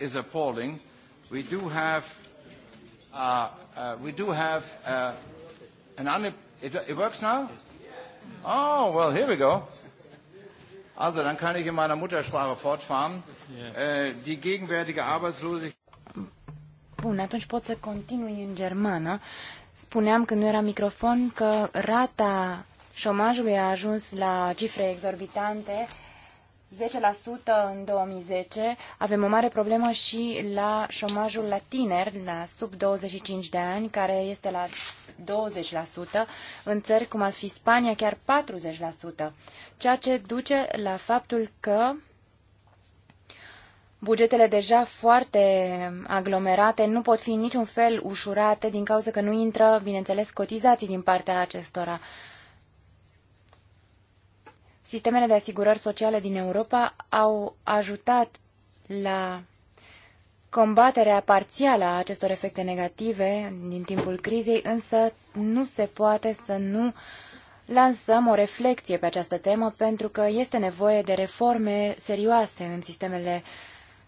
is appalling. We do have, uh, uh, we do have uh, an un. It, works now. Oh well, here we go. Also, dann kann ich in meiner Muttersprache fortfahren. Yeah. Äh, die gegenwärtige Arbeitslosigkeit. Bun, atunci pot să continui în germană. Spuneam când nu era microfon că rata șomajului a ajuns la cifre exorbitante 10% în 2010. Avem o mare problemă și la șomajul la tineri, la sub 25 de ani, care este la 20%, în țări cum ar fi Spania chiar 40%, ceea ce duce la faptul că bugetele deja foarte aglomerate nu pot fi în niciun fel ușurate din cauza că nu intră, bineînțeles, cotizații din partea acestora. Sistemele de asigurări sociale din Europa au ajutat la combaterea parțială a acestor efecte negative din timpul crizei, însă nu se poate să nu lansăm o reflexie pe această temă pentru că este nevoie de reforme serioase în sistemele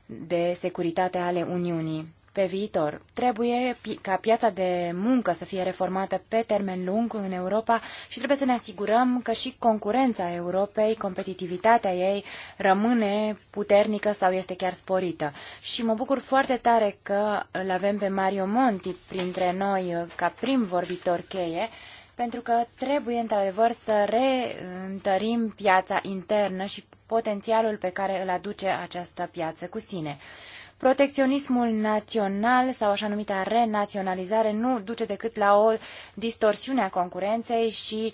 de securitate ale Uniunii pe viitor. Trebuie ca piața de muncă să fie reformată pe termen lung în Europa și trebuie să ne asigurăm că și concurența Europei, competitivitatea ei rămâne puternică sau este chiar sporită. Și mă bucur foarte tare că îl avem pe Mario Monti printre noi ca prim vorbitor cheie, pentru că trebuie într-adevăr să reîntărim piața internă și potențialul pe care îl aduce această piață cu sine. Protecționismul național sau așa numita renaționalizare nu duce decât la o distorsiune a concurenței și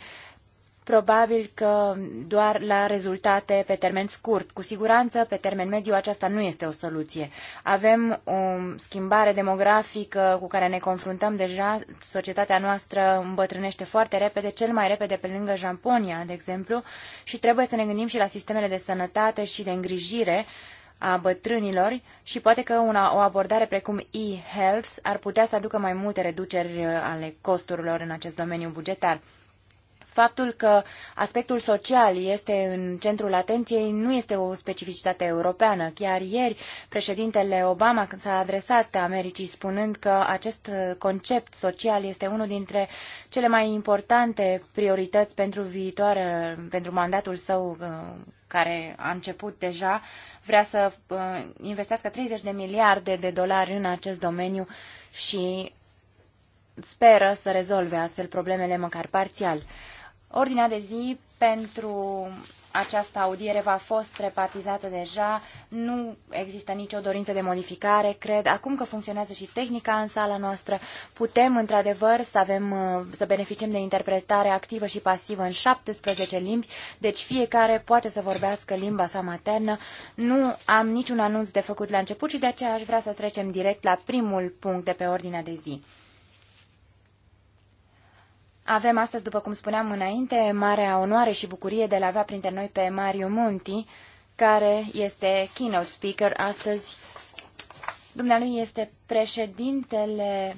probabil că doar la rezultate pe termen scurt. Cu siguranță, pe termen mediu, aceasta nu este o soluție. Avem o schimbare demografică cu care ne confruntăm deja. Societatea noastră îmbătrânește foarte repede, cel mai repede pe lângă Japonia, de exemplu, și trebuie să ne gândim și la sistemele de sănătate și de îngrijire a bătrânilor și poate că una, o abordare precum e-health ar putea să aducă mai multe reduceri uh, ale costurilor în acest domeniu bugetar faptul că aspectul social este în centrul atenției nu este o specificitate europeană. Chiar ieri, președintele Obama s-a adresat Americii spunând că acest concept social este unul dintre cele mai importante priorități pentru viitoare, pentru mandatul său uh, care a început deja, vrea să uh, investească 30 de miliarde de dolari în acest domeniu și speră să rezolve astfel problemele măcar parțial. Ordinea de zi pentru această audiere va fost repartizată deja, nu există nicio dorință de modificare, cred. Acum că funcționează și tehnica în sala noastră, putem într-adevăr să, avem, uh, să beneficiem de interpretare activă și pasivă în 17 limbi, deci fiecare poate să vorbească limba sa maternă. Nu am niciun anunț de făcut la început și de aceea aș vrea să trecem direct la primul punct de pe ordinea de zi. Avem astăzi, după cum spuneam înainte, marea onoare și bucurie de a avea printre noi pe Mario Monti, care este keynote speaker astăzi. Dumnealui este președintele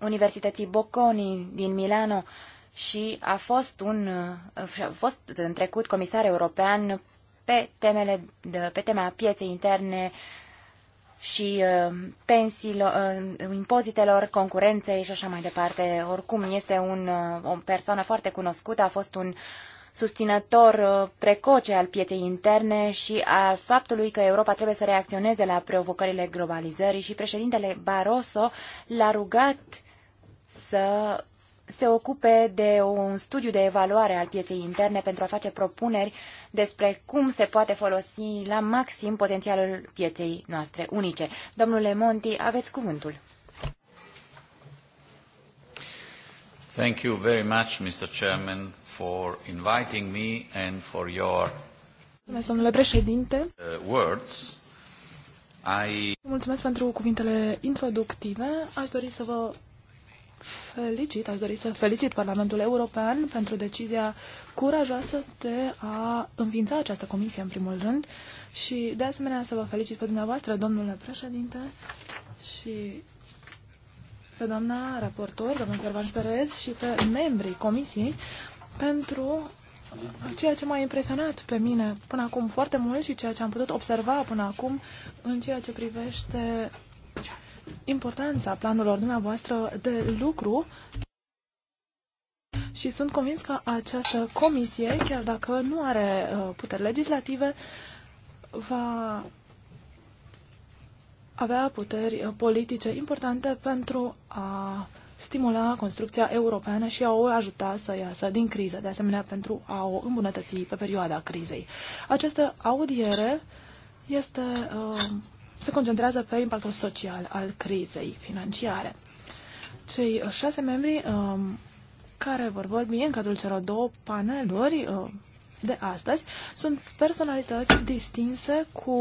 Universității Bocconi din Milano și a fost, un, a fost în trecut comisar european pe, temele de, pe tema pieței interne și uh, pensiilor, uh, impozitelor, concurenței și așa mai departe. Oricum, este un, uh, o persoană foarte cunoscută, a fost un susținător precoce al pieței interne și al faptului că Europa trebuie să reacționeze la provocările globalizării și președintele Barroso l-a rugat să se ocupe de un studiu de evaluare al pieței interne pentru a face propuneri despre cum se poate folosi la maxim potențialul pieței noastre unice. Domnule Monti, aveți cuvântul. Thank you very much, Mr. Chairman, for inviting me and for your domnule președinte. Uh, words. I... Mulțumesc pentru cuvintele introductive. Aș dori să vă felicit, aș dori să felicit Parlamentul European pentru decizia curajoasă de a înființa această comisie în primul rând și de asemenea să vă felicit pe dumneavoastră, domnule președinte și pe doamna raportor, domnul Gervanș Perez și pe membrii comisiei pentru ceea ce m-a impresionat pe mine până acum foarte mult și ceea ce am putut observa până acum în ceea ce privește importanța planurilor dumneavoastră de lucru și sunt convins că această comisie, chiar dacă nu are uh, puteri legislative, va avea puteri uh, politice importante pentru a stimula construcția europeană și a o ajuta să iasă din criză, de asemenea pentru a o îmbunătăți pe perioada crizei. Această audiere este uh, se concentrează pe impactul social al crizei financiare. Cei șase membri um, care vor vorbi în cadrul celor două paneluri um, de astăzi sunt personalități distinse cu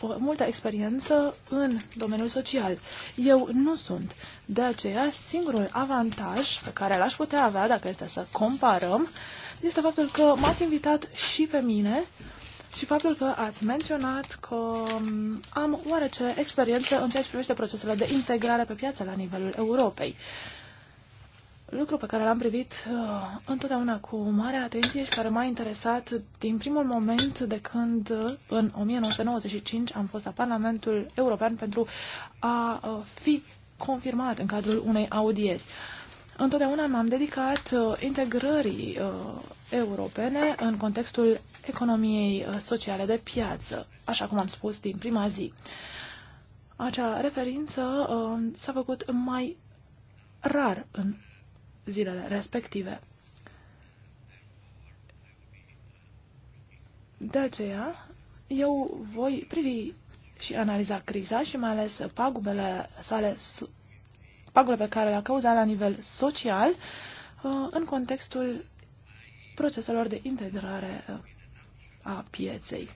o multă experiență în domeniul social. Eu nu sunt. De aceea, singurul avantaj pe care l-aș putea avea, dacă este să comparăm, este faptul că m-ați invitat și pe mine uh, și faptul că ați menționat că um, am oarece experiență în ceea ce privește procesele de integrare pe piață la nivelul Europei. Lucru pe care l-am privit uh, întotdeauna cu mare atenție și care m-a interesat din primul moment de când uh, în 1995 am fost la Parlamentul European pentru a uh, fi confirmat în cadrul unei audieri. Uh, întotdeauna m-am dedicat uh, integrării uh, europene în contextul economiei uh, sociale de piață, așa cum am spus din prima zi. Acea referință s-a făcut mai rar în zilele respective. De aceea, eu voi privi și analiza criza și mai ales pagubele sale pagubele pe care le-a cauzat la nivel social uh, în contextul proceselor de integrare uh, a pieței.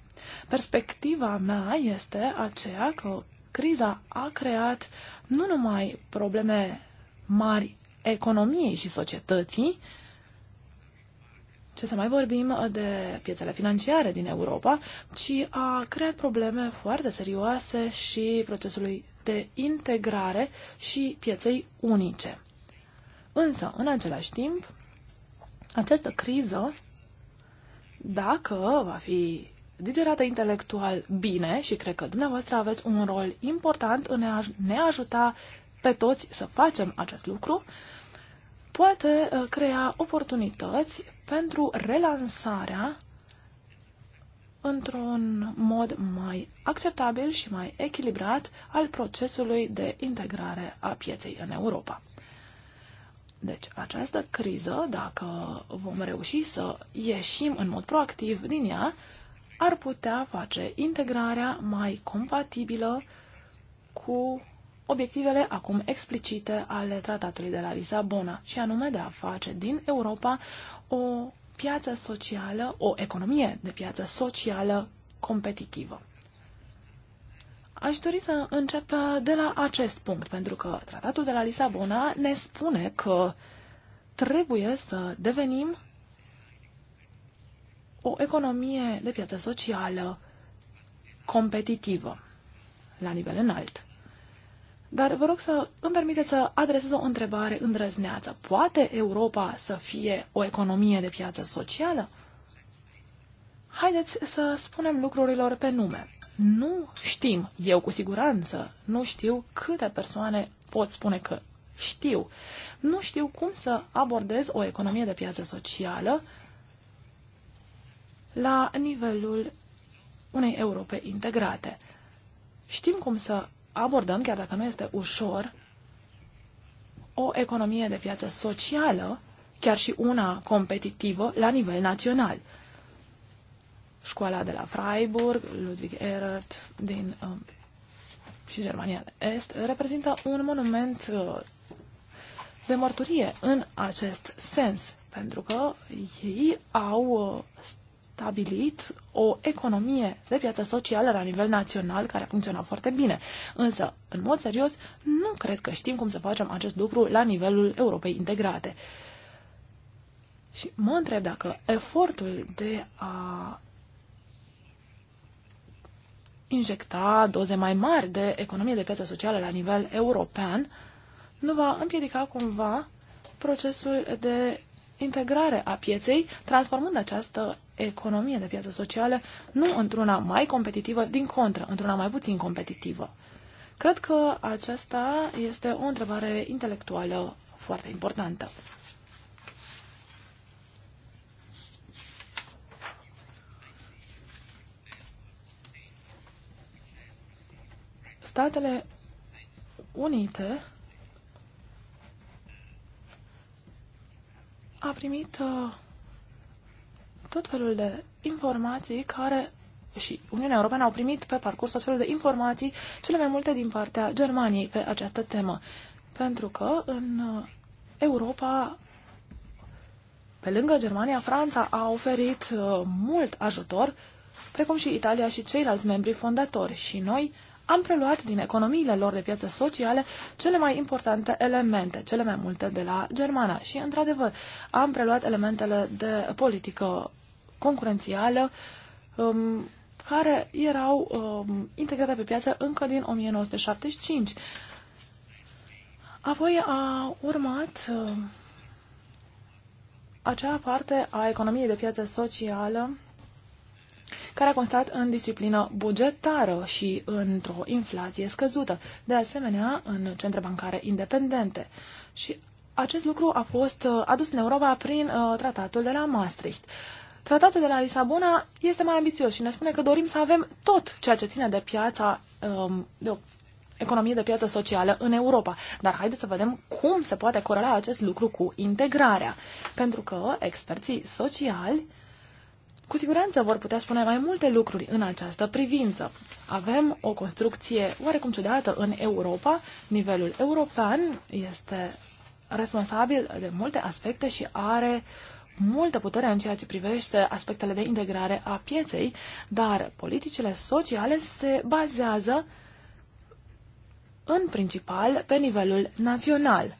Perspectiva mea este aceea că criza a creat nu numai probleme mari economiei și societății, ce să mai vorbim uh, de piețele financiare din Europa, ci a creat probleme foarte serioase și procesului de integrare și pieței unice. Însă, în același timp, această criză, dacă va fi digerată intelectual bine și cred că dumneavoastră aveți un rol important în a ne ajuta pe toți să facem acest lucru, uh, poate uh, crea oportunități pentru relansarea într-un mod mai acceptabil și mai echilibrat al procesului de integrare a pieței în Europa. Deci, această criză, dacă vom reuși să ieșim în mod proactiv din ea, ar putea face integrarea mai compatibilă cu obiectivele acum explicite ale tratatului de la Lisabona, și anume de a face din Europa o piață socială, o economie de piață socială competitivă. Aș dori să încep de la acest punct, pentru că tratatul de la Lisabona ne spune că trebuie să devenim o economie de piață socială competitivă la nivel înalt. Dar vă rog să îmi permiteți să adresez o întrebare îndrăzneață. Poate Europa să fie o economie de piață socială? Haideți să spunem lucrurilor pe nume. Nu știm, eu cu siguranță, nu știu câte persoane pot spune că știu. Nu știu cum să abordez o economie de piață socială la nivelul unei Europe integrate. Știm cum să abordăm, chiar dacă nu este ușor, o economie de piață socială, chiar și una competitivă, la nivel național. Școala de la Freiburg, Ludwig Erhard din, um, și Germania de Est, reprezintă un monument uh, de mărturie în acest sens, pentru că ei au uh, stabilit o economie de piață socială la nivel național care a funcționat foarte bine. Însă, în mod serios, nu cred că știm cum să facem acest lucru la nivelul Europei integrate. Și mă întreb dacă efortul de a injecta doze mai mari de economie de piață socială la nivel european nu va împiedica cumva procesul de integrare a pieței, transformând această economie de piață socială, nu într-una mai competitivă, din contră, într-una mai puțin competitivă. Cred că aceasta este o întrebare intelectuală foarte importantă. Statele Unite a primit uh, tot felul de informații care și Uniunea Europeană au primit pe parcurs tot felul de informații, cele mai multe din partea Germaniei pe această temă. Pentru că în uh, Europa, pe lângă Germania, Franța a oferit uh, mult ajutor, precum și Italia și ceilalți membri fondatori. Și noi am preluat din economiile lor de piață sociale cele mai importante elemente, cele mai multe de la Germana. Și, într-adevăr, am preluat elementele de politică concurențială um, care erau um, integrate pe piață încă din 1975. Apoi a urmat um, acea parte a economiei de piață socială care a constat în disciplină bugetară și într-o inflație scăzută, de asemenea în centre bancare independente. Și acest lucru a fost uh, adus în Europa prin uh, tratatul de la Maastricht. Uh, Tratatul de la Lisabona este mai ambițios și ne spune că dorim să avem tot ceea ce ține de piața, um, de o economie de piață socială în Europa. Dar haideți să vedem cum se poate corela acest lucru cu integrarea. Pentru că experții sociali cu siguranță vor putea spune mai multe lucruri în această privință. Avem o construcție oarecum ciudată în Europa. Nivelul european este responsabil de multe aspecte și are uh, multă putere în ceea ce privește aspectele de integrare a pieței, dar politicile sociale se bazează în principal pe nivelul național.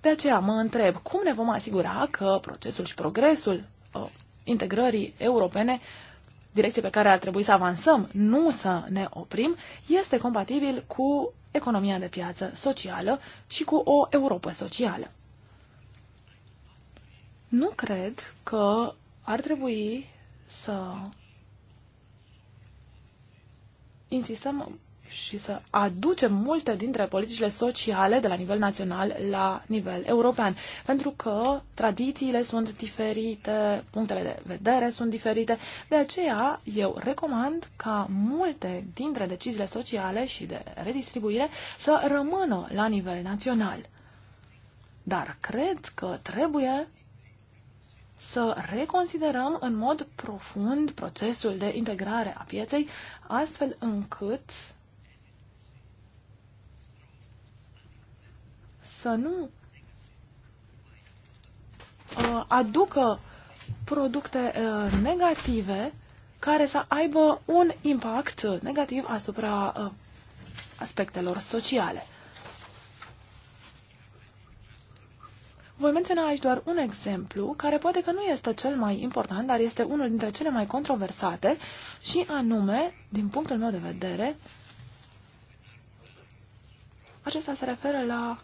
De aceea mă întreb cum ne vom asigura că procesul și progresul uh, integrării europene, direcție pe care ar trebui să avansăm, nu să ne oprim, este compatibil cu economia de piață socială și cu o Europa socială. Nu cred că ar trebui să insistăm și să aducem multe dintre politicile sociale de la nivel național la nivel european. Pentru că tradițiile sunt diferite, punctele de vedere sunt diferite, de aceea eu recomand ca multe dintre deciziile sociale și de redistribuire să rămână la nivel național. Dar cred că trebuie să reconsiderăm în mod profund procesul de integrare a pieței, astfel încât să nu uh, aducă producte uh, negative care să aibă un impact negativ asupra uh, aspectelor sociale. Voi menționa aici doar un exemplu, care poate că nu este cel mai important, dar este unul dintre cele mai controversate, și anume, din punctul meu de vedere, acesta se referă la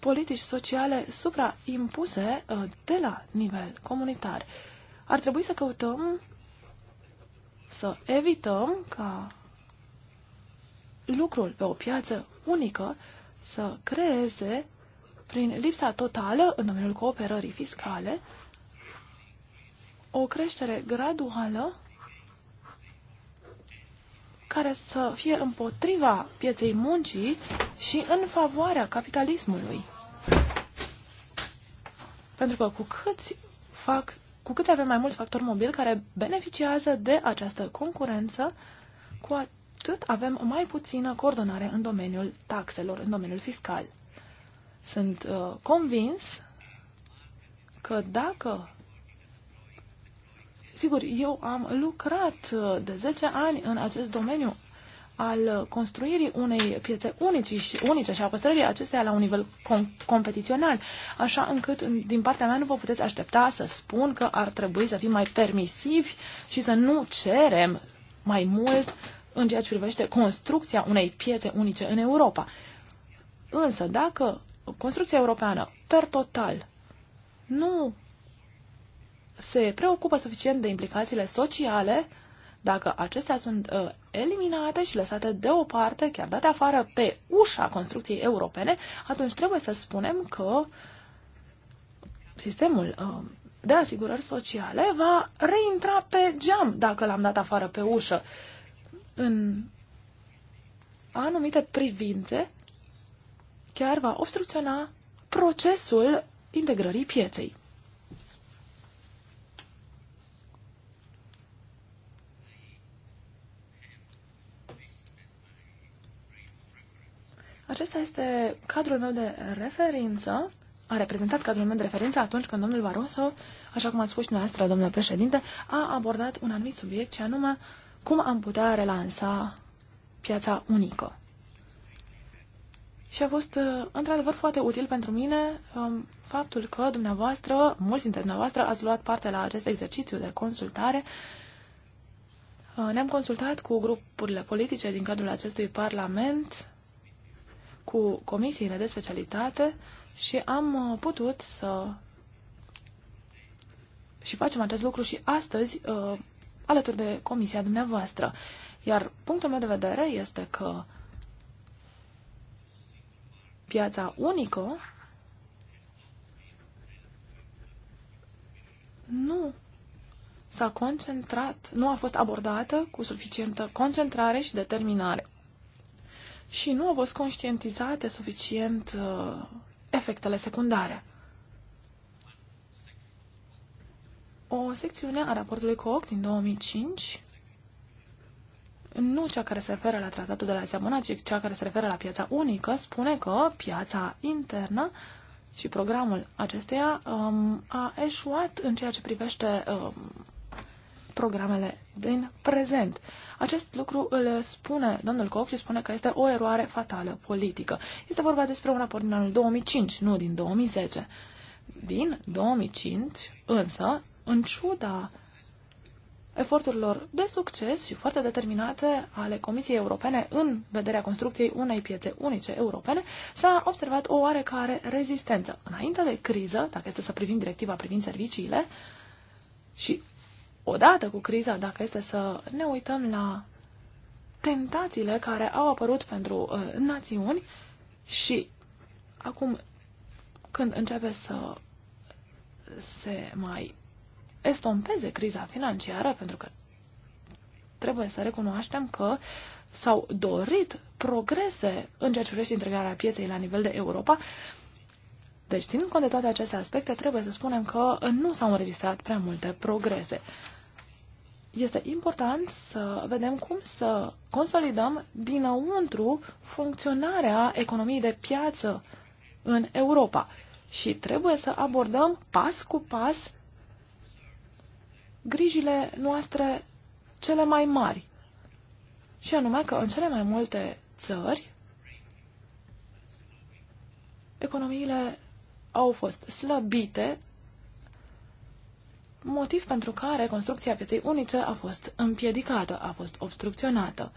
politici sociale supraimpuse uh, de la nivel comunitar. Ar trebui să căutăm să evităm ca lucrul pe o piață unică să creeze prin lipsa totală în domeniul cooperării fiscale, o creștere graduală care să fie împotriva pieței muncii și în favoarea capitalismului. Pentru că cu, cât fac, cu cât avem mai mulți factori mobili care beneficiază de această concurență, cu atât avem mai puțină coordonare în domeniul taxelor, în domeniul fiscal. Sunt uh, convins că dacă Sigur, eu am lucrat uh, de 10 ani în acest domeniu al uh, construirii unei piețe unici și, unice și a păstrării acesteia la un nivel com- competițional, așa încât din partea mea nu vă puteți aștepta să spun că ar trebui să fim mai permisivi și să nu cerem mai mult în ceea ce privește construcția unei piețe unice în Europa. Însă, dacă construcția europeană, per total, nu se preocupă suficient de implicațiile sociale, dacă acestea sunt uh, eliminate și lăsate deoparte, chiar date afară pe ușa construcției europene, atunci trebuie să spunem că sistemul uh, de asigurări sociale va reintra pe geam dacă l-am dat afară pe ușă. În anumite privințe, chiar va obstrucționa procesul integrării pieței. Acesta este cadrul meu de referință, a reprezentat cadrul meu de referință atunci când domnul Barroso, așa cum ați spus noastră, domnule președinte, a abordat un anumit subiect, și anume cum am putea relansa piața unică și a fost uh, într-adevăr foarte util pentru mine um, faptul că dumneavoastră, mulți dintre dumneavoastră, ați luat parte la acest exercițiu de consultare. Uh, ne-am consultat cu grupurile politice din cadrul acestui parlament, cu comisiile de specialitate și am uh, putut să și facem acest lucru și astăzi alături de comisia dumneavoastră. Iar punctul meu de vedere este că piața unică nu s-a concentrat, nu a fost abordată cu suficientă concentrare și determinare. Și nu au fost conștientizate suficient uh, efectele secundare. O secțiune a raportului COOC din 2005 nu cea care se referă la tratatul de la Lisabona, ci cea care se referă la piața unică, spune că piața internă și programul acesteia um, a eșuat în ceea ce privește um, programele din prezent. Acest lucru îl spune domnul Cop și spune că este o eroare fatală politică. Este vorba despre un raport din anul 2005, nu din 2010. Din 2005, însă, în ciuda eforturilor de succes și foarte determinate ale Comisiei Europene în vederea construcției unei piețe unice europene, s-a observat o oarecare rezistență. Înainte de criză, dacă este să privim directiva privind serviciile, și odată cu criza, dacă este să ne uităm la tentațiile care au apărut pentru uh, națiuni și acum când începe să se mai estompeze criza financiară, pentru că trebuie să recunoaștem că s-au dorit progrese în ceea ce privește integrarea pieței la nivel de Europa. Deci, ținând cont de toate aceste aspecte, trebuie să spunem că nu s-au înregistrat prea multe progrese. Este important să vedem cum să consolidăm dinăuntru funcționarea economiei de piață în Europa și trebuie să abordăm pas cu pas grijile noastre cele mai mari. Și anume că în cele mai multe țări economiile au fost slăbite, motiv pentru care construcția pieței unice a fost împiedicată, a fost obstrucționată.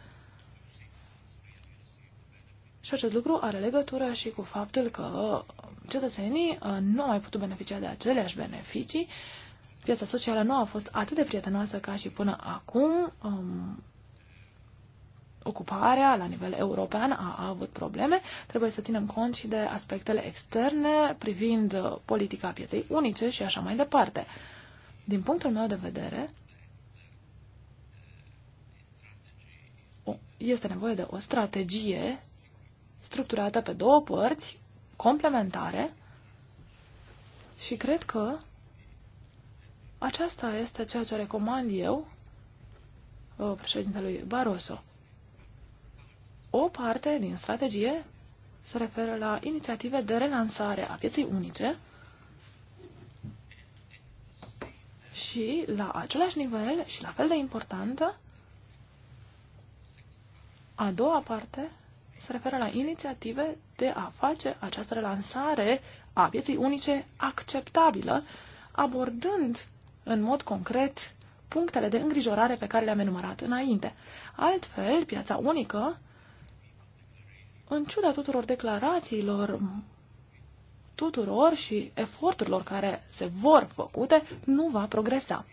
Și acest lucru are legătură și cu faptul că cetățenii uh, nu au mai putut beneficia de aceleași beneficii piața socială nu a fost atât de prietenoasă ca și până acum. Um, ocuparea la nivel european a, a avut probleme. Trebuie să ținem cont și de aspectele externe privind uh, politica pieței unice și așa mai departe. Din punctul meu de vedere, este nevoie de o strategie structurată pe două părți, complementare, și cred că aceasta este ceea ce recomand eu uh, președintelui Barroso. O parte din strategie se referă la inițiative de relansare a pieței unice și la același nivel și la fel de importantă a doua parte se referă la inițiative de a face această relansare a pieței unice acceptabilă, abordând în mod concret punctele de îngrijorare pe care le-am enumerat înainte. Altfel, piața unică, în ciuda tuturor declarațiilor tuturor și eforturilor care se vor făcute, nu va progresa.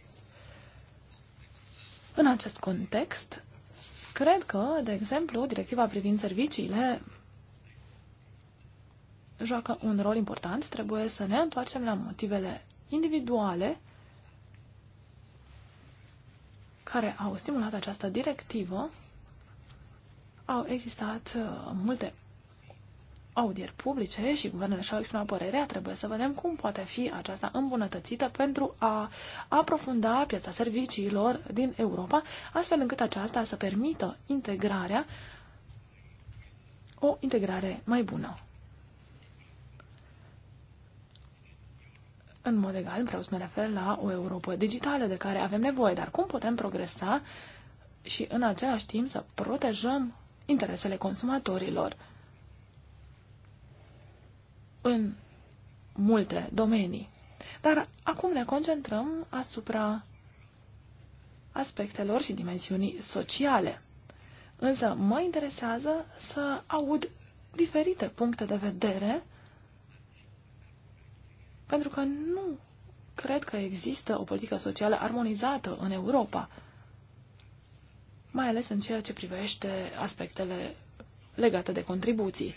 În acest context, cred că, de exemplu, directiva privind serviciile joacă un rol important. Trebuie să ne întoarcem la motivele individuale care au stimulat această directivă. Au existat uh, multe audieri publice și guvernele și-au exprimat părerea, trebuie să vedem cum poate fi aceasta îmbunătățită pentru a aprofunda piața serviciilor din Europa, astfel încât aceasta să permită integrarea, o integrare mai bună. În mod egal, vreau să mă refer la o Europa digitală de care avem nevoie, dar cum putem progresa și în același timp să protejăm interesele consumatorilor în multe domenii. Dar acum ne concentrăm asupra aspectelor și dimensiunii sociale. Însă mă interesează să aud diferite puncte de vedere pentru că nu cred că există o politică socială armonizată în Europa, mai ales în ceea ce privește aspectele legate de contribuții.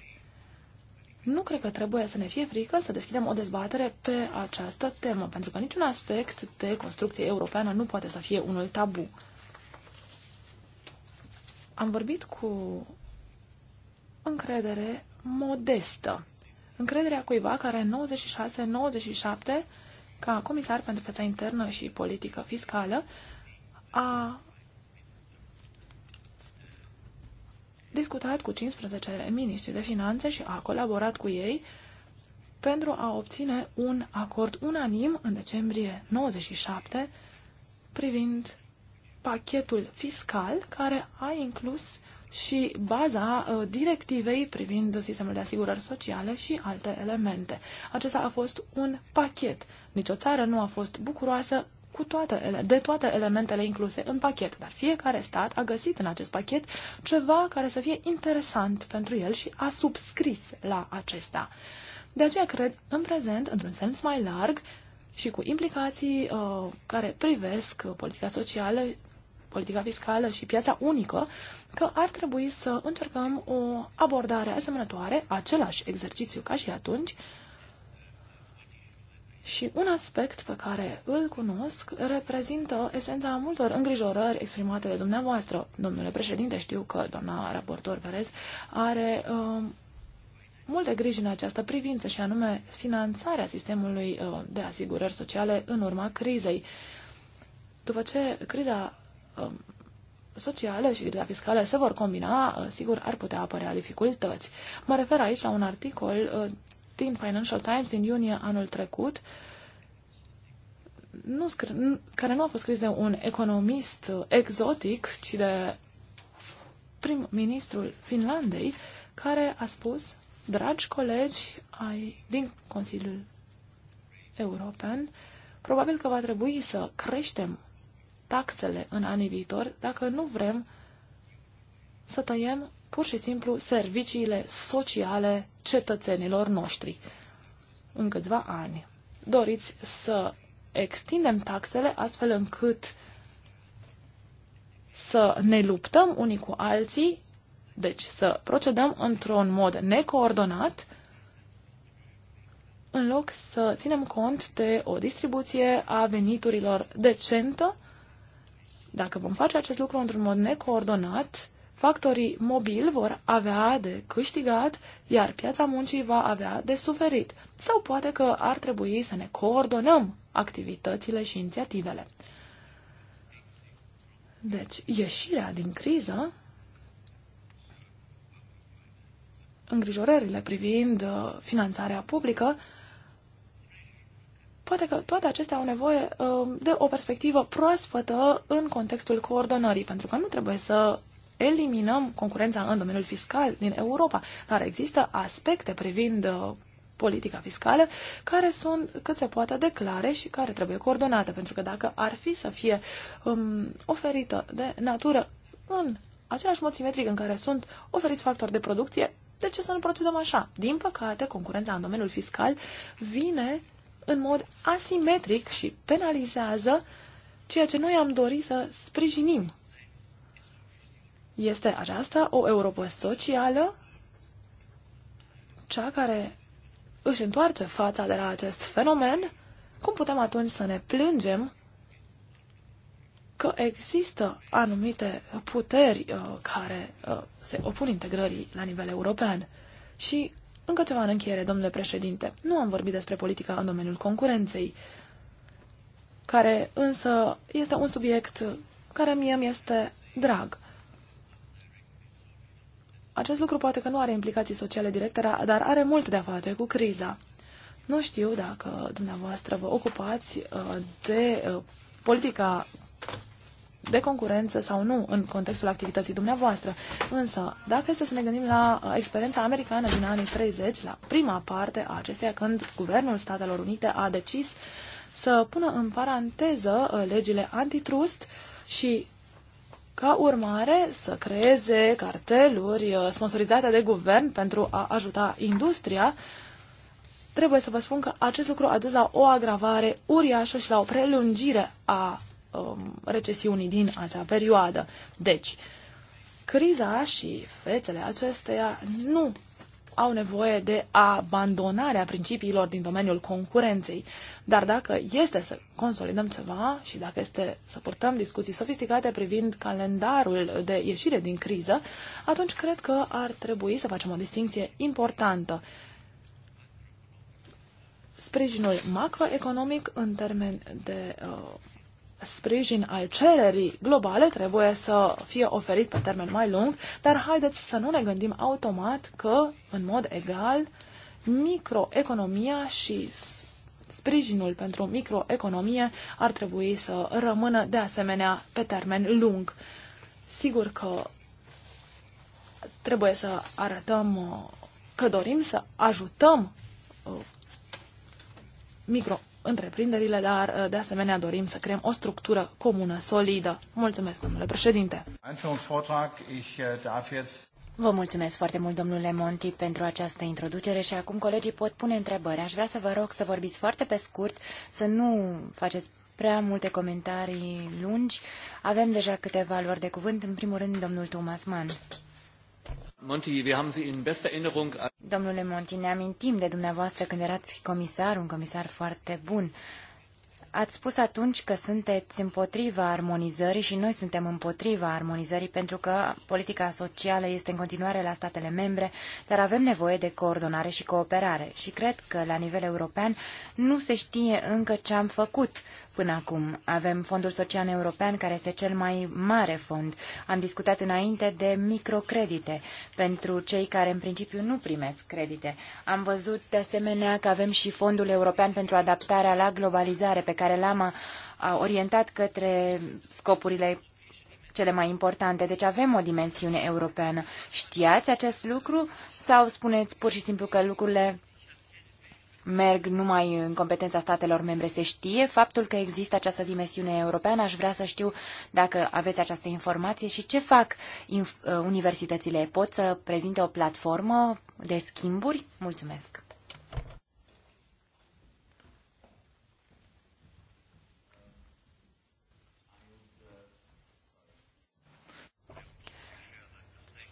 Nu cred că trebuie să ne fie frică să deschidem o dezbatere pe această temă, pentru că niciun aspect de construcție europeană nu poate să fie unul tabu. Am vorbit cu încredere modestă încrederea cuiva care în 96-97, ca comisar pentru piața internă și politică fiscală, a discutat cu 15 miniștri de finanțe și a colaborat cu ei pentru a obține un acord unanim în decembrie 97 privind pachetul fiscal care a inclus și baza uh, directivei privind sistemul de asigurări sociale și alte elemente. Acesta a fost un pachet. Nici o țară nu a fost bucuroasă cu toate ele, de toate elementele incluse în pachet, dar fiecare stat a găsit în acest pachet ceva care să fie interesant pentru el și a subscris la acesta. De aceea cred în prezent, într-un sens mai larg, și cu implicații uh, care privesc politica socială politica fiscală și piața unică, că ar trebui să încercăm o abordare asemănătoare, același exercițiu ca și atunci. Și un aspect pe care îl cunosc reprezintă esența multor îngrijorări exprimate de dumneavoastră. Domnule președinte, știu că doamna raportor Perez are uh, multe griji în această privință și anume finanțarea sistemului uh, de asigurări sociale în urma crizei. După ce criza Um, sociale și criza fiscală se vor combina, uh, sigur ar putea apărea dificultăți. Mă refer aici la un articol uh, din Financial Times din iunie anul trecut, nu care nu a fost scris de un economist uh, exotic, ci de prim-ministrul Finlandei, care a spus, dragi colegi ai, din Consiliul European, probabil că va trebui să creștem taxele în anii viitori dacă nu vrem să tăiem pur și simplu serviciile sociale cetățenilor noștri în câțiva ani. Doriți să extindem taxele astfel încât să ne luptăm unii cu alții, deci să procedăm într-un mod necoordonat, în loc să ținem cont de o distribuție a veniturilor decentă dacă vom face acest lucru într-un mod necoordonat, factorii mobili vor avea de câștigat, iar piața muncii va avea de suferit. Sau poate că ar trebui să ne coordonăm activitățile și inițiativele. Deci, ieșirea din criză, îngrijorările privind uh, finanțarea publică, Poate că toate acestea au nevoie um, de o perspectivă proaspătă în contextul coordonării, pentru că nu trebuie să eliminăm concurența în domeniul fiscal din Europa, dar există aspecte privind uh, politica fiscală, care sunt cât se poate de clare și care trebuie coordonate, pentru că dacă ar fi să fie um, oferită de natură în același mod simetric în care sunt oferiți factori de producție, de ce să nu procedăm așa? Din păcate, concurența în domeniul fiscal vine în mod asimetric și penalizează ceea ce noi am dorit să sprijinim. Este aceasta o Europa socială, cea care își întoarce fața de la acest fenomen, cum putem atunci să ne plângem că există anumite puteri uh, care uh, se opun integrării la nivel european și încă ceva în încheiere, domnule președinte. Nu am vorbit despre politica în domeniul concurenței, care însă este un subiect care mie mi este drag. Acest lucru poate că nu are implicații sociale directe, dar are mult de-a face cu criza. Nu știu dacă dumneavoastră vă ocupați uh, de uh, politica de concurență sau nu în contextul activității dumneavoastră. Însă, dacă este să ne gândim la uh, experiența americană din anii 30, la prima parte a acesteia, când Guvernul Statelor Unite a decis să pună în paranteză uh, legile antitrust și ca urmare să creeze carteluri uh, sponsorizate de guvern pentru a ajuta industria, trebuie să vă spun că acest lucru a dus la o agravare uriașă și la o prelungire a um, recesiunii din acea perioadă. Deci, criza și fețele acesteia nu au nevoie de abandonarea principiilor din domeniul concurenței. Dar dacă este să consolidăm ceva și dacă este să purtăm discuții sofisticate privind calendarul de ieșire din criză, atunci cred că ar trebui să facem o distinție importantă. Sprijinul macroeconomic în termen de uh, sprijin al cererii globale trebuie să fie oferit pe termen mai lung, dar haideți să nu ne gândim automat că, în mod egal, microeconomia și sprijinul pentru microeconomie ar trebui să rămână de asemenea pe termen lung. Sigur că trebuie să arătăm uh, că dorim să ajutăm uh, micro întreprinderile, dar uh, de asemenea dorim să creăm o structură comună, solidă. Mulțumesc, domnule președinte! Äh, vă mulțumesc foarte mult, domnule Monti, pentru această introducere și acum colegii pot pune întrebări. Aș vrea să vă rog să vorbiți foarte pe scurt, să nu faceți prea multe comentarii lungi. Avem deja câteva luări de cuvânt. În primul rând, domnul Thomas Mann. Monti, wir haben Sie in bester Erinnerung... Domnule Monti, ne amintim de dumneavoastră când erați comisar, un comisar foarte bun. Ați spus atunci că sunteți împotriva armonizării și noi suntem împotriva armonizării pentru că politica socială este în continuare la statele membre, dar avem nevoie de coordonare și cooperare și cred că la nivel european nu se știe încă ce am făcut până acum. Avem Fondul Social European, care este cel mai mare fond. Am discutat înainte de microcredite pentru cei care în principiu nu primesc credite. Am văzut de asemenea că avem și Fondul European pentru Adaptarea la Globalizare, pe care l-am orientat către scopurile cele mai importante. Deci avem o dimensiune europeană. Știați acest lucru sau spuneți pur și simplu că lucrurile merg numai în competența statelor membre. Se știe faptul că există această dimensiune europeană. Aș vrea să știu dacă aveți această informație și ce fac uh, universitățile. Pot să prezinte o platformă de schimburi? Mulțumesc!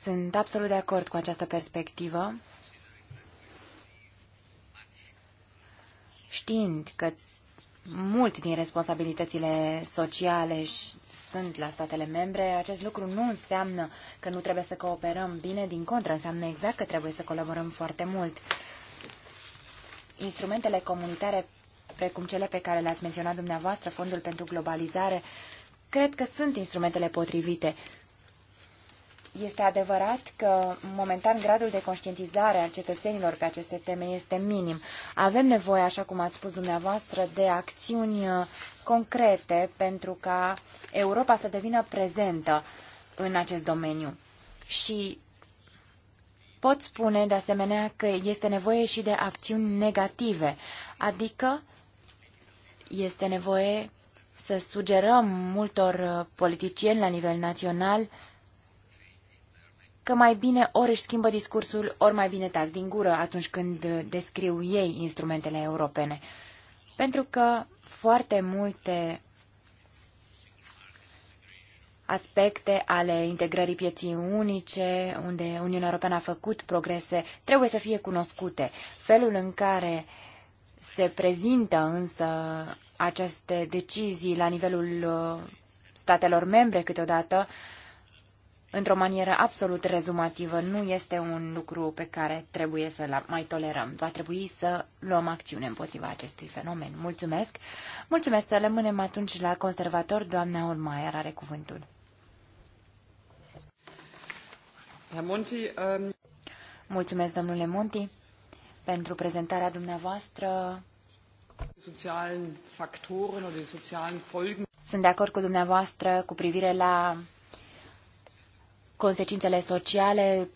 Sunt absolut de acord cu această perspectivă știind că mult din responsabilitățile sociale sunt la statele membre, acest lucru nu înseamnă că nu trebuie să cooperăm bine, din contră, înseamnă exact că trebuie să colaborăm foarte mult. Instrumentele comunitare, precum cele pe care le-ați menționat dumneavoastră, Fondul pentru Globalizare, cred că sunt instrumentele potrivite. Este adevărat că, momentan, gradul de conștientizare al cetățenilor pe aceste teme este minim. Avem nevoie, așa cum ați spus dumneavoastră, de acțiuni uh, concrete pentru ca Europa să devină prezentă în acest domeniu. Și pot spune, de asemenea, că este nevoie și de acțiuni negative, adică este nevoie să sugerăm multor uh, politicieni la nivel național că mai bine ori își schimbă discursul, ori mai bine tac din gură atunci când descriu ei instrumentele europene. Pentru că foarte multe aspecte ale integrării pieții unice, unde Uniunea Europeană a făcut progrese, trebuie să fie cunoscute. Felul în care se prezintă însă aceste decizii la nivelul uh, statelor membre câteodată uh, într-o manieră absolut rezumativă nu este un lucru pe care trebuie să-l mai tolerăm. Va trebui să luăm acțiune împotriva acestui fenomen. Mulțumesc! Mulțumesc să rămânem atunci la conservator. Doamna Urmaier are cuvântul. Monti, um... Mulțumesc, domnule Monti, pentru prezentarea dumneavoastră. Sunt de acord cu dumneavoastră cu privire la consecințele sociale,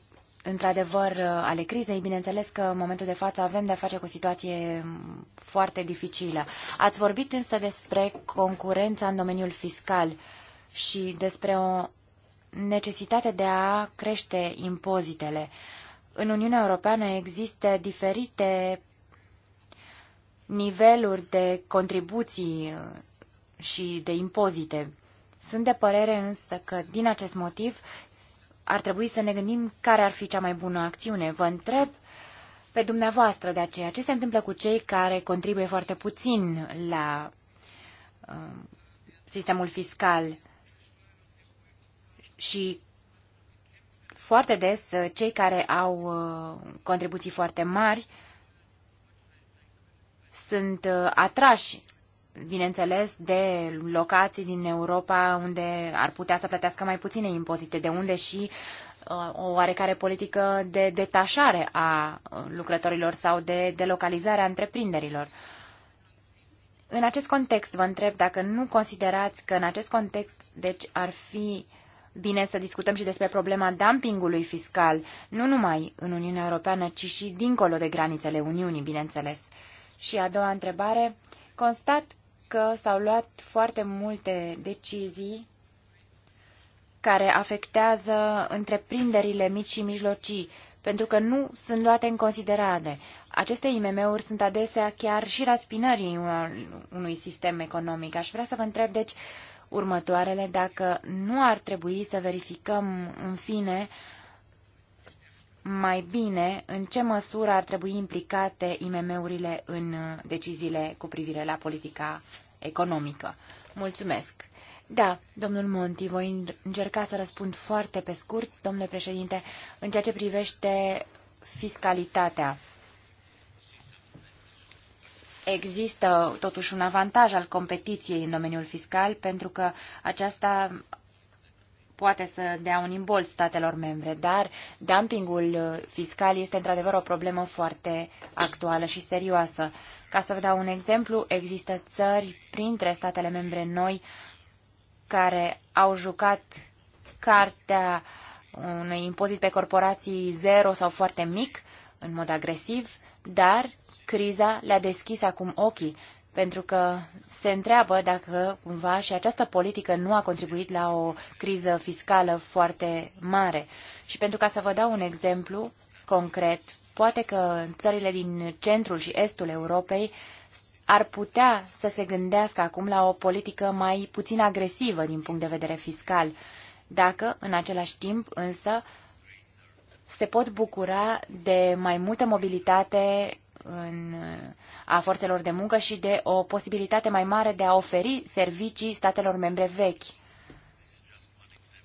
într-adevăr, uh, ale crizei. Bineînțeles că în momentul de față avem de-a face cu o situație mm, foarte dificilă. Ați vorbit însă despre concurența în domeniul fiscal și despre o necesitate de a crește impozitele. În Uniunea Europeană există diferite niveluri de contribuții uh, și de impozite. Sunt de părere însă că, din acest motiv, ar trebui să ne gândim care ar fi cea mai bună acțiune. Vă întreb pe dumneavoastră de aceea ce se întâmplă cu cei care contribuie foarte puțin la uh, sistemul fiscal și foarte des uh, cei care au uh, contribuții foarte mari sunt uh, atrași bineînțeles, de locații din Europa unde ar putea să plătească mai puține impozite, de unde și uh, o oarecare politică de detașare a uh, lucrătorilor sau de delocalizare a întreprinderilor. În acest context vă întreb dacă nu considerați că în acest context deci ar fi bine să discutăm și despre problema dumpingului fiscal, nu numai în Uniunea Europeană, ci și dincolo de granițele Uniunii, bineînțeles. Și a doua întrebare, constat că s-au luat foarte multe decizii care afectează întreprinderile mici și mijlocii, pentru că nu sunt luate în considerare. Aceste IMM-uri sunt adesea chiar și raspinării unui sistem economic. Aș vrea să vă întreb, deci, următoarele, dacă nu ar trebui să verificăm, în fine, uh, mai bine în ce măsură ar trebui implicate IMM-urile în uh, deciziile cu privire la politica economică. Mulțumesc! Da, domnul Monti, voi încerca să răspund foarte pe scurt, domnule președinte, în ceea ce privește fiscalitatea. Există totuși un avantaj al competiției în domeniul fiscal pentru că aceasta poate să dea un imbol statelor membre, dar dumpingul fiscal este într-adevăr o problemă foarte actuală și serioasă. Ca să vă dau un exemplu, există țări printre statele membre noi care au jucat cartea unui impozit pe corporații zero sau foarte mic, în mod agresiv, dar criza le-a deschis acum ochii pentru că se întreabă dacă cumva și această politică nu a contribuit la o criză fiscală foarte mare. Și pentru ca să vă dau un exemplu concret, poate că țările din centrul și estul Europei ar putea să se gândească acum la o politică mai puțin agresivă din punct de vedere fiscal, dacă în același timp însă se pot bucura de mai multă mobilitate în, a forțelor de muncă și de o posibilitate mai mare de a oferi servicii statelor membre vechi.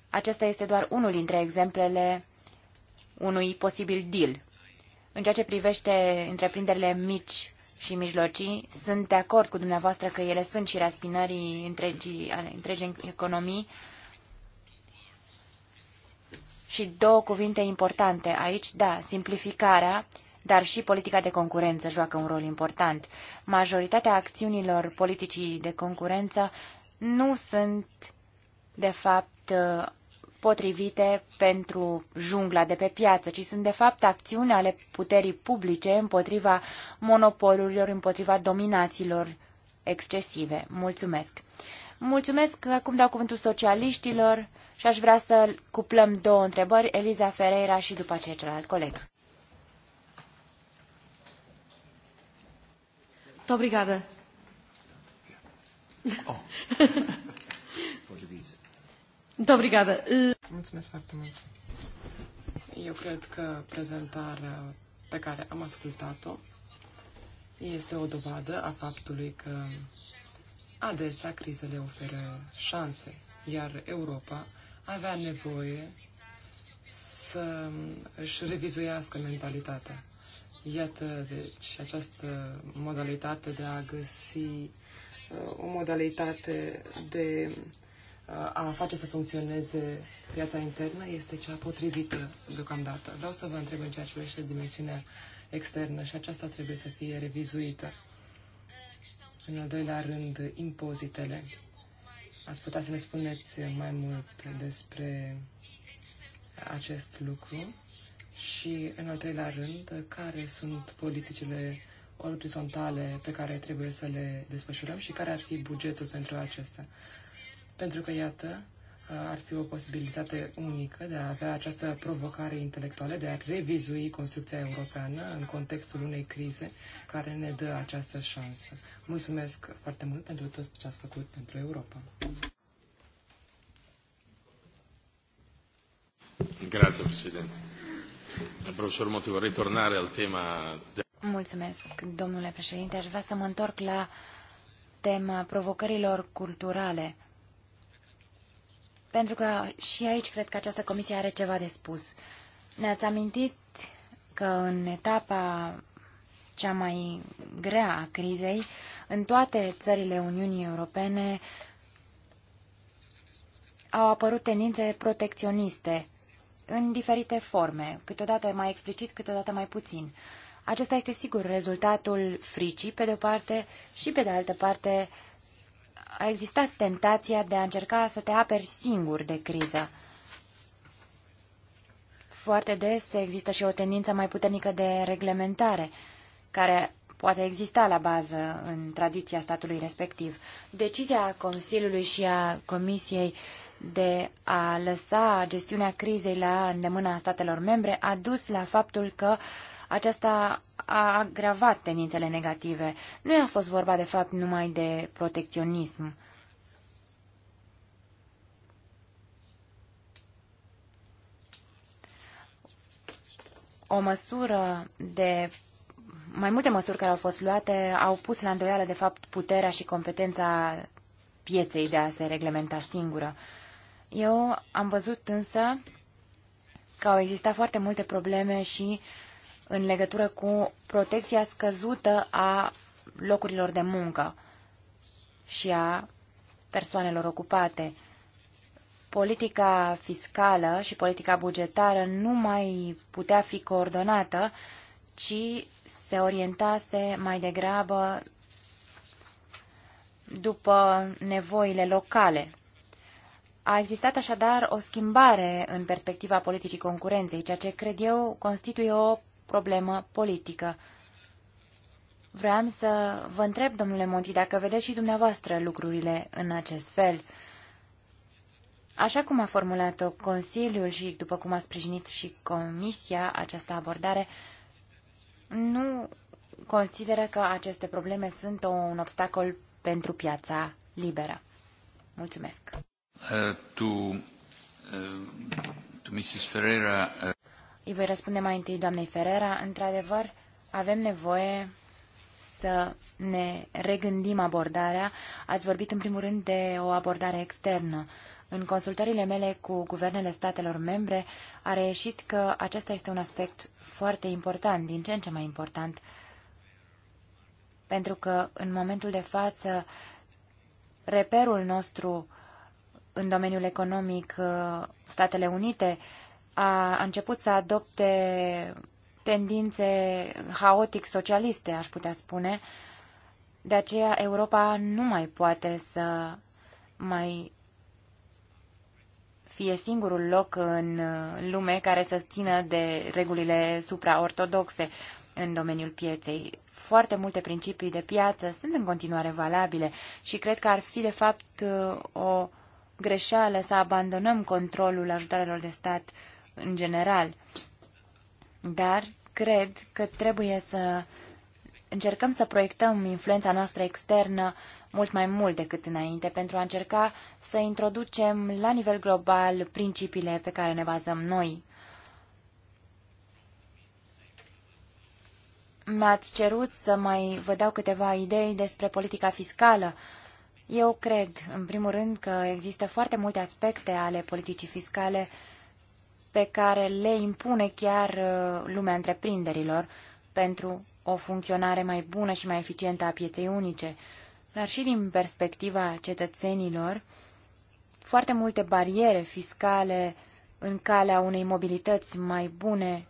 Acesta este doar unul dintre exemplele unui posibil deal. În ceea ce privește întreprinderile mici și mijlocii, sunt de acord cu dumneavoastră că ele sunt și raspinării întregii, întregii economii. Și două cuvinte importante aici, da, simplificarea dar și politica de concurență joacă un rol important. Majoritatea acțiunilor politicii de concurență nu sunt, de fapt, potrivite pentru jungla de pe piață, ci sunt de fapt acțiuni ale puterii publice împotriva monopolurilor, împotriva dominațiilor excesive. Mulțumesc! Mulțumesc! Acum dau cuvântul socialiștilor și aș vrea să cuplăm două întrebări, Eliza Ferreira și după aceea celălalt coleg. Muito obrigada. Oh. Muito obrigada. Eh, mais forte mult. Eu cred că prezentarea pe care am ascultat-o este o dovadă a faptului că adesea crizele oferă șanse, iar Europa avea nevoie să își revizuiască mentalitatea. Iată, deci, această modalitate de a găsi uh, o modalitate de uh, a face să funcționeze piața internă este cea potrivită deocamdată. Vreau să vă întreb în ceea ce privește dimensiunea externă și aceasta trebuie să fie revizuită. În al doilea rând, impozitele. Ați putea să ne spuneți mai mult despre acest lucru? și, în al treilea rând, care sunt politicile orizontale pe care trebuie să le desfășurăm și care ar fi bugetul pentru acestea. Pentru că, iată, ar fi o posibilitate unică de a avea această provocare intelectuală, de a revizui construcția europeană în contextul unei crize care ne dă această șansă. Mulțumesc foarte mult pentru tot ce ați făcut pentru Europa. Grazie, Presidente. Profesor al tema... Mulțumesc, domnule președinte. Aș vrea să mă întorc la tema provocărilor culturale. Pentru că și aici cred că această comisie are ceva de spus. Ne-ați amintit că în etapa cea mai grea a crizei, în toate țările Uniunii Europene au apărut tendințe protecționiste în diferite forme, câteodată mai explicit, câteodată mai puțin. Acesta este sigur rezultatul fricii, pe de o parte, și pe de altă parte a existat tentația de a încerca să te aperi singur de criză. Foarte des există și o tendință mai puternică de reglementare, care poate exista la bază în tradiția statului respectiv. Decizia Consiliului și a Comisiei uh, de a lăsa gestiunea crizei la îndemâna statelor membre a dus la faptul că aceasta a agravat tendințele negative. Nu a fost vorba, de fapt, numai de protecționism. O măsură de mai multe măsuri care au fost luate au pus la îndoială, de fapt, puterea și competența pieței de a se reglementa singură. Uh, eu am văzut însă că au existat foarte multe probleme și în legătură cu protecția scăzută a locurilor de muncă și a persoanelor ocupate. Politica fiscală și politica bugetară nu mai putea fi coordonată, ci se orientase mai degrabă după nevoile locale. A existat așadar o schimbare în perspectiva politicii concurenței, ceea ce cred eu constituie o problemă politică. Vreau să vă întreb, domnule Monti, dacă vedeți și dumneavoastră lucrurile în acest fel. Așa cum a formulat-o Consiliul și după cum a sprijinit și Comisia această abordare, nu consideră că aceste probleme sunt un obstacol pentru piața liberă. Mulțumesc! Uh, to, uh, to Mrs. Ferreira. Uh... Îi voi răspunde mai întâi doamnei Ferreira. Într-adevăr, avem nevoie să ne regândim abordarea. Ați vorbit în primul rând de o abordare externă. În consultările mele cu guvernele statelor membre a reieșit că acesta este un aspect foarte important, din ce în ce mai important, pentru că în momentul de față reperul nostru în domeniul economic uh, Statele Unite a început să adopte tendințe haotic-socialiste, aș putea spune. De aceea Europa nu mai poate să mai fie singurul loc în uh, lume care să țină de regulile supraortodoxe în domeniul pieței. Foarte multe principii de piață sunt în continuare valabile și cred că ar fi, de fapt, uh, o greșeală să abandonăm controlul ajutoarelor de stat în general, dar cred că trebuie să încercăm să proiectăm influența noastră externă mult mai mult decât înainte pentru a încerca să introducem la nivel global principiile pe care ne bazăm noi. Mi-ați cerut să mai vă dau câteva idei despre politica fiscală eu cred, în primul rând, că există foarte multe aspecte ale politicii fiscale pe care le impune chiar uh, lumea întreprinderilor pentru o funcționare mai bună și mai eficientă a pieței unice, dar și din perspectiva cetățenilor, foarte multe bariere fiscale în calea unei mobilități mai bune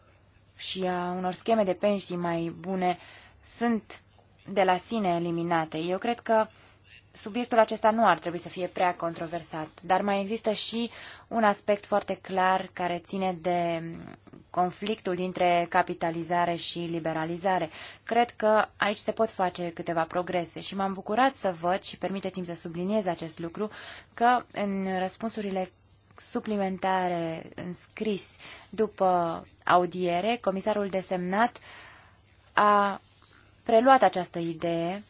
și a unor scheme de pensii mai bune sunt de la sine eliminate. Eu cred că subiectul acesta nu ar trebui să fie prea controversat, dar mai există și un aspect foarte clar care ține de conflictul dintre capitalizare și liberalizare. Cred că aici se pot face câteva progrese și m-am bucurat să văd și permiteți-mi să subliniez acest lucru că în răspunsurile suplimentare înscris după audiere, comisarul desemnat a preluat această idee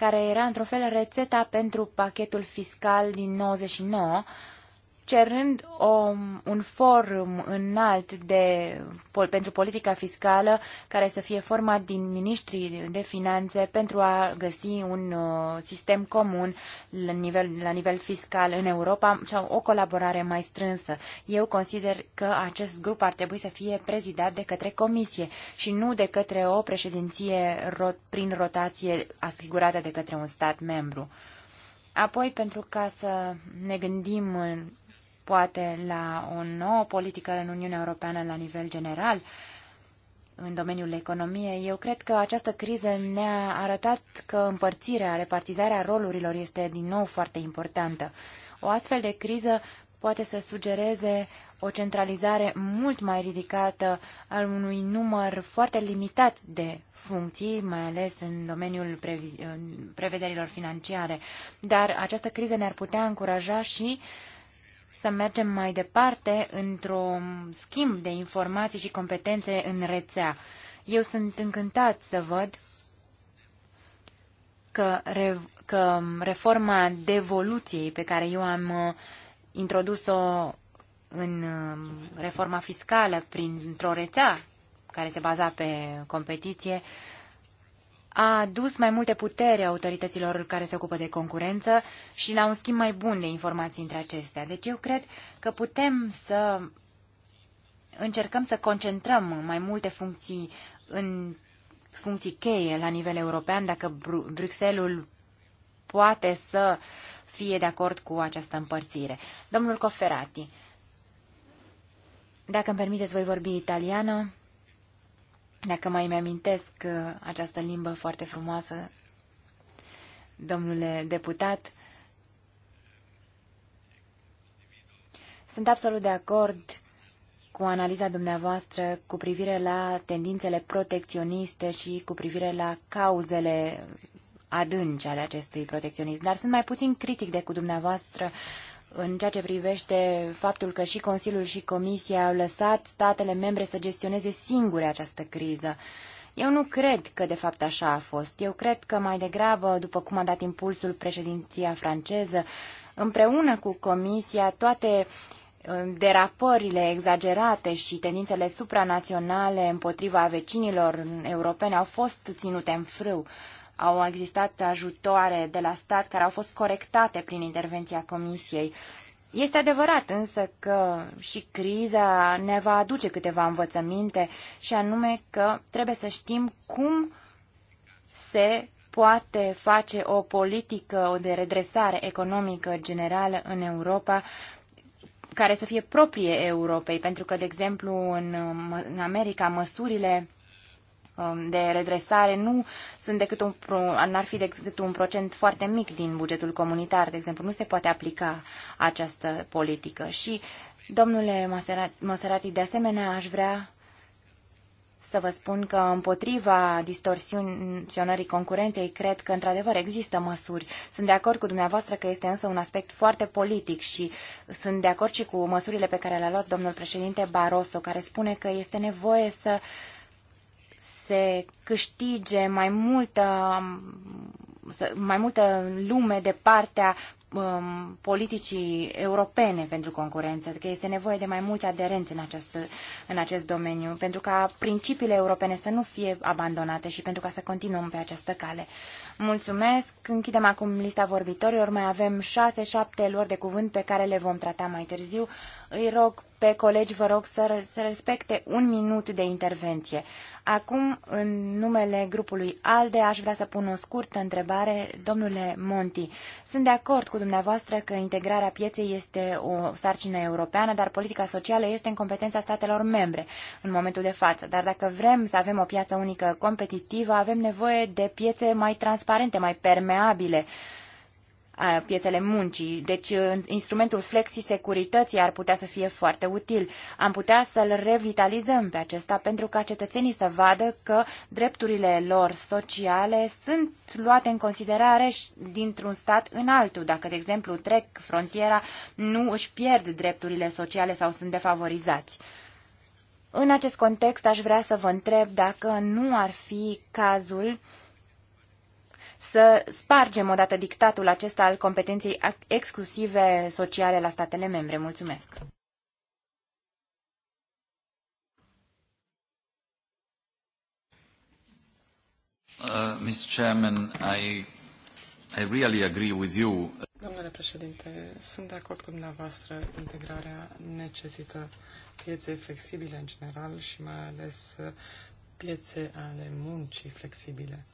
care era într-un fel rețeta pentru pachetul fiscal din 99, cerând o, un forum înalt de, pentru politica fiscală care să fie format din ministrii de finanțe pentru a găsi un uh, sistem comun la nivel, la nivel fiscal în Europa sau o colaborare mai strânsă. Eu consider că acest grup ar trebui să fie prezidat de către comisie și nu de către o președinție rot, prin rotație asigurată de către un stat membru. Apoi, pentru ca să ne gândim poate la o nouă politică în Uniunea Europeană la nivel general în domeniul economiei, eu cred că această criză ne-a arătat că împărțirea, repartizarea rolurilor este din nou foarte importantă. O astfel de criză poate să sugereze o centralizare mult mai ridicată al unui număr foarte limitat de funcții, mai ales în domeniul prevederilor financiare. Dar această criză ne-ar putea încuraja și uh, să mergem mai departe într-un schimb de informații și competențe în rețea. Eu sunt încântat să văd că, re, că reforma devoluției pe care eu am uh, introdus-o în um, reforma fiscală printr-o rețea care se baza pe competiție, a adus mai multe putere autorităților care se ocupă de concurență și la un schimb mai bun de informații între acestea. Deci eu cred că putem să încercăm să concentrăm mai multe funcții în funcții cheie la nivel european, dacă Bruxelles poate să fie de acord cu această împărțire. Domnul Coferati, dacă îmi permiteți, voi vorbi italiană. Dacă mai mi-amintesc uh, această limbă foarte frumoasă, domnule deputat, sunt absolut de acord cu analiza dumneavoastră cu privire la tendințele protecționiste și cu privire la cauzele adânci ale acestui protecționism, dar sunt mai puțin critic decât dumneavoastră uh, în ceea ce privește faptul că și Consiliul și Comisia au lăsat statele membre să gestioneze singure această criză. Eu nu cred că de fapt așa a fost. Eu cred că mai degrabă, după cum a dat impulsul președinția franceză, împreună cu Comisia, toate uh, derapările exagerate și tendințele supranaționale împotriva vecinilor europene au fost ținute în frâu au existat ajutoare de la stat care au fost corectate prin intervenția Comisiei. Este adevărat însă că și criza ne va aduce câteva învățăminte și anume că trebuie să știm cum se poate face o politică de redresare economică generală în Europa care să fie proprie Europei, pentru că, de exemplu, în, în America măsurile Um, de redresare nu sunt decât un, n-ar fi decât un procent foarte mic din bugetul comunitar, de exemplu. Nu se poate aplica această politică. Și, domnule Maserati, de asemenea, aș vrea să vă spun că împotriva distorsionării concurenței cred că într-adevăr există măsuri. Sunt de acord cu dumneavoastră că este însă un aspect foarte politic și sunt de acord și cu măsurile pe care le-a luat domnul președinte Barroso, care spune că este nevoie să uh, se câștige mai multă, mai multă lume de partea um, politicii europene pentru concurență, că este nevoie de mai mulți aderenți în acest, în acest domeniu, pentru ca principiile europene să nu fie abandonate și pentru ca să continuăm pe această cale. Mulțumesc. Închidem acum lista vorbitorilor. Mai avem șase, șapte luări de cuvânt pe care le vom trata mai târziu. Îi rog pe colegi, vă rog să, să respecte un minut de intervenție. Acum, în numele grupului ALDE, aș vrea să pun o scurtă întrebare, domnule Monti. Sunt de acord cu dumneavoastră că integrarea pieței este o sarcină europeană, dar politica socială este în competența statelor membre în momentul de față. Dar dacă vrem să avem o piață unică competitivă, avem nevoie de piețe mai transparente, mai permeabile piețele muncii. Deci uh, instrumentul flexi securității ar putea să fie foarte util. Am putea să-l revitalizăm pe acesta pentru ca cetățenii să vadă că drepturile lor sociale sunt luate în considerare dintr-un stat în altul. Dacă, de exemplu, trec frontiera, nu își pierd drepturile sociale sau sunt defavorizați. În acest context, aș vrea să vă întreb dacă nu ar fi cazul uh, să spargem odată dictatul acesta al competenței exclusive sociale la statele membre. Mulțumesc! Uh, Mr. I, I really agree with you. Domnule președinte, sunt de acord cu dumneavoastră. Integrarea necesită piețe flexibile în general și mai ales piețe ale muncii flexibile.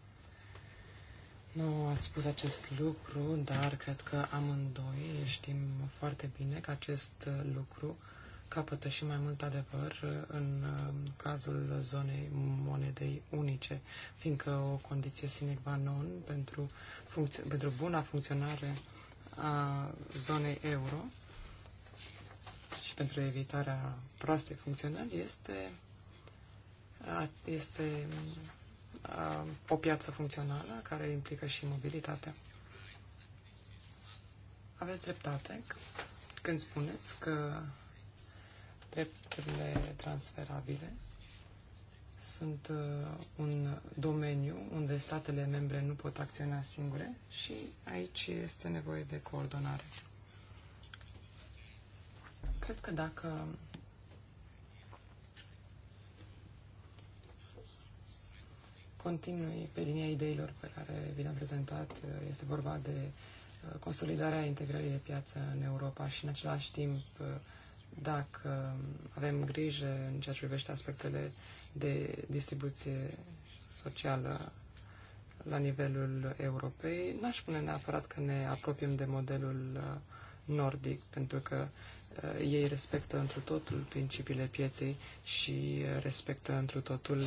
Nu ați spus acest lucru, dar cred că amândoi știm foarte bine că acest lucru capătă și mai mult adevăr în uh, cazul zonei monedei unice, fiindcă o condiție sine qua non pentru, pentru buna funcționare a zonei euro și pentru evitarea proastei funcționări este, este Uh, o piață funcțională care implică și mobilitatea. Aveți dreptate când spuneți că drepturile transferabile sunt uh, un domeniu unde statele membre nu pot acționa singure și aici este nevoie de coordonare. Cred că dacă continui pe linia ideilor pe care vi le-am prezentat. Este vorba de uh, consolidarea integrării de piață în Europa și, în același timp, uh, dacă um, avem grijă în ceea ce privește aspectele de distribuție socială la nivelul Europei, n-aș spune neapărat că ne apropiem de modelul uh, nordic, pentru că ei respectă întru totul principiile pieței și respectă întru totul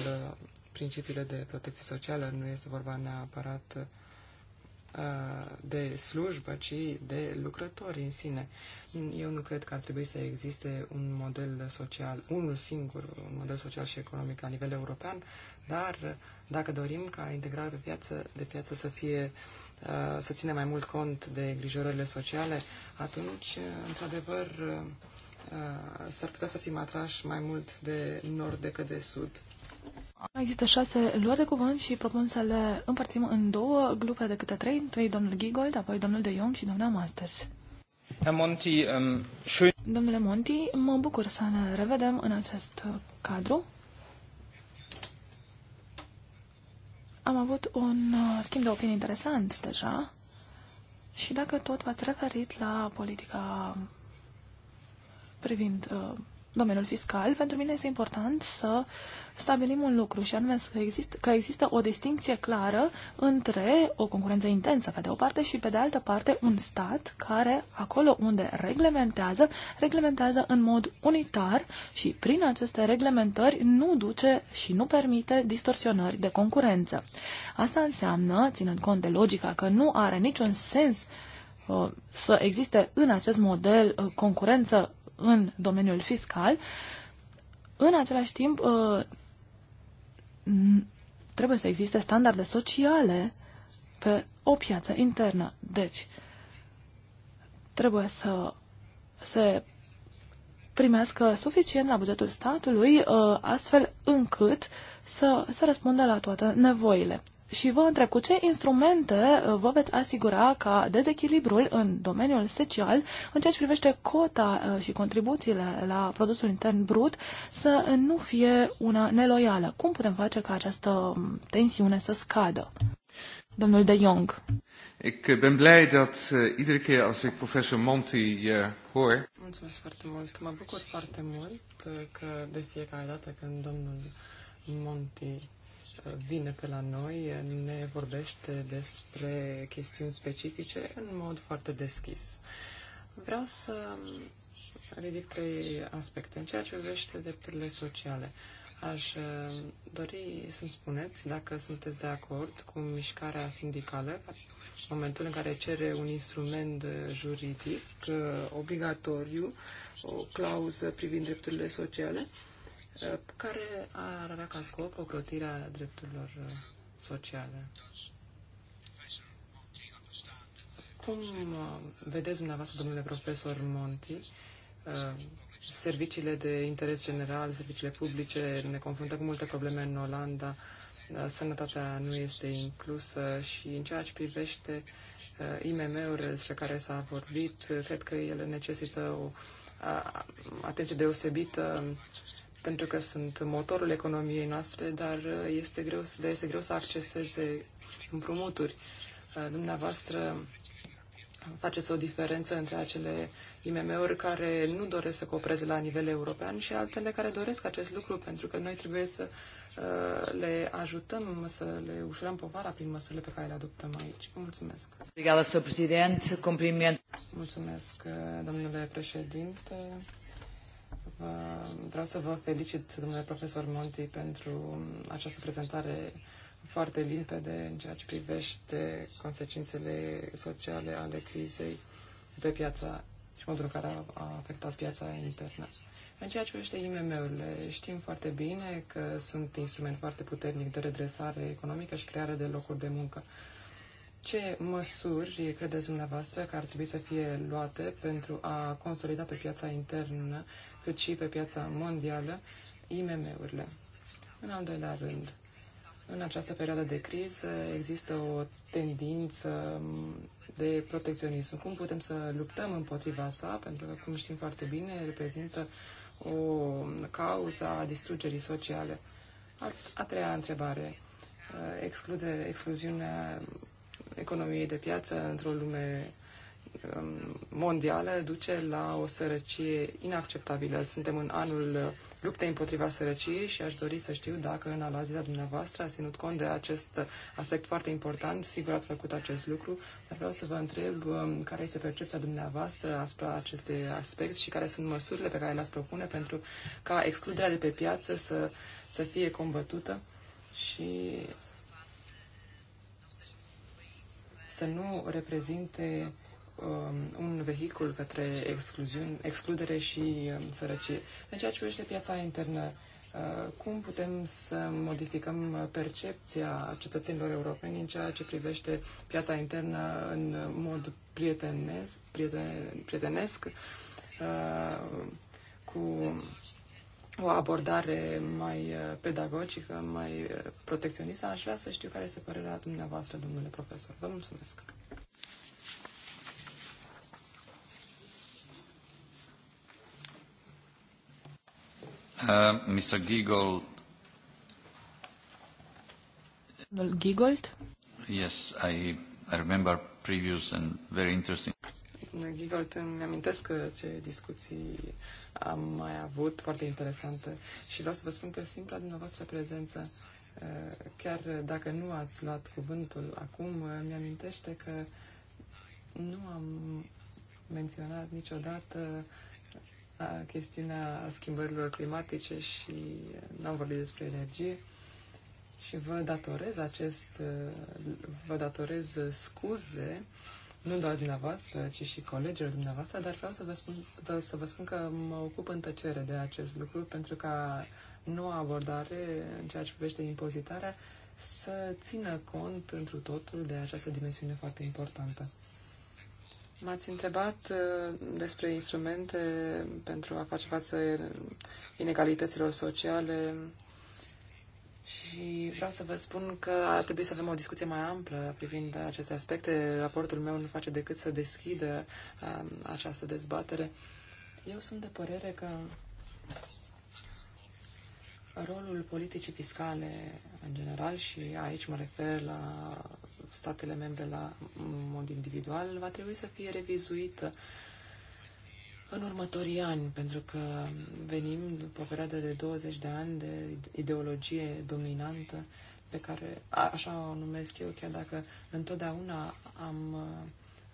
principiile de protecție socială. Nu este vorba neapărat uh, de slujbă, ci de lucrători în sine. Eu nu cred că ar trebui să existe un model social, unul singur, un model social și economic la nivel european, dar dacă dorim ca integrarea de piață, de piață să fie uh, să ține mai mult cont de îngrijorările sociale, atunci, într-adevăr, uh, s-ar putea să fim atrași mai mult de nord decât de sud. Există șase luări de cuvânt și propun să le împărțim în două grupe de câte trei. Întâi domnul Gigold, apoi domnul De Jong și domnul Masters. Monti, um, schön... Domnule Monti, mă bucur să ne revedem în acest uh, cadru. Am avut un uh, schimb de opinii interesant deja și dacă tot v-ați referit la politica privind uh, domeniul fiscal, pentru mine este important să stabilim un lucru și anume că, exist, că există o distinție clară între o concurență intensă pe de o parte și pe de altă parte un stat care acolo unde reglementează, reglementează în mod unitar și prin aceste reglementări nu duce și nu permite distorsionări de concurență. Asta înseamnă, ținând cont de logica că nu are niciun sens uh, să existe în acest model uh, concurență în domeniul fiscal, în același timp uh, trebuie să existe standarde sociale pe o piață internă. Deci, trebuie să se primească suficient la bugetul statului, uh, astfel încât să se răspundă la toate nevoile și vă întreb cu ce instrumente uh, vă veți asigura ca dezechilibrul în domeniul social, în ceea ce privește cota uh, și contribuțiile la produsul intern brut, să nu fie una neloială. Cum putem face ca această um, tensiune să scadă? Domnul De Jong. Ik eh, ben blij dat uh, iedere keer als ik professor Monti uh, hoor... Mulțumesc foarte mult. Mă bucur foarte mult că de fiecare dată când domnul Monti vine pe la noi ne vorbește despre chestiuni specifice în mod foarte deschis. Vreau să ridic trei aspecte. În ceea ce privește drepturile sociale, aș uh, dori să-mi spuneți dacă sunteți de acord cu mișcarea sindicală, în momentul în care cere un instrument juridic uh, obligatoriu, o clauză privind drepturile sociale, care ar avea ca scop ocrotirea drepturilor uh, sociale. Cum uh, vedeți dumneavoastră, domnule profesor Monti, uh, serviciile de interes general, serviciile publice, ne confruntă cu multe probleme în Olanda, sănătatea nu este inclusă și în ceea ce privește IMM-urile despre care s-a vorbit, cred că ele necesită o atenție deosebită pentru că sunt motorul economiei noastre, dar uh, este greu, de este greu să acceseze împrumuturi. Uh, dumneavoastră faceți o diferență între acele IMM-uri care nu doresc să coopereze la nivel european și altele care doresc acest lucru, pentru că noi trebuie să uh, le ajutăm, să le ușurăm povara prin măsurile pe care le adoptăm aici. Mulțumesc. Mulțumesc, domnule președinte. Uh, vreau să vă felicit, domnule profesor Monti, pentru această prezentare foarte limpede în ceea ce privește consecințele sociale ale crizei pe piața și modul în care a afectat piața internă. În ceea ce privește IMM-urile, știm foarte bine că sunt instrument foarte puternic de redresare economică și creare de locuri de muncă. Ce măsuri credeți dumneavoastră că ar trebui să fie luate pentru a consolida pe piața internă cât și pe piața mondială, IMM-urile. În al doilea rând, în această perioadă de criză există o tendință de protecționism. Cum putem să luptăm împotriva sa? Pentru că, cum știm foarte bine, reprezintă o cauza a distrugerii sociale. A treia întrebare. Exclude, excluziunea economiei de piață într-o lume Um, mondială duce la o sărăcie inacceptabilă. Suntem în anul luptei împotriva sărăciei și aș dori să știu dacă în alazia dumneavoastră ați ținut cont de acest aspect foarte important. Sigur ați făcut acest lucru, dar vreau să vă întreb um, care este percepția dumneavoastră asupra acestui aspect și care sunt măsurile pe care le-ați propune pentru ca excluderea de pe piață să, să fie combătută și să nu reprezinte Um, un vehicul către excludere și um, sărăcie. În ceea ce privește piața internă, uh, cum putem să modificăm uh, percepția cetățenilor europeni în ceea ce privește piața internă în mod prietenesc, prieten, prietenesc uh, cu o abordare mai pedagogică, mai protecționistă. Aș vrea să știu care este părerea dumneavoastră, domnule profesor. Vă mulțumesc! Uh, Mr. Giegold. Domnul Giegold? Yes, I, I remember previous and very interesting. Giegold, îmi amintesc ce discuții am mai avut foarte interesante și vreau să vă spun că simpla dumneavoastră prezență uh, chiar dacă nu ați luat cuvântul acum, mi-amintește că nu am menționat niciodată chestiunea schimbărilor climatice și n-am vorbit despre energie și vă datorez acest, vă datorez scuze nu doar dumneavoastră, ci și colegilor dumneavoastră, dar vreau să vă spun, să vă spun că mă ocup în tăcere de acest lucru pentru ca noua abordare în ceea ce privește impozitarea să țină cont întru totul de această dimensiune foarte importantă. M-ați întrebat uh, despre instrumente pentru a face față inegalităților sociale și vreau să vă spun că ar trebui să avem o discuție mai amplă privind aceste aspecte. Raportul meu nu face decât să deschidă um, această dezbatere. Eu sunt de părere că rolul politicii fiscale în general și aici mă refer la statele membre la mod individual va trebui să fie revizuită în următorii ani, pentru că venim după o perioadă de 20 de ani de ideologie dominantă pe care așa o numesc eu, chiar dacă întotdeauna am,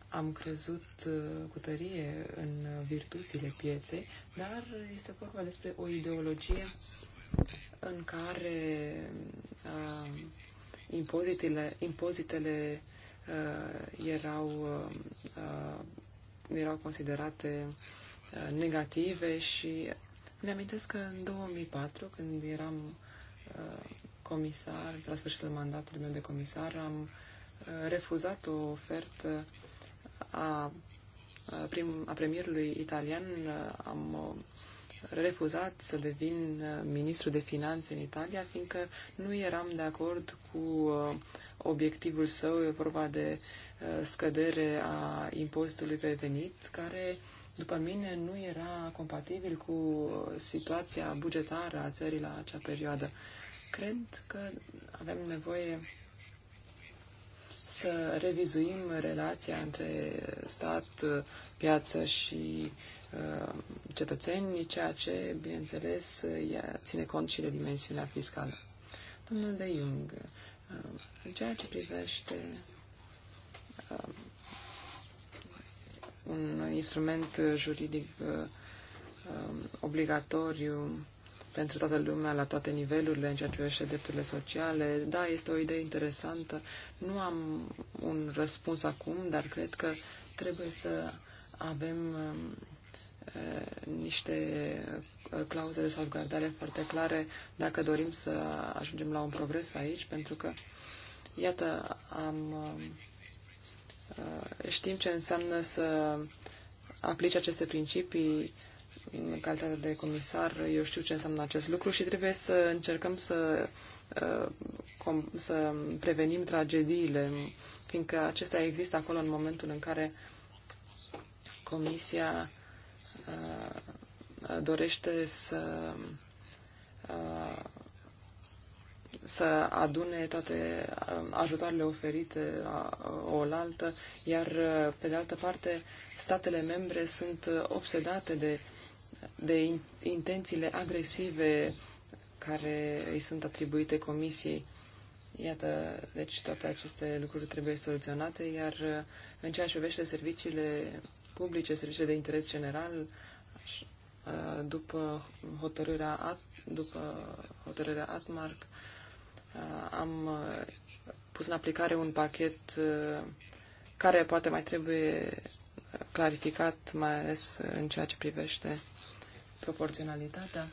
am crezut uh, cu tărie în virtuțile pieței, dar este vorba despre o ideologie în care uh, impozitele, impozitele uh, erau, uh, uh, erau considerate uh, negative și îmi amintesc că în 2004, când eram uh, comisar, la sfârșitul mandatului meu de comisar, am uh, refuzat o ofertă a, a, prim, a premierului italian. Am uh, refuzat să devin uh, ministru de finanțe în Italia, fiindcă nu eram de acord cu uh, obiectivul său, e vorba de uh, scădere a impozitului pe venit, care, după mine, nu era compatibil cu situația bugetară a țării la acea perioadă. Cred că avem nevoie să revizuim relația între stat, piață și uh, cetățeni, ceea ce, bineînțeles, ține cont și de dimensiunea fiscală. Domnul de Jung, uh, în ceea ce privește uh, un instrument juridic um, obligatoriu pentru toată lumea, la toate nivelurile, în ceea ce privește drepturile sociale. Da, este o idee interesantă. Nu am un răspuns acum, dar cred că trebuie să avem um, uh, niște uh, clauze de salvgardare foarte clare dacă dorim să ajungem la un progres aici, pentru că, iată, am, um, uh, știm ce înseamnă să aplici aceste principii în calitate de comisar, eu știu ce înseamnă acest lucru și trebuie să încercăm să, uh, să prevenim tragediile, fiindcă acestea există acolo în momentul în care comisia uh, dorește să uh, să adune toate ajutoarele oferite oaltă, iar pe de altă parte statele membre sunt obsedate de de intențiile agresive care îi sunt atribuite comisiei. Iată, deci toate aceste lucruri trebuie soluționate, iar în ceea ce privește serviciile publice, serviciile de interes general, după hotărârea, At după hotărârea Atmark, am pus în aplicare un pachet care poate mai trebuie clarificat, mai ales în ceea ce privește proporționalitatea,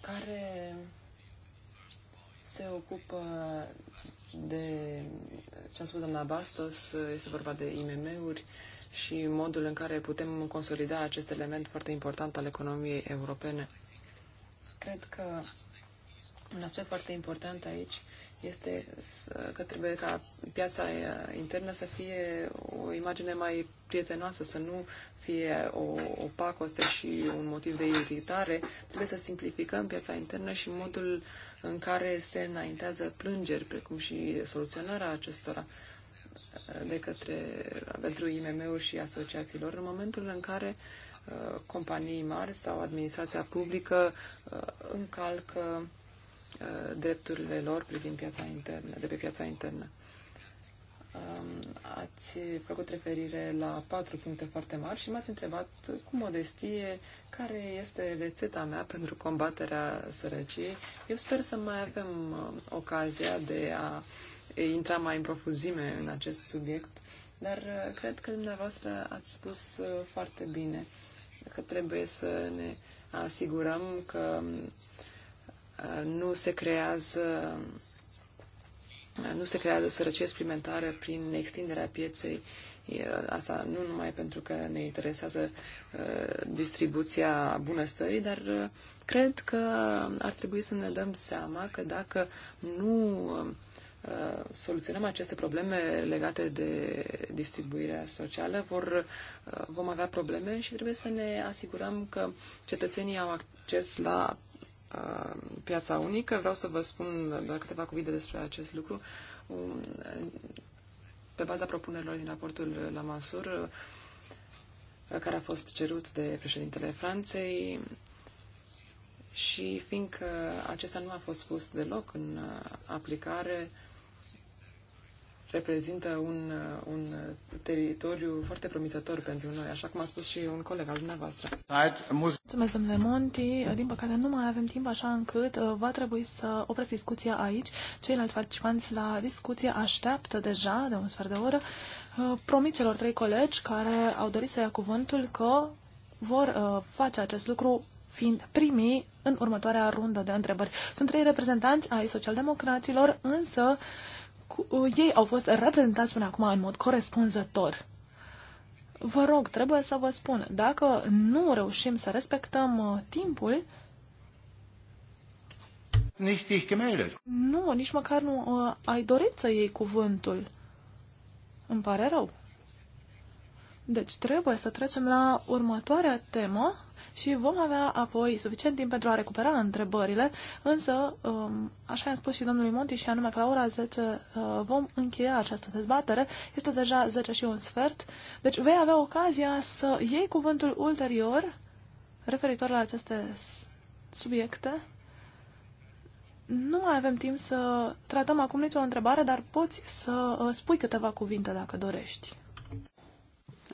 care se ocupă de ce a spus doamna Bastos, este vorba de IMM-uri și modul în care putem consolida acest element foarte important al economiei europene. Cred că un aspect foarte important aici este că trebuie ca piața internă să fie o imagine mai prietenoasă, să nu fie o opacoste și un motiv de iritare. Trebuie să simplificăm piața internă și modul în care se înaintează plângeri, precum și soluționarea acestora de către, pentru IMM-uri și asociațiilor, în momentul în care uh, companii mari sau administrația publică uh, încalcă Uh, drepturile lor privind piața internă, de pe piața internă. Um, ați făcut referire la patru puncte foarte mari și m-ați întrebat cu modestie care este rețeta mea pentru combaterea sărăciei. Eu sper să mai avem uh, ocazia de a intra mai în profuzime în acest subiect, dar uh, cred că dumneavoastră ați spus foarte bine că trebuie să ne asigurăm că um, nu se creează nu se creează sărăcie suplimentară prin extinderea pieței. Asta nu numai pentru că ne interesează distribuția bunăstării, dar cred că ar trebui să ne dăm seama că dacă nu soluționăm aceste probleme legate de distribuirea socială, vor, vom avea probleme și trebuie să ne asigurăm că cetățenii au acces la Uh, piața unică. Vreau să vă spun doar câteva cuvinte despre acest lucru. Um, pe baza propunerilor din raportul la Mansur, uh, care a fost cerut de președintele Franței, și fiindcă acesta nu a fost pus deloc în uh, aplicare, reprezintă un, uh, un teritoriu foarte promițător pentru noi, așa cum a spus și un coleg al dumneavoastră. Mulțumesc, domnule Monti. Din păcate nu mai avem timp așa încât uh, va trebui să opresc discuția aici. Ceilalți participanți la discuție așteaptă deja de un sfert de oră. Uh, promit celor trei colegi care au dorit să ia cuvântul că vor face acest lucru fiind primii în următoarea rundă de întrebări. Sunt trei reprezentanți ai socialdemocraților, însă Uh, ei au fost reprezentați până acum în mod corespunzător. Vă rog, trebuie să vă spun, dacă nu reușim să respectăm uh, timpul, Nu, nici măcar nu uh, ai dorit să iei cuvântul. Îmi pare rău. Deci trebuie să trecem la următoarea temă și vom avea apoi suficient timp pentru a recupera întrebările, însă, um, așa i-am spus și domnului Monti și anume că la ora 10 uh, vom încheia această dezbatere, este deja 10 și un sfert, deci vei avea ocazia să iei cuvântul ulterior referitor la aceste subiecte. Nu mai avem timp să tratăm acum nicio întrebare, dar poți să uh, spui câteva cuvinte dacă dorești.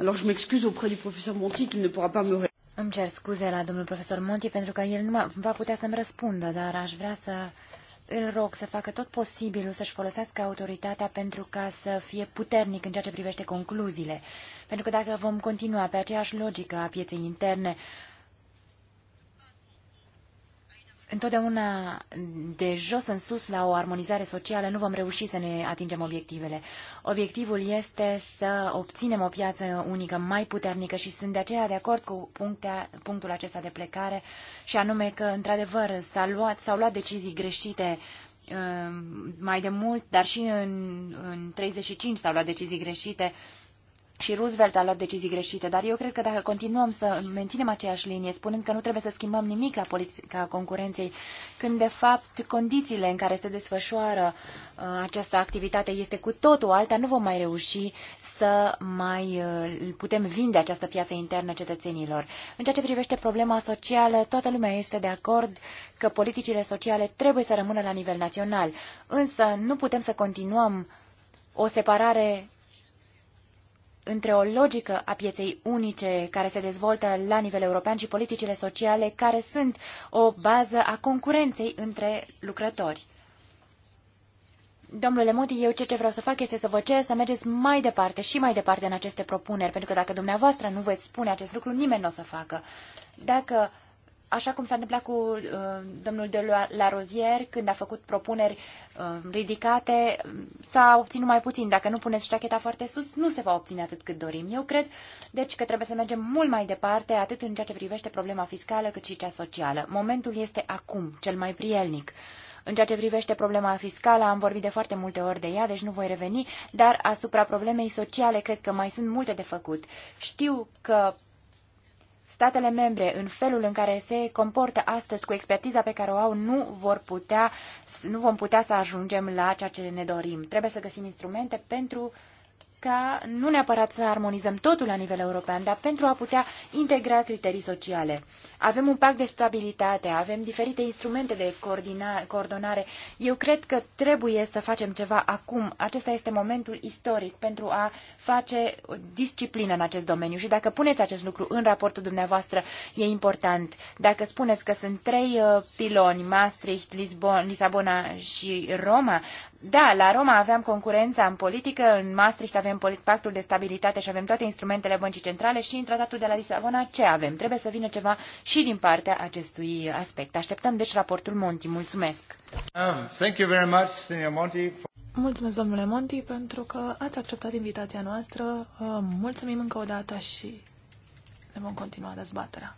Alors je m'excuse auprès du professeur Monti qu'il ne pourra pas me Îmi cer scuze la domnul profesor Monti pentru că el nu va putea să-mi răspundă, dar aș vrea să îl rog să facă tot posibilul să-și folosească autoritatea pentru ca să fie puternic în ceea ce privește concluziile. Pentru că dacă vom continua pe aceeași logică a pieței interne, întotdeauna de jos în sus la o armonizare socială nu vom reuși să ne atingem obiectivele. Obiectivul este să obținem o piață unică mai puternică și sunt de aceea de acord cu punctea, punctul acesta de plecare și anume că, într-adevăr, s-au luat, s luat decizii greșite um, mai de mult, dar și în, în 35 s-au luat decizii greșite și Roosevelt a luat decizii greșite, dar eu cred că dacă continuăm să menținem aceeași linie, spunând că nu trebuie să schimbăm nimic la politica concurenței, când de fapt condițiile în care se desfășoară uh, această activitate este cu totul alta, nu vom mai reuși să mai uh, putem vinde această piață internă cetățenilor. În ceea ce privește problema socială, toată lumea este de acord că politicile sociale trebuie să rămână la nivel național, însă nu putem să continuăm o separare între o logică a pieței unice care se dezvoltă la nivel european și politicile sociale care sunt o bază a concurenței între lucrători. Domnule Moti, eu ce, ce vreau să fac este să vă cer să mergeți mai departe și mai departe în aceste propuneri, pentru că dacă dumneavoastră nu veți spune acest lucru, nimeni nu o să facă. Dacă așa cum s-a întâmplat cu uh, domnul de la Rozier, când a făcut propuneri uh, ridicate, s-a obținut mai puțin. Dacă nu puneți ștacheta foarte sus, nu se va obține atât cât dorim. Eu cred, deci, că trebuie să mergem mult mai departe, atât în ceea ce privește problema fiscală, cât și cea socială. Momentul este acum, cel mai prielnic. În ceea ce privește problema fiscală, am vorbit de foarte multe ori de ea, deci nu voi reveni, dar asupra problemei sociale cred că mai sunt multe de făcut. Știu că statele membre, în felul în care se comportă astăzi cu expertiza pe care o au, nu, vor putea, nu vom putea să ajungem la ceea ce ne dorim. Trebuie să găsim instrumente pentru uh, ca nu neapărat să armonizăm totul la nivel european, dar pentru a putea integra criterii sociale. Avem un pact de stabilitate, avem diferite instrumente de coordonare. Eu cred că trebuie să facem ceva acum. Acesta este momentul istoric pentru a face o disciplină în acest domeniu și dacă puneți acest lucru în raportul dumneavoastră, e important. Dacă spuneți că sunt trei uh, piloni, Maastricht, Lisbon, Lisabona și Roma, da, la Roma aveam concurența în politică, în Maastricht avem pactul de stabilitate și avem toate instrumentele băncii centrale și în tratatul de la Lisabona ce avem? Trebuie să vină ceva și din partea acestui aspect. Așteptăm deci raportul Monti. Mulțumesc! Um, thank you very much, senior Monti. Mulțumesc, domnule Monti, pentru că ați acceptat invitația noastră. Uh, mulțumim încă o dată și ne vom continua dezbaterea.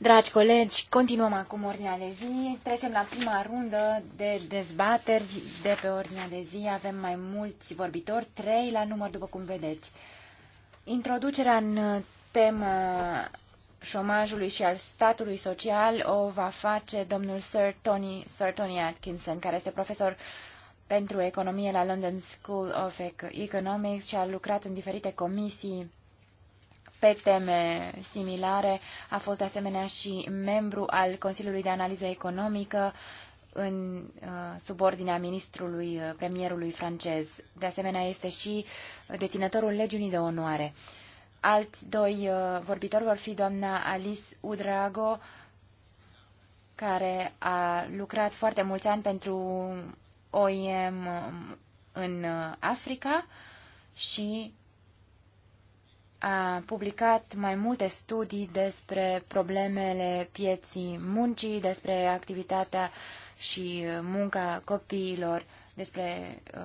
Dragi colegi, continuăm acum ordinea de zi. Trecem la prima rundă de dezbateri de pe ordinea de zi. Avem mai mulți vorbitori, trei la număr, după cum vedeți. Introducerea în temă șomajului și al statului social o va face domnul Sir Tony, Sir Tony Atkinson, care este profesor pentru economie la London School of Economics și a lucrat în diferite comisii pe teme similare. A fost de asemenea și membru al Consiliului de Analiză Economică în uh, subordinea ministrului uh, premierului francez. De asemenea, este și deținătorul legiunii de onoare. Alți doi uh, vorbitori vor fi doamna Alice Udrago, care a lucrat foarte mulți ani pentru OIM um, în Africa și a publicat mai multe studii despre problemele pieții muncii, despre activitatea și munca copiilor despre uh,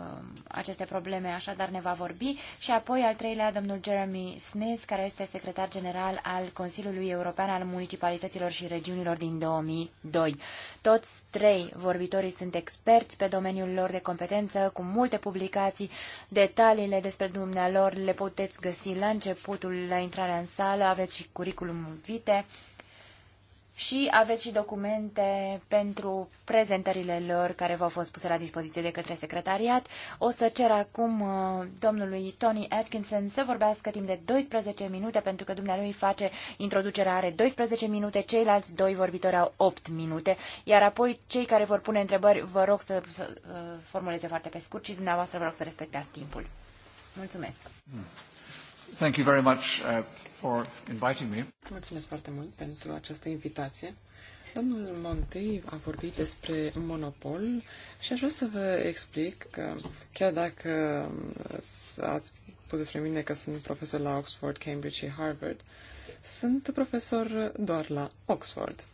aceste probleme, așadar ne va vorbi. Și apoi, al treilea, domnul Jeremy Smith, care este secretar general al Consiliului European al Municipalităților și Regiunilor din 2002. Toți trei vorbitorii sunt experți pe domeniul lor de competență, cu multe publicații. Detaliile despre dumnealor le puteți găsi la începutul, la intrarea în sală, aveți și curiculum vitae și aveți și documente pentru prezentările lor care v-au fost puse la dispoziție de către secretariat. O să cer acum uh, domnului Tony Atkinson să vorbească timp de 12 minute, pentru că dumnealui face introducerea are 12 minute, ceilalți doi vorbitori au 8 minute, iar apoi cei care vor pune întrebări vă rog să, să uh, formuleze foarte pe scurt și dumneavoastră vă rog să respectați timpul. Mulțumesc! Hmm. Thank you very much uh, for inviting me. Mulțumesc foarte mult pentru această invitație. Domnul Montei a vorbit despre monopol și aș vrea să vă explic că chiar dacă ați spus despre mine că sunt profesor la Oxford, Cambridge și Harvard, sunt profesor doar la Oxford.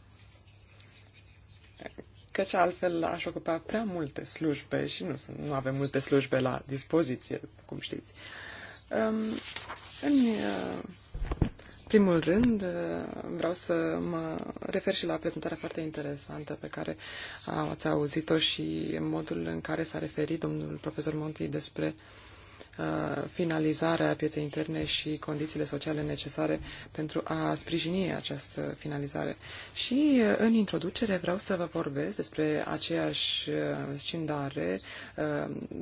Căci altfel aș ocupa prea multe slujbe și nu, sunt, nu avem multe slujbe la dispoziție, cum știți. Uh, în uh, primul rând, uh, vreau să mă refer și la prezentarea foarte interesantă pe care ați auzit-o și modul în care s-a referit domnul profesor Monti despre uh, Uh, finalizarea pieței interne și condițiile sociale necesare pentru a sprijini această finalizare. Și uh, în introducere vreau să vă vorbesc despre aceeași uh, scindare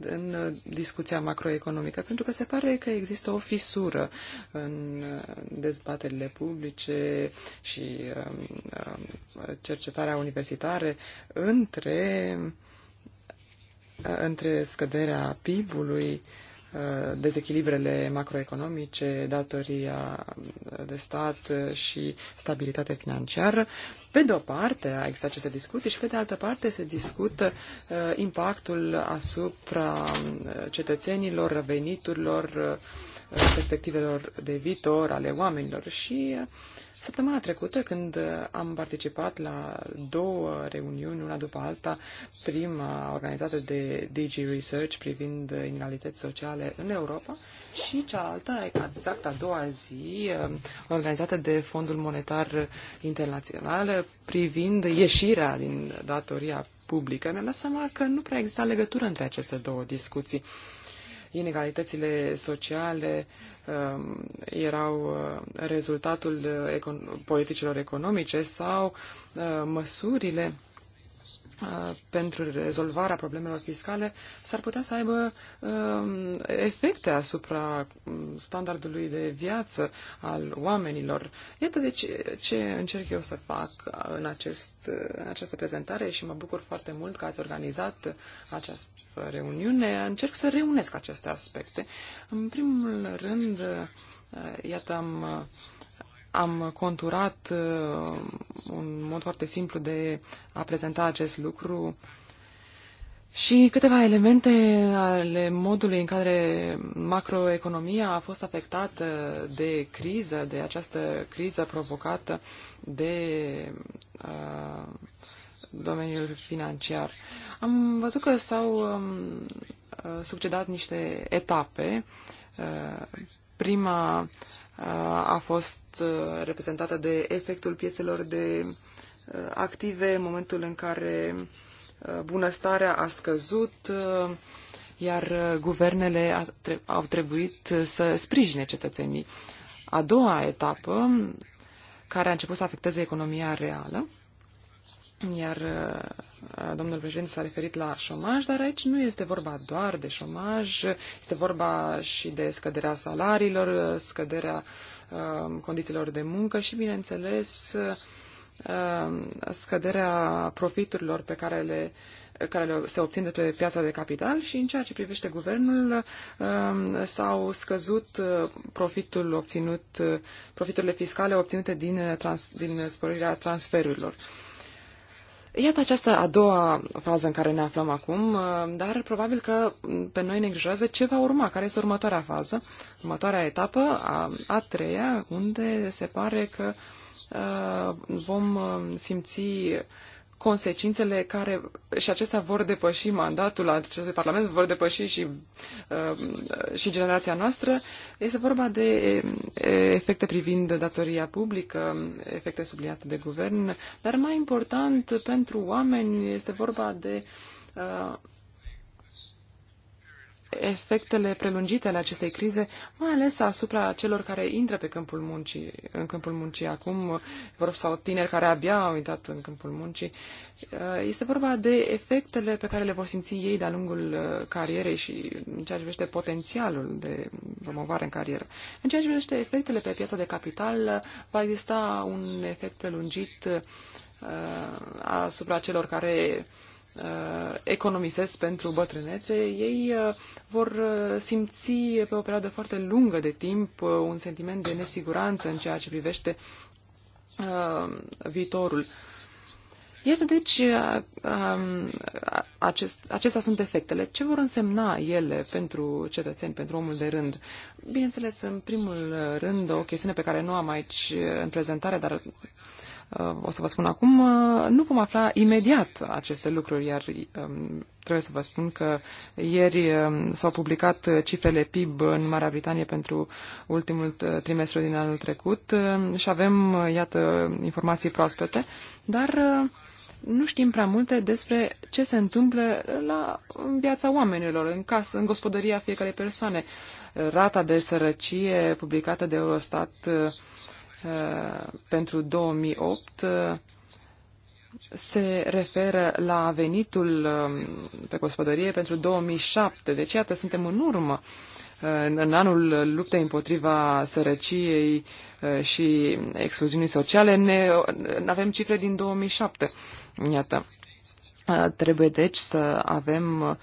în discuția macroeconomică, pentru că se pare că există o fisură în dezbaterile publice și um, um, cercetarea universitare între între scăderea PIB-ului uh, Uh, dezechilibrele macroeconomice, datoria de stat și stabilitatea financiară. Pe de o parte a existat aceste discuții și pe de altă parte se discută uh, impactul asupra uh, cetățenilor, veniturilor, perspectivelor de viitor ale oamenilor și uh, Săptămâna trecută, când am participat la două reuniuni, una după alta, prima organizată de DG Research privind inegalități sociale în Europa și cealaltă, exact a doua zi, organizată de Fondul Monetar Internațional privind ieșirea din datoria publică, mi-am dat seama că nu prea exista legătură între aceste două discuții. Inegalitățile sociale uh, Um, erau uh, rezultatul uh, politicilor economice sau uh, măsurile Uh, pentru rezolvarea problemelor fiscale s-ar putea să aibă um, efecte asupra um, standardului de viață al oamenilor. Iată deci ce încerc eu să fac în, acest, în această prezentare și mă bucur foarte mult că ați organizat această reuniune. Încerc să reunesc aceste aspecte. În primul rând, uh, iată, am uh, am conturat uh, un mod foarte simplu de a prezenta acest lucru și câteva elemente ale modului în care macroeconomia a fost afectată de criză, de această criză provocată de uh, domeniul financiar. Am văzut că s-au um, uh, succedat niște etape. Uh, prima a fost uh, reprezentată de efectul piețelor de uh, active în momentul în care uh, bunăstarea a scăzut, iar guvernele au trebuit să sprijine cetățenii. A doua etapă, care a început să afecteze economia reală, iar uh, domnul președinte s-a referit la șomaj, dar aici nu este vorba doar de șomaj, este vorba și de scăderea salariilor, uh, scăderea um, condițiilor de muncă și, bineînțeles, um, scăderea profiturilor pe care le care se obțin de pe piața de capital și în ceea ce privește guvernul um, s-au scăzut uh, profitul obținut, profiturile fiscale obținute din, trans, din sporirea transferurilor. Iată această a doua fază în care ne aflăm acum, uh, dar probabil că mm, pe noi ne îngrijorează ce va urma, care este următoarea fază, următoarea etapă, a, a treia, unde se pare că uh, vom uh, simți consecințele care și acestea vor depăși mandatul acestui parlament, vor depăși și, um, și generația noastră. Este vorba de efecte privind datoria publică, efecte subliate de guvern, dar mai important pentru oameni este vorba de uh, efectele prelungite ale acestei crize, mai ales asupra celor care intră pe câmpul muncii, în câmpul muncii acum, vor sau tineri care abia au intrat în câmpul muncii. Uh, este vorba de efectele pe care le vor simți ei de-a lungul uh, carierei și în ceea ce privește potențialul de promovare în carieră. În ceea ce privește efectele pe piața de capital, uh, va exista un efect prelungit asupra celor care Uh, economisesc pentru bătrânețe, ei uh, vor uh, simți pe o perioadă foarte lungă de timp un sentiment de nesiguranță în ceea ce privește viitorul. Iată deci, um, acest, acestea sunt efectele. Ce vor însemna ele pentru cetățeni, pentru omul de rând? Bineînțeles, în primul rând, o chestiune pe care nu am aici în prezentare, dar Uh, o să vă spun acum, uh, nu vom afla imediat aceste lucruri, iar um, trebuie să vă spun că ieri um, s-au publicat cifrele PIB în Marea Britanie pentru ultimul uh, trimestru din anul trecut și avem, iată, informații proaspete, dar nu știm prea multe despre ce se întâmplă la în viața oamenilor, în casă, în gospodăria fiecarei persoane. Rata de sărăcie publicată de Eurostat Uh, pentru 2008 uh, se referă la venitul um, pe gospodărie pentru 2007. Deci, iată, suntem în urmă uh, în anul luptei împotriva sărăciei și excluziunii sociale, ne, avem cifre din 2007. Iată. Trebuie deci să avem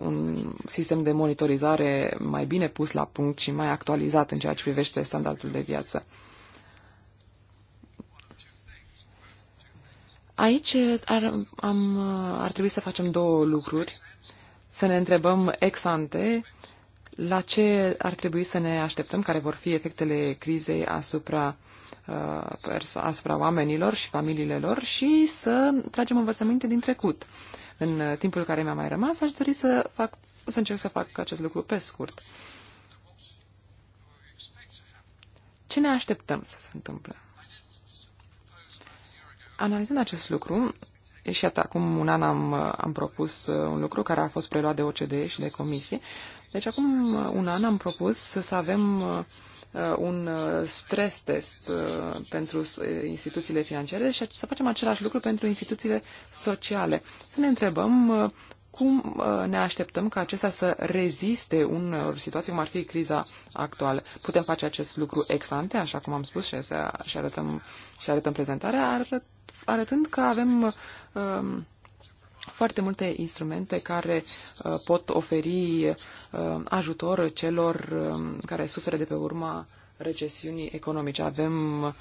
un sistem de monitorizare mai bine pus la punct și mai actualizat în ceea ce privește standardul de viață. Aici ar, am, ar trebui să facem două lucruri. Să ne întrebăm ex ante la ce ar trebui să ne așteptăm, care vor fi efectele crizei asupra, uh, asupra oamenilor și familiile lor și să tragem învățăminte din trecut. În uh, timpul care mi-a mai rămas, aș dori să, fac, să încerc să fac acest lucru pe scurt. Ce ne așteptăm să se întâmple? Analizând acest lucru, și iată, acum un an am, am propus uh, un lucru care a fost preluat de OCDE și de comisie. Deci acum uh, un an am propus să avem uh, un stres test pentru instituțiile financiare și să facem același lucru pentru instituțiile sociale. Să ne întrebăm cum ne așteptăm ca acestea să reziste unor situații cum ar fi criza actuală? Putem face acest lucru ex ante, așa cum am spus și, să, și, arătăm, și arătăm prezentarea, arătând că avem um, foarte multe instrumente care uh, pot oferi uh, ajutor celor uh, care suferă de pe urma recesiunii economice. Avem um,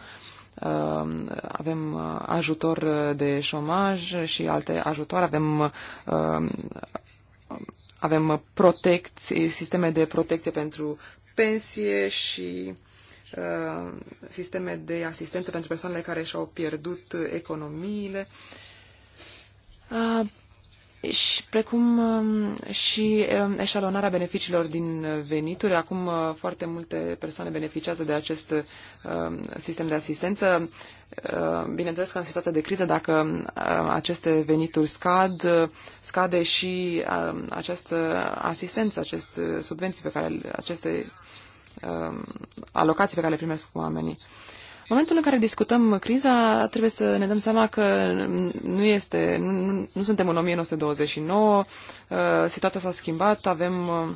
uh, avem ajutor de șomaj și alte ajutoare, avem avem protecție, sisteme de protecție pentru pensie și Uh, sisteme de asistență pentru persoanele care și-au pierdut economiile, A, uh, și precum um, și um, eșalonarea beneficiilor din venituri. Acum uh, foarte multe persoane beneficiază de acest sistem de asistență. Bineînțeles că în situația de criză, dacă aceste venituri scad, scade și această asistență, aceste subvenții pe care, aceste Um, alocații pe care le primesc oamenii. În momentul în care discutăm criza, trebuie să ne dăm seama că nu, este, nu, nu suntem în 1929, uh, situația s-a schimbat, avem, uh,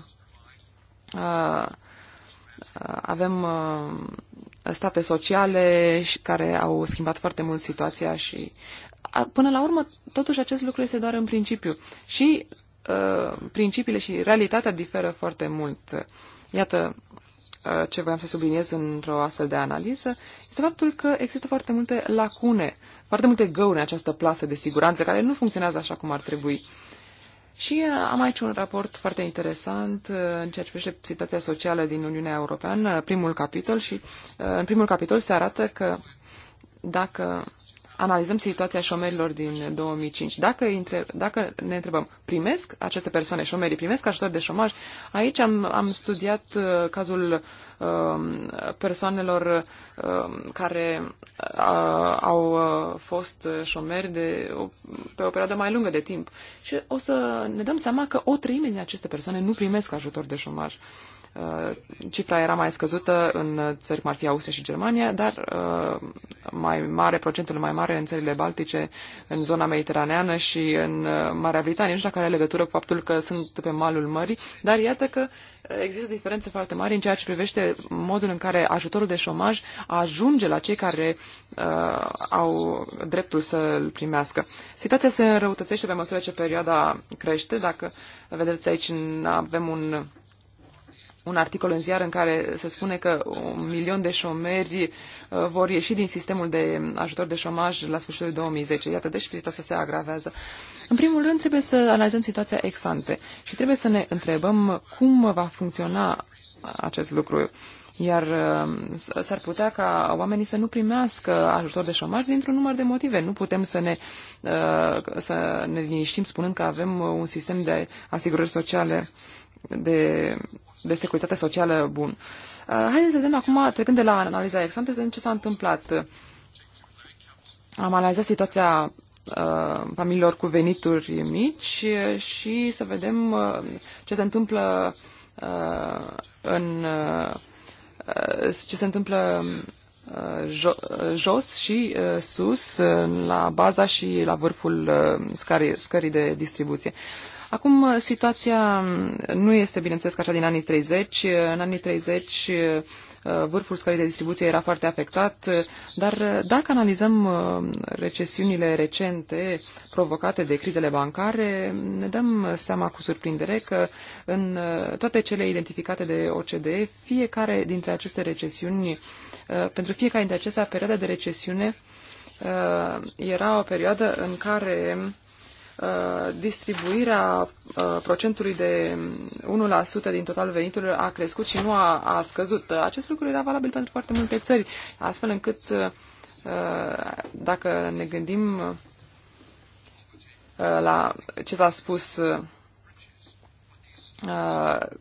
uh, avem state sociale care au schimbat foarte mult situația și până la urmă, totuși acest lucru este doar în principiu. Și principiile și realitatea diferă foarte mult. Iată, ce voiam să subliniez într-o astfel de analiză este faptul că există foarte multe lacune, foarte multe găuri în această plasă de siguranță care nu funcționează așa cum ar trebui. Și uh, am aici un raport foarte interesant uh, în ceea ce privește situația socială din Uniunea Europeană, primul capitol, și uh, în primul capitol se arată că dacă analizăm situația șomerilor din 2005. Dacă, intre, dacă ne întrebăm, primesc aceste persoane șomerii, primesc ajutor de șomaj, aici am, am studiat uh, cazul uh, persoanelor uh, care uh, au uh, fost șomeri de, pe o perioadă mai lungă de timp. Și o să ne dăm seama că o treime din aceste persoane nu primesc ajutor de șomaj. Uh, Uh, cifra era mai scăzută în țări cum ar fi Austria și Germania, dar uh, mai mare, procentul mai mare în țările baltice, în zona mediteraneană și în uh, Marea Britanie. Nu știu dacă are legătură cu faptul că sunt pe malul mării, dar iată că există diferențe foarte mari în ceea ce privește modul în care ajutorul de șomaj ajunge la cei care uh, au dreptul să îl primească. Situația se înrăutățește pe măsură ce perioada crește. Dacă vedeți aici, avem un un articol în ziar în care se spune că un milion de șomeri uh, vor ieși din sistemul de ajutor de șomaj la sfârșitul 2010. Iată, deci situația se agravează. În primul rând, trebuie să analizăm situația ex ante și trebuie să ne întrebăm cum va funcționa acest lucru iar uh, s-ar putea ca oamenii să nu primească ajutor de șomaj dintr-un număr de motive. Nu putem să ne, uh, să ne liniștim spunând că avem un sistem de asigurări sociale de de securitate socială bun. Uh, haideți să vedem acum, trecând de la analiza ex să vedem ce s-a întâmplat. Am analizat situația uh, familiilor cu venituri mici și să vedem uh, ce se întâmplă în ce se întâmplă jo jos și sus, la baza și la vârful scării de distribuție. Acum, uh, situația mm, nu este, bineînțeles, ca cea din anii 30. Uh, în anii 30 uh, vârful scării de distribuție era foarte afectat, dar dacă analizăm recesiunile recente provocate de crizele bancare, mm, ne dăm seama cu surprindere că în toate cele identificate de OCDE, fiecare dintre aceste recesiuni, pentru fiecare dintre acestea, perioada de recesiune era o perioadă în care Uh, distribuirea uh, procentului de 1% din totalul veniturilor a crescut și nu a, a scăzut. Uh, acest lucru era valabil pentru foarte multe țări, astfel încât dacă ne gândim la ce s-a spus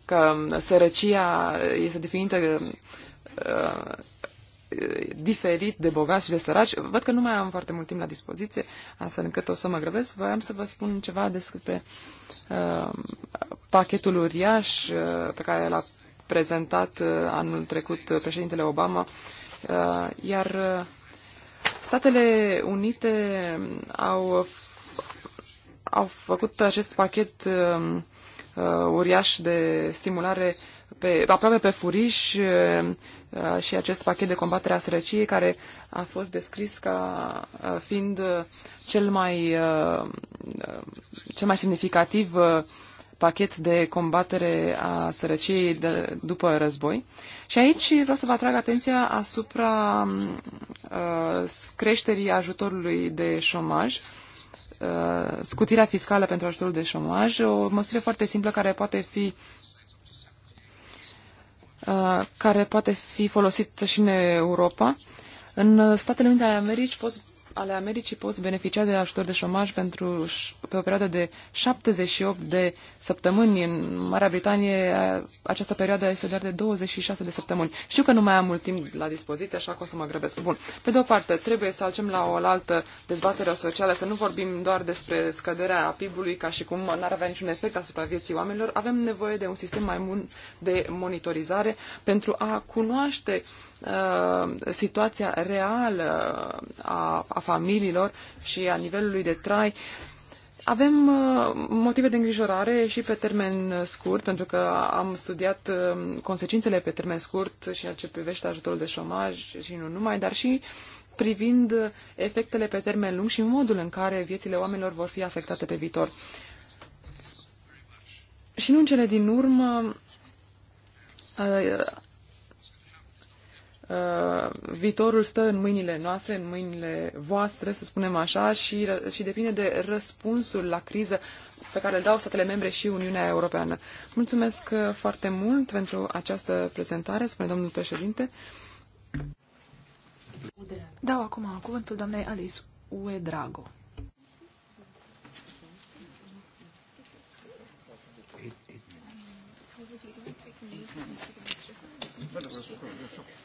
că sărăcia este definită diferit de bogați și de săraci. Văd că nu mai am foarte mult timp la dispoziție, astfel încât o să mă grăbesc. Voiam să vă spun ceva despre uh, pachetul uriaș uh, pe care l-a prezentat uh, anul trecut președintele Obama, uh, iar uh, Statele Unite au, au făcut acest pachet uh, uh, uriaș de stimulare pe, aproape pe furiș, uh, Uh, și acest pachet de combatere a sărăciei care a fost descris ca uh, fiind uh, cel mai, cel mai semnificativ pachet de combatere a sărăciei de, după război. Și aici vreau să vă atrag atenția asupra um, uh, creșterii ajutorului de șomaj, uh, scutirea fiscală pentru ajutorul de șomaj, o măsură foarte simplă care poate fi Uh, care poate fi folosit și în Europa. În Statele Unite ale Americii poți ale Americii poți beneficia de ajutor de șomaj pentru, pe o perioadă de 78 de săptămâni. În Marea Britanie această perioadă este doar de 26 de săptămâni. Știu că nu mai am mult timp la dispoziție, așa că o să mă grăbesc. Bun. Pe de o parte, trebuie să alcem la o altă dezbatere socială, să nu vorbim doar despre scăderea PIB-ului ca și cum n-ar avea niciun efect asupra vieții oamenilor. Avem nevoie de un sistem mai bun de monitorizare pentru a cunoaște uh, situația reală a, a familiilor și a nivelului de trai, avem uh, motive de îngrijorare și pe termen uh, scurt, pentru că am studiat uh, consecințele pe termen scurt și în ce privește ajutorul de șomaj și nu numai, dar și privind efectele pe termen lung și modul în care viețile oamenilor vor fi afectate pe viitor. Și nu în cele din urmă, Uh, viitorul stă în mâinile noastre, în mâinile voastre, să spunem așa, și, și depinde de răspunsul la criză pe care îl dau statele membre și Uniunea Europeană. Mulțumesc uh, foarte mult pentru această prezentare, spune domnul președinte. Dau acum cuvântul doamnei Alice Uedrago. Thank you.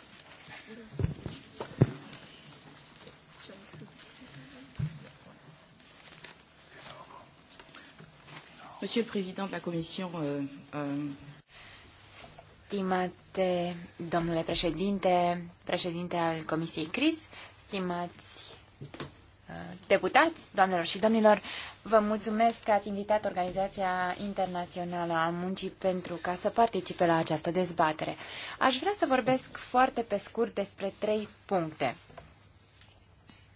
Monsieur le Président de la Commission, euh, euh, Stimate domnule președinte, președinte al Comisiei CRIS, stimați uh, deputați, doamnelor și domnilor, vă mulțumesc că ați invitat Organizația Internațională a Muncii pentru ca să participe la această dezbatere. Aș vrea să vorbesc foarte pe scurt despre trei puncte.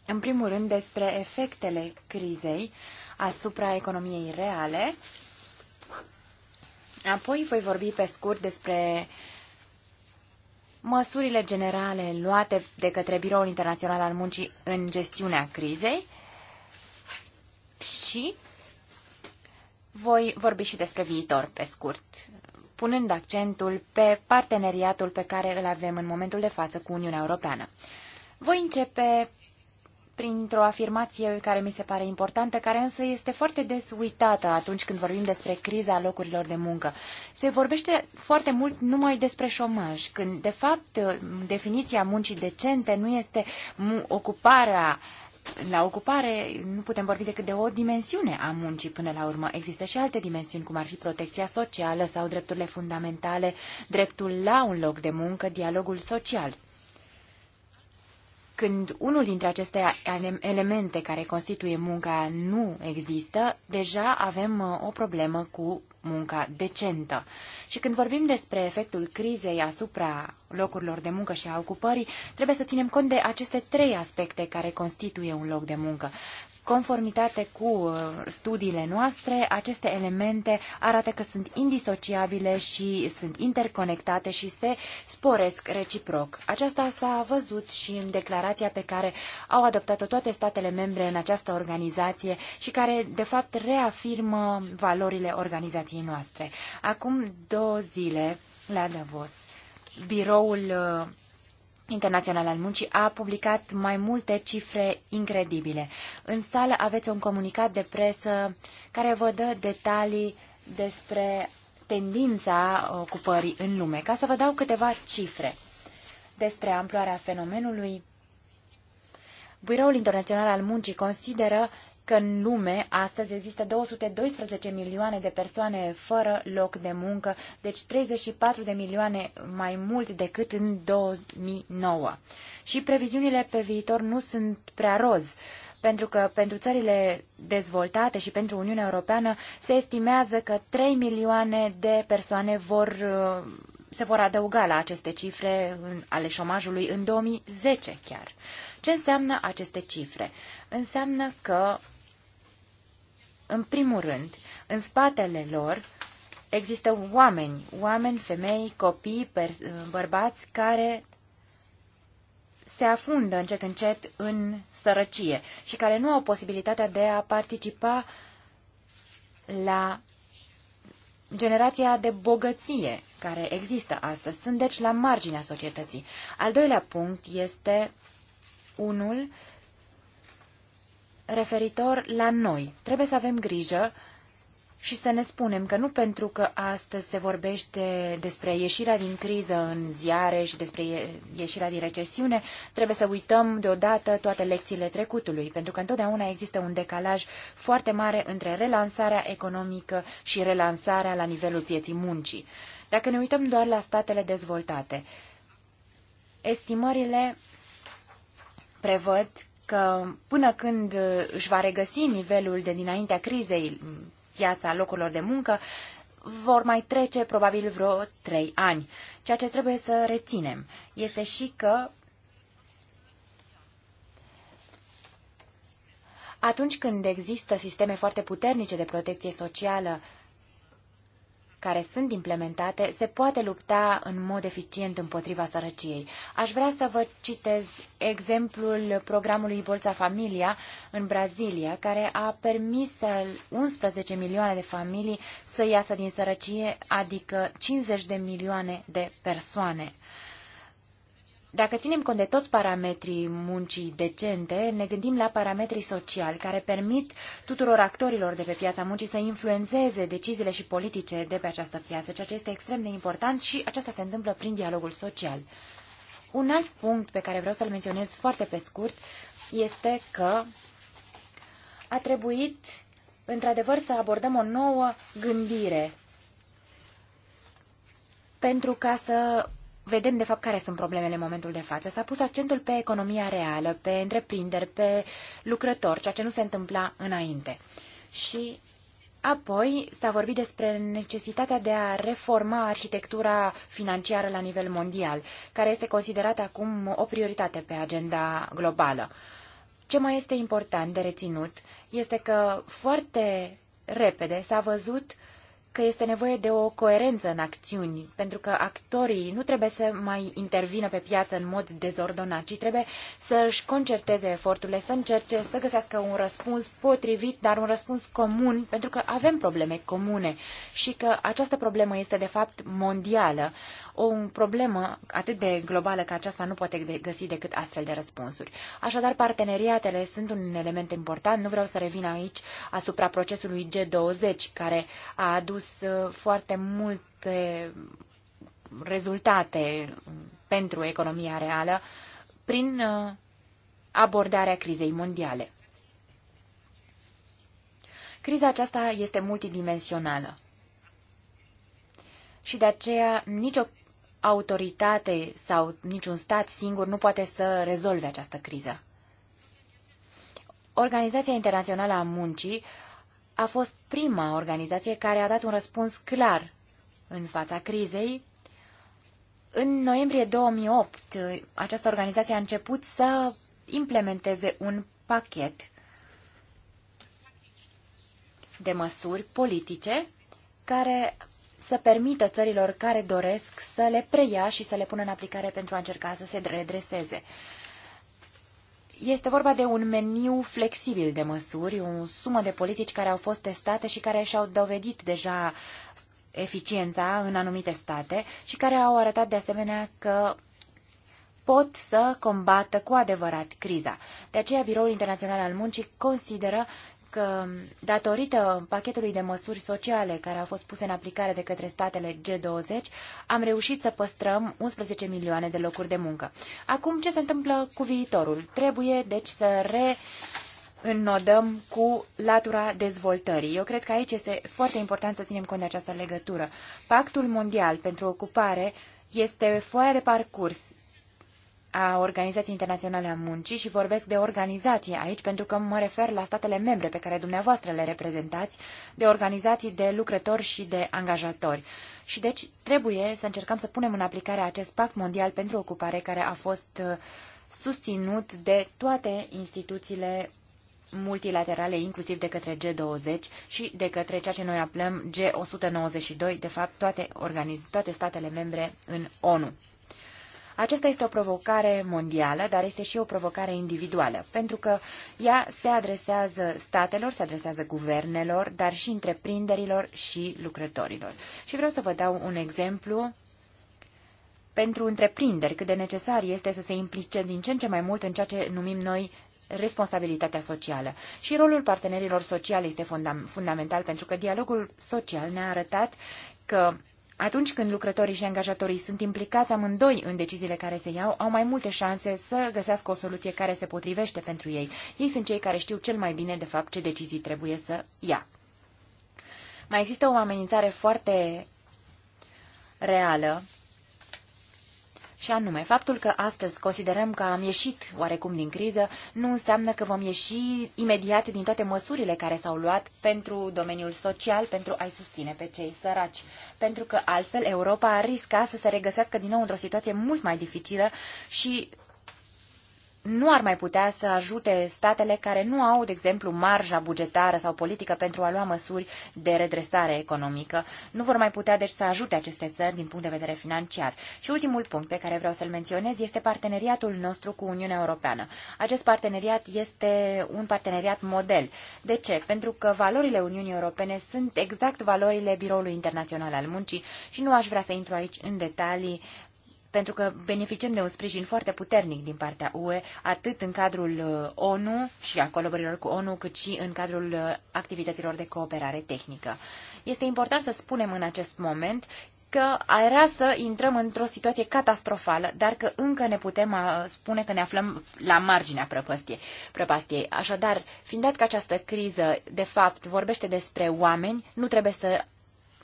În primul rând, despre efectele crizei uh, asupra economiei reale. Apoi voi vorbi pe scurt despre măsurile generale luate de către Biroul Internațional al Muncii în gestiunea crizei și voi vorbi și despre viitor pe scurt, punând accentul pe parteneriatul pe care îl avem în momentul de față cu Uniunea Europeană. Voi începe printr-o afirmație care mi se pare importantă, care însă este foarte des uitată atunci când vorbim despre criza locurilor de muncă. Se vorbește foarte mult numai despre șomaj, când, de fapt, definiția muncii decente nu este ocuparea la ocupare nu putem vorbi decât de o dimensiune a muncii până la urmă. Există și alte dimensiuni, cum ar fi protecția socială sau drepturile fundamentale, dreptul la un loc de muncă, dialogul social. Când unul dintre aceste elemente care constituie munca nu există, deja avem uh, o problemă cu munca decentă. Și când vorbim despre efectul crizei asupra locurilor de muncă și a ocupării, trebuie să ținem cont de aceste trei aspecte care constituie un loc de muncă conformitate cu uh, studiile noastre, aceste elemente arată că sunt indisociabile și sunt interconectate și se sporesc reciproc. Aceasta s-a văzut și în declarația pe care au adoptat-o toate statele membre în această organizație și care, de fapt, reafirmă valorile organizației noastre. Acum două zile, la Davos, biroul uh, Internațional al Muncii a publicat mai multe cifre incredibile. În sală aveți un comunicat de presă care vă dă detalii despre tendința ocupării în lume. Ca să vă dau câteva cifre despre amploarea fenomenului, Biroul Internațional al Muncii consideră că în lume astăzi există 212 milioane de persoane fără loc de muncă, deci 34 de milioane mai mult decât în 2009. Și previziunile pe viitor nu sunt prea roz pentru că pentru țările dezvoltate și pentru Uniunea Europeană se estimează că 3 milioane de persoane vor, se vor adăuga la aceste cifre ale șomajului în 2010 chiar. Ce înseamnă aceste cifre? Înseamnă că în primul rând, în spatele lor există oameni, oameni, femei, copii, bărbați care se afundă încet încet în sărăcie și care nu au posibilitatea de a participa la generația de bogăție care există astăzi. Sunt deci la marginea societății. Al doilea punct este unul referitor la noi. Trebuie să avem grijă și să ne spunem că nu pentru că astăzi se vorbește despre ieșirea din criză în ziare și despre ieșirea din recesiune, trebuie să uităm deodată toate lecțiile trecutului, pentru că întotdeauna există un decalaj foarte mare între relansarea economică și relansarea la nivelul pieții muncii. Dacă ne uităm doar la statele dezvoltate, estimările prevăd că până când își va regăsi nivelul de dinaintea crizei piața locurilor de muncă, vor mai trece probabil vreo trei ani. Ceea ce trebuie să reținem este și că atunci când există sisteme foarte puternice de protecție socială care sunt implementate, se poate lupta în mod eficient împotriva sărăciei. Aș vrea să vă citez exemplul programului Bolsa Familia în Brazilia, care a permis 11 milioane de familii să iasă din sărăcie, adică 50 de milioane de persoane. Dacă ținem cont de toți parametrii muncii decente, ne gândim la parametrii sociali care permit tuturor actorilor de pe piața muncii să influențeze deciziile și politice de pe această piață, ceea ce este extrem de important și aceasta se întâmplă prin dialogul social. Un alt punct pe care vreau să-l menționez foarte pe scurt este că a trebuit într-adevăr să abordăm o nouă gândire pentru ca să vedem de fapt care sunt problemele în momentul de față. S-a pus accentul pe economia reală, pe întreprinderi, pe lucrători, ceea ce nu se întâmpla înainte. Și apoi s-a vorbit despre necesitatea de a reforma arhitectura financiară la nivel mondial, care este considerată acum o prioritate pe agenda globală. Ce mai este important de reținut este că foarte repede s-a văzut că este nevoie de o coerență în acțiuni, pentru că actorii nu trebuie să mai intervină pe piață în mod dezordonat, ci trebuie să își concerteze eforturile, să încerce să găsească un răspuns potrivit, dar un răspuns comun, pentru că avem probleme comune și că această problemă este de fapt mondială o problemă atât de globală ca aceasta nu poate găsi decât astfel de răspunsuri. Așadar, parteneriatele sunt un element important. Nu vreau să revin aici asupra procesului G20, care a adus uh, foarte multe rezultate pentru economia reală prin uh, abordarea crizei mondiale. Criza aceasta este multidimensională și de aceea nicio autoritate sau niciun stat singur nu poate să rezolve această criză. Organizația Internațională a Muncii a fost prima organizație care a dat un răspuns clar în fața crizei. În noiembrie 2008, această organizație a început să implementeze un pachet de măsuri politice care să permită țărilor care doresc să le preia și să le pună în aplicare pentru a încerca să se redreseze. Este vorba de un meniu flexibil de măsuri, o sumă de politici care au fost testate și care și-au dovedit deja eficiența în anumite state și care au arătat de asemenea că pot să combată cu adevărat criza. De aceea, Biroul Internațional al Muncii consideră că datorită pachetului de măsuri sociale care au fost puse în aplicare de către statele G20, am reușit să păstrăm 11 milioane de locuri de muncă. Acum, ce se întâmplă cu viitorul? Trebuie, deci, să re înnodăm cu latura dezvoltării. Eu cred că aici este foarte important să ținem cont de această legătură. Pactul Mondial pentru Ocupare este foaia de parcurs a Organizației Internaționale a Muncii și vorbesc de organizații aici pentru că mă refer la statele membre pe care dumneavoastră le reprezentați, de organizații de lucrători și de angajatori. Și deci trebuie să încercăm să punem în aplicare acest pact mondial pentru ocupare care a fost uh, susținut de toate instituțiile multilaterale, inclusiv de către G20 și de către ceea ce noi aplăm G192, de fapt toate, organiz- toate statele membre în ONU. Aceasta este o provocare mondială, dar este și o provocare individuală, pentru că ea se adresează statelor, se adresează guvernelor, dar și întreprinderilor și lucrătorilor. Și vreau să vă dau un exemplu pentru întreprinderi, cât de necesar este să se implice din ce în ce mai mult în ceea ce numim noi responsabilitatea socială. Și rolul partenerilor sociale este fundamental pentru că dialogul social ne-a arătat că atunci când lucrătorii și angajatorii sunt implicați amândoi în deciziile care se iau, au mai multe șanse să găsească o soluție care se potrivește pentru ei. Ei sunt cei care știu cel mai bine, de fapt, ce decizii trebuie să ia. Mai există o amenințare foarte reală și anume, faptul că astăzi considerăm că am ieșit oarecum din criză nu înseamnă că vom ieși imediat din toate măsurile care s-au luat pentru domeniul social, pentru a-i susține pe cei săraci. Pentru că altfel Europa risca să se regăsească din nou într-o situație mult mai dificilă și nu ar mai putea să ajute statele care nu au, de exemplu, marja bugetară sau politică pentru a lua măsuri de redresare economică. Nu vor mai putea, deci, să ajute aceste țări din punct de vedere financiar. Și ultimul punct pe care vreau să-l menționez este parteneriatul nostru cu Uniunea Europeană. Acest parteneriat este un parteneriat model. De ce? Pentru că valorile Uniunii Europene sunt exact valorile Biroului Internațional al Muncii și nu aș vrea să intru aici în detalii pentru că beneficiem de un sprijin foarte puternic din partea UE, atât în cadrul uh, ONU și a colaborărilor cu ONU, cât și în cadrul uh, activităților de cooperare tehnică. Este important să spunem în acest moment că era să intrăm într-o situație catastrofală, dar că încă ne putem uh, spune că ne aflăm la marginea prăpastiei. prăpastiei. Așadar, fiind dat că această criză, de fapt, vorbește despre oameni, nu trebuie să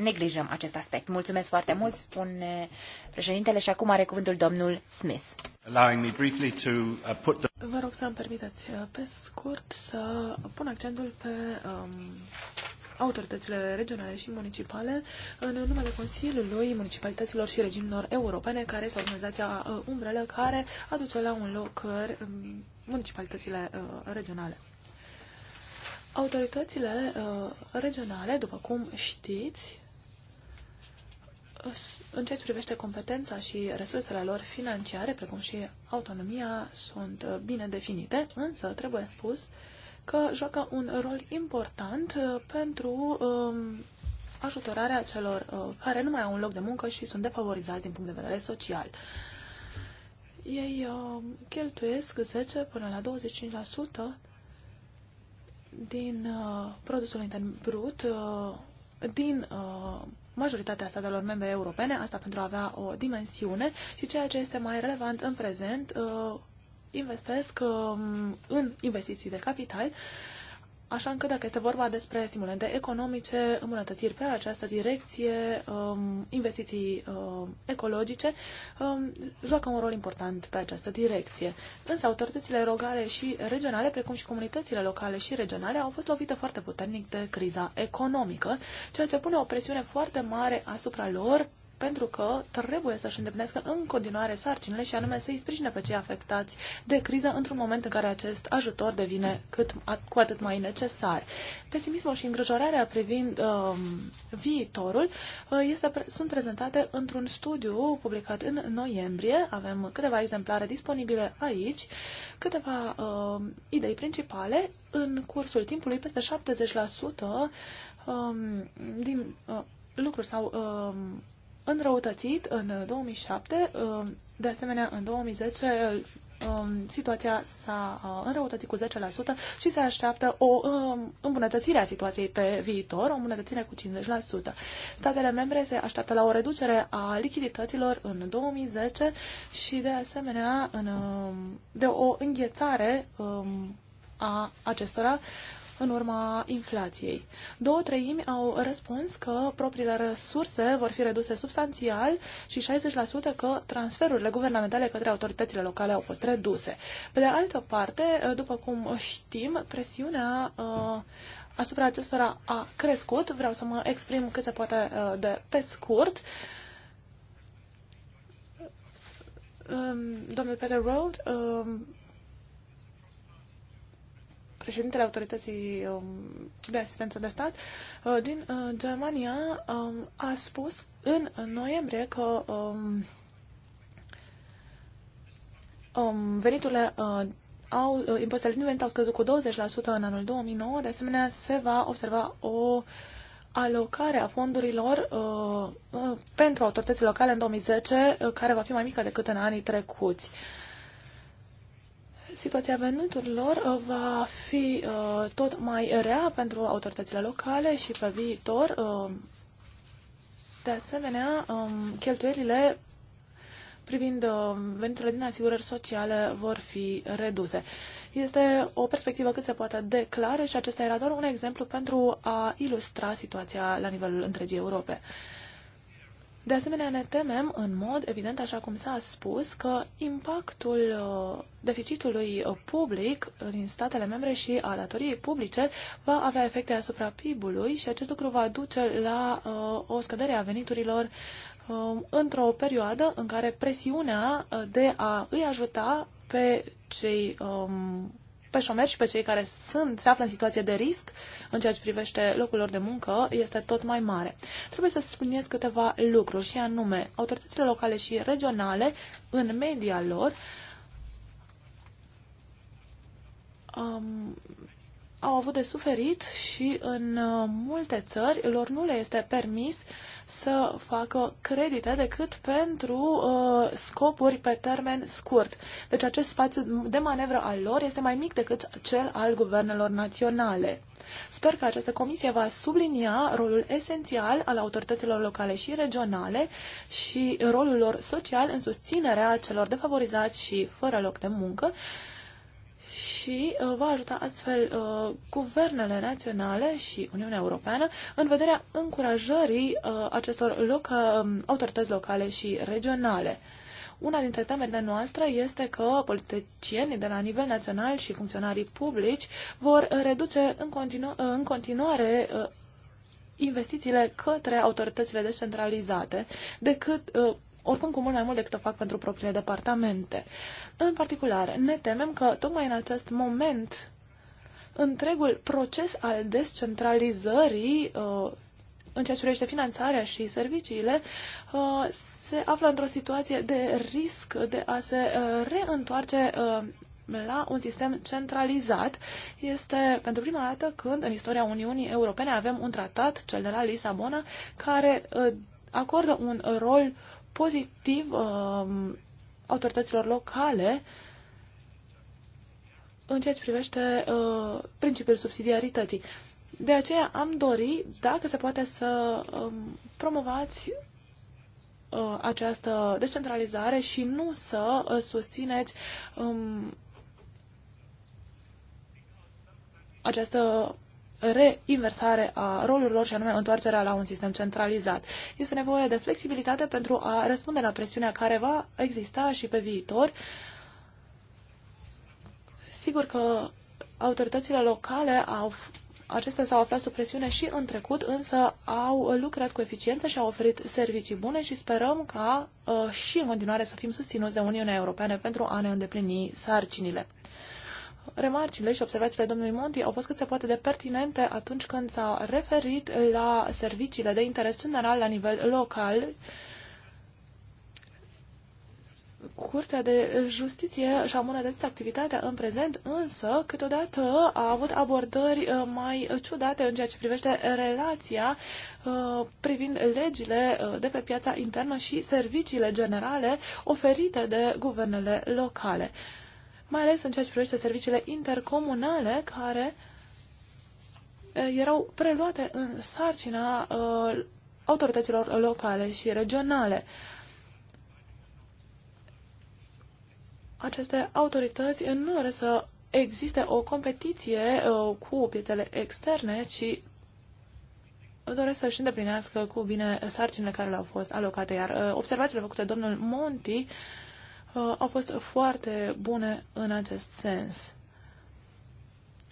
neglijăm acest aspect. Mulțumesc foarte mult, spune președintele și acum are cuvântul domnul Smith. Uh, Vă rog să-mi permiteți uh, pe scurt să pun accentul pe um, autoritățile regionale și municipale în numele Consiliului Municipalităților și Regiunilor Europene, care este organizația uh, umbrelă care aduce la un loc um, municipalitățile regionale. Autoritățile regionale, după cum știți, în ceea ce privește competența și resursele lor financiare, precum și autonomia, sunt uh, bine definite, însă trebuie spus că joacă un rol important uh, pentru um, ajutorarea celor uh, care nu mai au un loc de muncă și sunt defavorizați din punct de vedere social. Ei uh, cheltuiesc 10 până la 25% din uh, produsul intern brut, uh, din uh, majoritatea statelor membre europene, asta pentru a avea o dimensiune și ceea ce este mai relevant în prezent, uh, investesc um, în investiții de capital Așa încât dacă este vorba despre stimulente economice, îmbunătățiri pe această direcție, um, investiții um, ecologice, um, joacă un rol important pe această direcție. Însă autoritățile locale și regionale, precum și comunitățile locale și regionale, au fost lovite foarte puternic de criza economică, ceea ce pune o presiune foarte mare asupra lor pentru că trebuie să-și îndeplinească în continuare sarcinile și anume să-i sprijine pe cei afectați de criză într-un moment în care acest ajutor devine cât, cu atât mai necesar. Pesimismul și îngrijorarea privind um, viitorul uh, este, sunt prezentate într-un studiu publicat în noiembrie. Avem câteva exemplare disponibile aici, câteva um, idei principale. În cursul timpului, peste 70% um, din uh, lucruri sau uh, înrăutățit în 2007, um, de asemenea în 2010 um, situația s-a uh, înrăutățit cu 10% și se așteaptă o um, îmbunătățire a situației pe viitor, o îmbunătățire cu 50%. Statele membre se așteaptă la o reducere a lichidităților în 2010 și de asemenea în, de o înghețare a acestora în urma inflației. Două treimi au răspuns că propriile resurse vor fi reduse substanțial și 60% că transferurile guvernamentale către autoritățile locale au fost reduse. Pe de altă parte, după cum știm, presiunea uh, asupra acestora a crescut. Vreau să mă exprim cât se poate uh, de pe scurt. Um, domnul Peter Road um, președintele autorității um, de asistență de stat uh, din uh, Germania um, a spus în noiembrie că um, veniturile uh, au, impozitele din venit au scăzut cu 20% în anul 2009, de asemenea se va observa o alocare a fondurilor pentru autorități locale în 2010, care va fi mai mică decât în anii trecuți situația veniturilor uh, va fi uh, tot mai rea pentru autoritățile locale și pe viitor, uh, de asemenea, um, cheltuielile privind uh, veniturile din asigurări sociale vor fi reduse. Este o perspectivă cât se poate de clară și acesta era doar un exemplu pentru a ilustra situația la nivelul întregii Europe. Uh, de asemenea, ne temem, în mod evident, așa cum s-a spus, că impactul uh, deficitului uh, public uh, din statele membre și a datoriei publice va avea efecte asupra PIB-ului și acest lucru va duce la o scădere a veniturilor într-o perioadă în care presiunea de a îi ajuta pe cei um, pe șomeri și pe cei care sunt, se află în situație de risc în ceea ce privește locul lor de muncă este tot mai mare. Trebuie să subliniez câteva lucruri și anume, autoritățile locale și regionale în media lor um, au avut de suferit și în uh, multe țări lor nu le este permis să facă credite decât pentru uh, scopuri pe termen scurt. Deci acest spațiu de manevră al lor este mai mic decât cel al guvernelor naționale. Sper că această comisie va sublinia rolul esențial al autorităților locale și regionale și rolul lor social în susținerea celor defavorizați și fără loc de muncă și uh, va ajuta astfel uh, guvernele naționale și Uniunea Europeană în vederea încurajării uh, acestor loca- um, autorități locale și regionale. Una dintre temerile noastre este că politicienii de la nivel național și funcționarii publici vor reduce în, continu- uh, în continuare uh, investițiile către autoritățile descentralizate decât uh, oricum cu mult mai mult decât o fac pentru propriile departamente. În particular, ne temem că tocmai în acest moment întregul proces al descentralizării uh, în ceea ce privește finanțarea și serviciile, uh, se află într-o situație de risc de a se uh, reîntoarce uh, la un sistem centralizat. Este pentru prima dată când în istoria Uniunii Europene avem un tratat, cel de la Lisabona, care uh, acordă un rol pozitiv um, autorităților locale în ceea ce privește uh, principiul subsidiarității. De aceea am dori, dacă se poate, să um, promovați uh, această descentralizare și nu să uh, susțineți um, această reinversare a rolurilor și anume întoarcerea la un sistem centralizat. Este nevoie de flexibilitate pentru a răspunde la presiunea care va exista și pe viitor. Sigur că autoritățile locale au Acestea s-au aflat sub presiune și în trecut, însă au lucrat cu eficiență și au oferit servicii bune și sperăm ca uh, și în continuare să fim susținuți de Uniunea Europeană pentru a ne îndeplini sarcinile remarcile și observațiile domnului Monti au fost cât se poate de pertinente atunci când s-a referit la serviciile de interes general la nivel local. Curtea de Justiție și-a îmbunătățit activitatea în prezent, însă câteodată a avut abordări uh, mai ciudate în ceea ce privește relația uh, privind legile uh, de pe piața internă și serviciile generale oferite de guvernele locale mai ales în ceea ce privește serviciile intercomunale care eh, erau preluate în sarcina eh, autorităților locale și regionale. Aceste autorități nu doresc să existe o competiție eh, cu piețele externe, ci doresc să-și îndeplinească cu bine sarcinile care le-au fost alocate. Iar observațiile făcute domnul Monti uh, Uh, au fost foarte bune în acest sens.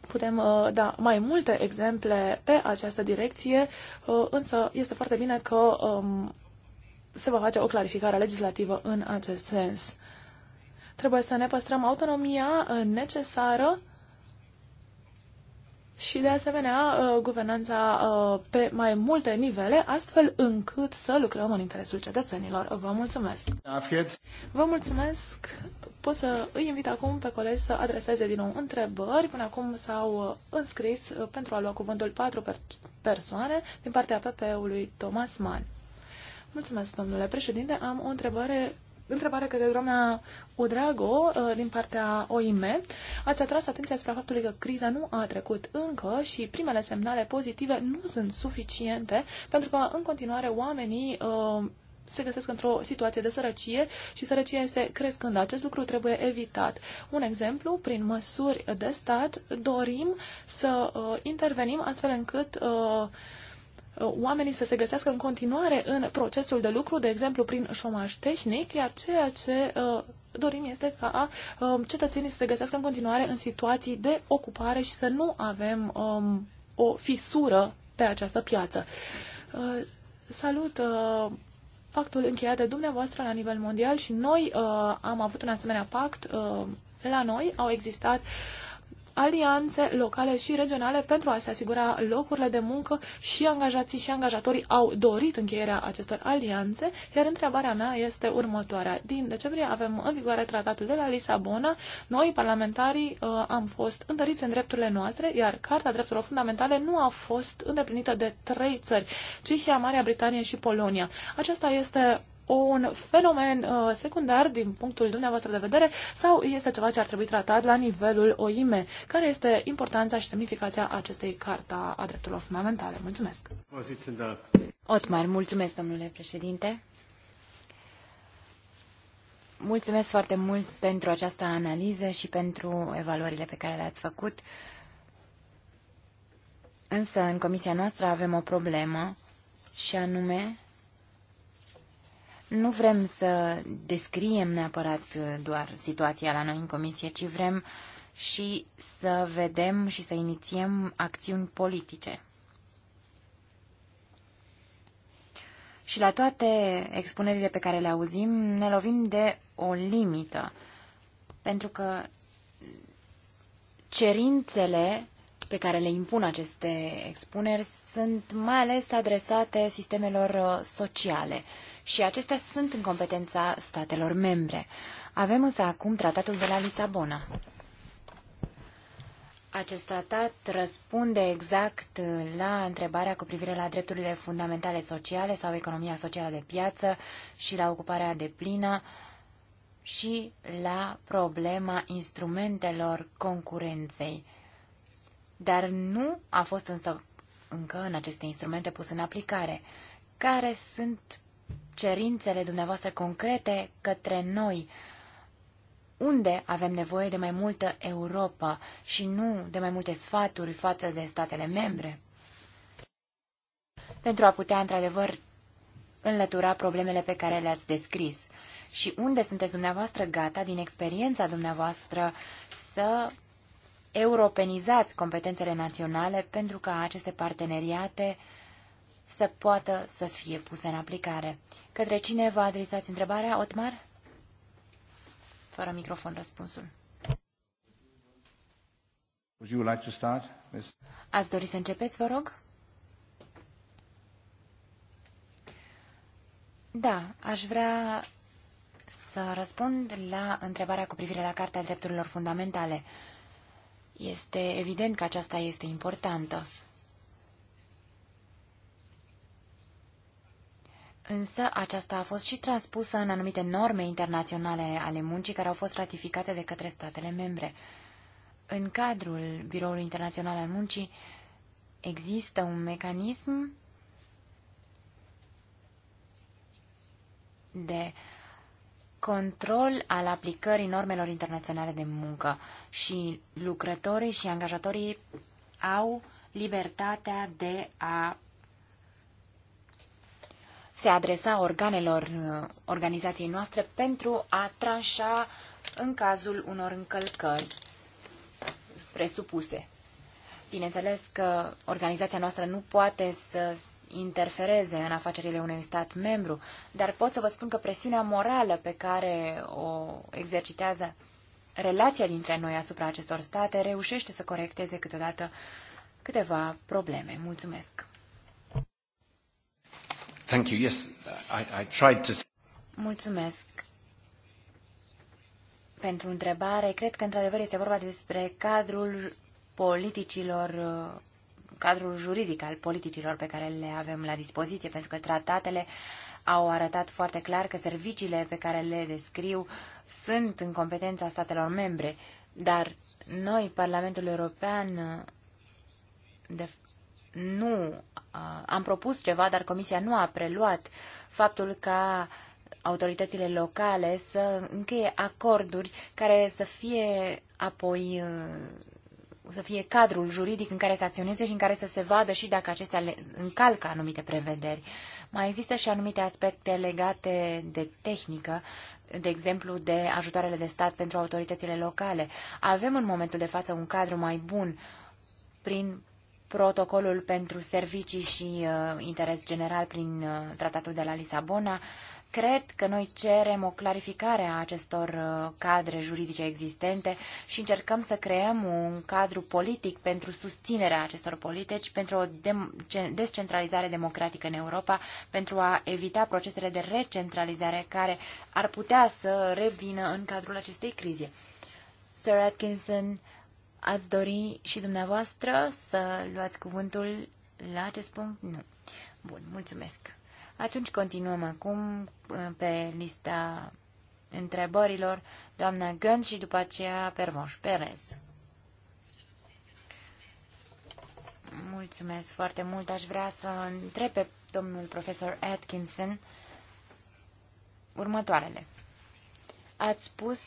Putem uh, da mai multe exemple pe această direcție, uh, însă este foarte bine că um, se va face o clarificare legislativă în acest sens. Trebuie să ne păstrăm autonomia necesară și, de asemenea, uh, guvernanța uh, pe mai multe nivele, astfel încât să lucrăm în interesul cetățenilor. Vă mulțumesc! Vă mulțumesc! Pot să îi invit acum pe colegi să adreseze din nou întrebări. Până acum s-au uh, înscris pentru a lua cuvântul patru persoane din partea PP-ului Thomas Mann. Mulțumesc, domnule președinte. Am o întrebare întrebare către doamna Udrago uh, din partea OIM. Ați atras atenția asupra faptului că criza nu a trecut încă și primele semnale pozitive nu sunt suficiente pentru că în continuare oamenii uh, se găsesc într-o situație de sărăcie și sărăcia este crescând. Acest lucru trebuie evitat. Un exemplu, prin măsuri de stat, dorim să uh, intervenim astfel încât oamenii să se găsească în continuare în procesul de lucru, de exemplu prin șomaj tehnic, iar ceea ce uh, dorim este ca uh, cetățenii să se găsească în continuare în situații de ocupare și să nu avem um, o fisură pe această piață. Uh, salut pactul încheiat de dumneavoastră la nivel mondial și noi uh, am avut un asemenea pact. Uh, la noi au existat uh, alianțe locale și regionale pentru a se asigura locurile de muncă și angajații și angajatorii au dorit încheierea acestor alianțe, iar întrebarea mea este următoarea. Din decembrie avem în vigoare tratatul de la Lisabona, noi parlamentarii uh, am fost întăriți în drepturile noastre, iar Carta Drepturilor Fundamentale nu a fost îndeplinită de trei țări, ci și a Marea Britanie și Polonia. Aceasta este un fenomen uh, secundar din punctul dumneavoastră de vedere sau este ceva ce ar trebui tratat la nivelul OIM? Care este importanța și semnificația acestei carta a drepturilor fundamentale? Mulțumesc! Otmar, mulțumesc, domnule președinte! Mulțumesc foarte mult pentru această analiză și pentru evaluările pe care le-ați făcut. Însă, în comisia noastră avem o problemă și anume nu vrem să descriem neapărat uh, doar situația la noi în comisie, ci vrem și să vedem și să inițiem acțiuni politice. Și la toate expunerile pe care le auzim, ne lovim de o limită. Pentru că cerințele pe care le impun aceste expuneri sunt mai ales adresate sistemelor uh, sociale și acestea sunt în competența statelor membre. Avem însă acum tratatul de la Lisabona. Acest tratat răspunde exact la întrebarea cu privire la drepturile fundamentale sociale sau economia socială de piață și la ocuparea de plină și la problema instrumentelor concurenței. Dar nu a fost însă încă în aceste instrumente pus în aplicare. Care sunt cerințele dumneavoastră concrete către noi, unde avem nevoie de mai multă Europa și nu de mai multe sfaturi față de statele membre? Pentru a putea, într-adevăr, înlătura problemele pe care le-ați descris și unde sunteți dumneavoastră gata, din experiența dumneavoastră, să europenizați competențele naționale pentru ca aceste parteneriate să poată să fie puse în aplicare. Către cine vă adresați întrebarea, Otmar? Fără microfon răspunsul. Would you like to start, Ms. Ați dori să începeți, vă rog? Da, aș vrea să răspund la întrebarea cu privire la Cartea Drepturilor Fundamentale. Este evident că aceasta este importantă. Însă aceasta a fost și transpusă în anumite norme internaționale ale muncii care au fost ratificate de către statele membre. În cadrul Biroului Internațional al Muncii există un mecanism de control al aplicării normelor internaționale de muncă și lucrătorii și angajatorii au libertatea de a se adresa organelor organizației noastre pentru a tranșa în cazul unor încălcări presupuse. Bineînțeles că organizația noastră nu poate să interfereze în afacerile unui stat membru, dar pot să vă spun că presiunea morală pe care o exercitează relația dintre noi asupra acestor state reușește să corecteze câteodată câteva probleme. Mulțumesc! Thank you. Yes, I, I tried to... Mulțumesc pentru întrebare. Cred că, într-adevăr, este vorba despre cadrul politicilor, cadrul juridic al politicilor pe care le avem la dispoziție, pentru că tratatele au arătat foarte clar că serviciile pe care le descriu sunt în competența statelor membre, dar noi, Parlamentul European, de nu am propus ceva, dar Comisia nu a preluat faptul ca autoritățile locale să încheie acorduri care să fie apoi să fie cadrul juridic în care să acționeze și în care să se vadă și dacă acestea le încalcă anumite prevederi. Mai există și anumite aspecte legate de tehnică, de exemplu de ajutoarele de stat pentru autoritățile locale. Avem în momentul de față un cadru mai bun prin protocolul pentru servicii și uh, interes general prin uh, tratatul de la Lisabona, Cred că noi cerem o clarificare a acestor uh, cadre juridice existente și încercăm să creăm un cadru politic pentru susținerea acestor politici, pentru o descentralizare democratică în Europa, pentru a evita procesele de recentralizare care ar putea să revină în cadrul acestei crize. Sir Atkinson Ați dori și dumneavoastră să luați cuvântul la acest punct? Nu. Bun, mulțumesc. Atunci continuăm acum uh, pe lista întrebărilor, doamna Gând și după aceea Permoș Perez. Mulțumesc foarte mult. Aș vrea să întreb pe domnul profesor Atkinson următoarele. Ați spus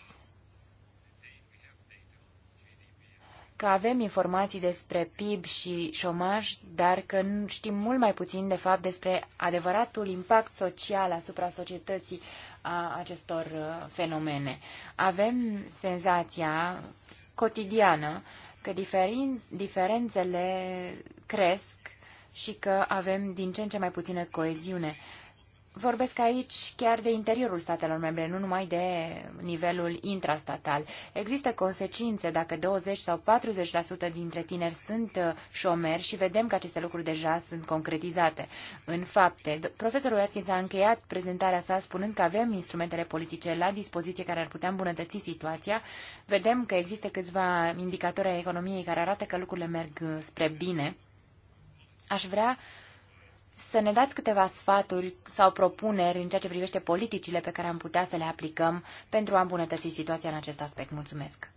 că avem informații despre PIB și șomaj, dar că știm mult mai puțin, de fapt, despre adevăratul impact social asupra societății a acestor uh, fenomene. Avem senzația cotidiană că diferin, diferențele cresc și că avem din ce în ce mai puțină coeziune. Vorbesc aici chiar de interiorul statelor membre, nu numai de nivelul intrastatal. Există consecințe dacă 20 sau 40% dintre tineri sunt uh, șomeri și vedem că aceste lucruri deja sunt concretizate în fapte. Profesorul Atkins a încheiat prezentarea sa spunând că avem instrumentele politice la dispoziție care ar putea îmbunătăți situația. Vedem că există câțiva indicatori ai economiei care arată că lucrurile merg uh, spre bine. Aș vrea să ne dați câteva sfaturi sau propuneri în ceea ce privește politicile pe care am putea să le aplicăm pentru a îmbunătăți situația în acest aspect. Mulțumesc!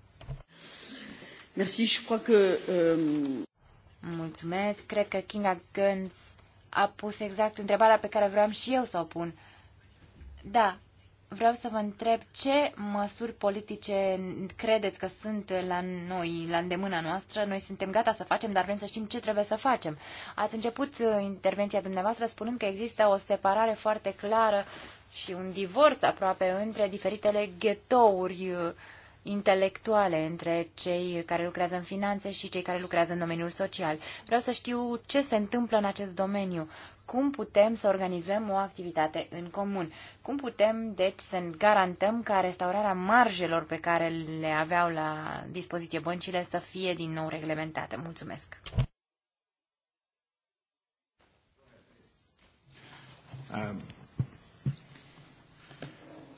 Merci, je que, um... Mulțumesc! Cred că Kinga Gönz a pus exact întrebarea pe care vreau și eu să o pun. Da, Vreau să vă întreb ce măsuri politice credeți că sunt la noi, la îndemâna noastră. Noi suntem gata să facem, dar vrem să știm ce trebuie să facem. Ați început uh, intervenția dumneavoastră spunând că există o separare foarte clară și un divorț aproape între diferitele ghetouri uh, intelectuale între cei care lucrează în finanțe și cei care lucrează în domeniul social. Vreau să știu ce se întâmplă în acest domeniu cum putem să organizăm o activitate în comun. Cum putem, deci, să garantăm ca restaurarea marjelor pe care le aveau la dispoziție băncile să fie din nou reglementată. Mulțumesc! Um,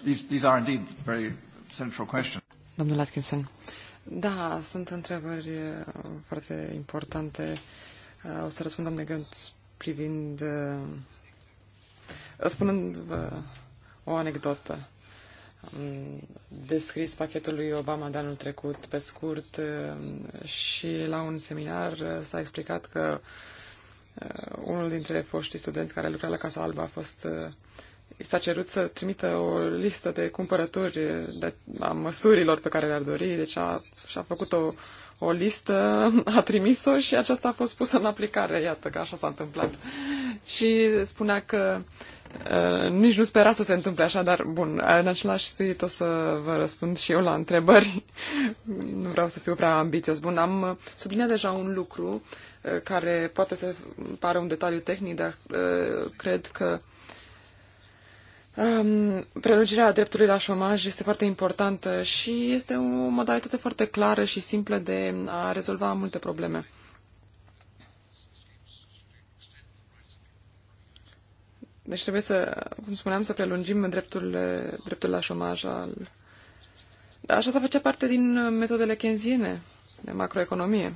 these, these are indeed very central questions. Domnul Atkinson, da, sunt întrebări uh, foarte importante. Uh, o să răspund, de Gând, privind răspunându-vă uh, uh, o anecdotă. Am descris pachetul lui Obama de anul trecut pe scurt uh, și la un seminar s-a explicat că unul dintre foștii studenți care lucra la Casa Albă a fost i s-a cerut să trimită o listă de cumpărături de, a măsurilor pe care le-ar dori, deci a, și-a făcut o, o listă, a trimis-o și aceasta a fost pusă în aplicare. Iată că așa s-a întâmplat. Și spunea că uh, nici nu spera să se întâmple așa, dar bun, în același spirit o să vă răspund și eu la întrebări. nu vreau să fiu prea ambițios. Bun, am subliniat deja un lucru uh, care poate să pare un detaliu tehnic, dar uh, cred că uh, Um, prelungirea dreptului la șomaj este foarte importantă și este o modalitate foarte clară și simplă de a rezolva multe probleme. Deci trebuie să, cum spuneam, să prelungim dreptul, dreptul la șomaj al... Așa s-a face parte din metodele kenziene de macroeconomie.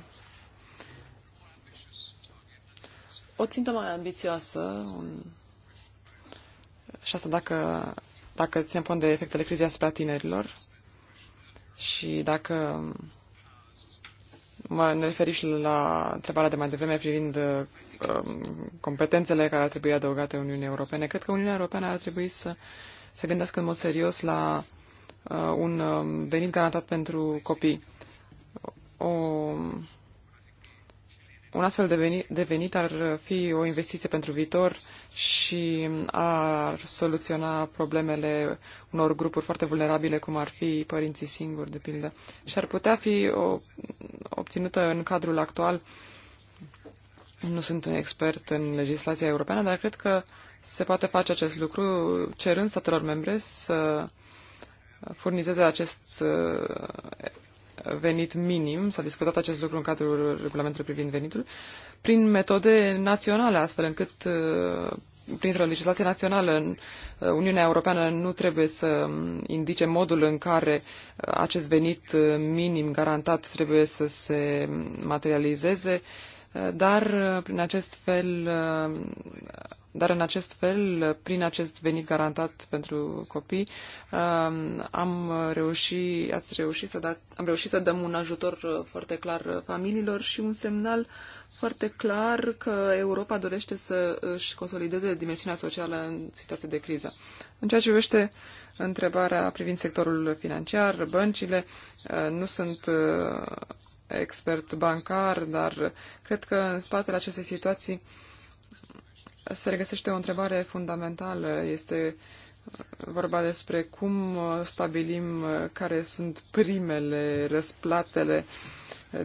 O țintă mai ambițioasă, un și asta dacă, dacă ținem cont de efectele crizei asupra tinerilor și dacă mă ne referi și la întrebarea de mai devreme privind um, competențele care ar trebui adăugate Uniunii Europene. Cred că Uniunea Europeană ar trebui să se gândească în mod serios la uh, un um, venit garantat pentru copii. O, un astfel de venit, de venit ar fi o investiție pentru viitor și ar soluționa problemele unor grupuri foarte vulnerabile, cum ar fi părinții singuri, de pildă. Și ar putea fi o, obținută în cadrul actual. Nu sunt un expert în legislația europeană, dar cred că se poate face acest lucru cerând statelor membre să furnizeze acest venit minim, s-a discutat acest lucru în cadrul regulamentului privind venitul, prin metode naționale, astfel încât uh, printr-o legislație națională în uh, Uniunea Europeană nu trebuie să um, indice modul în care uh, acest venit minim garantat trebuie să se um, materializeze dar uh, prin acest fel uh, dar în acest fel, uh, prin acest venit garantat pentru copii, am reușit, ați reușit să dat, am reușit să dăm un ajutor foarte clar familiilor și un semnal foarte clar că Europa dorește să își consolideze dimensiunea socială în situație de criză. În ceea ce privește întrebarea privind sectorul financiar, băncile nu sunt expert bancar, dar cred că în spatele acestei situații se regăsește o întrebare fundamentală. Este vorba despre cum stabilim care sunt primele răsplatele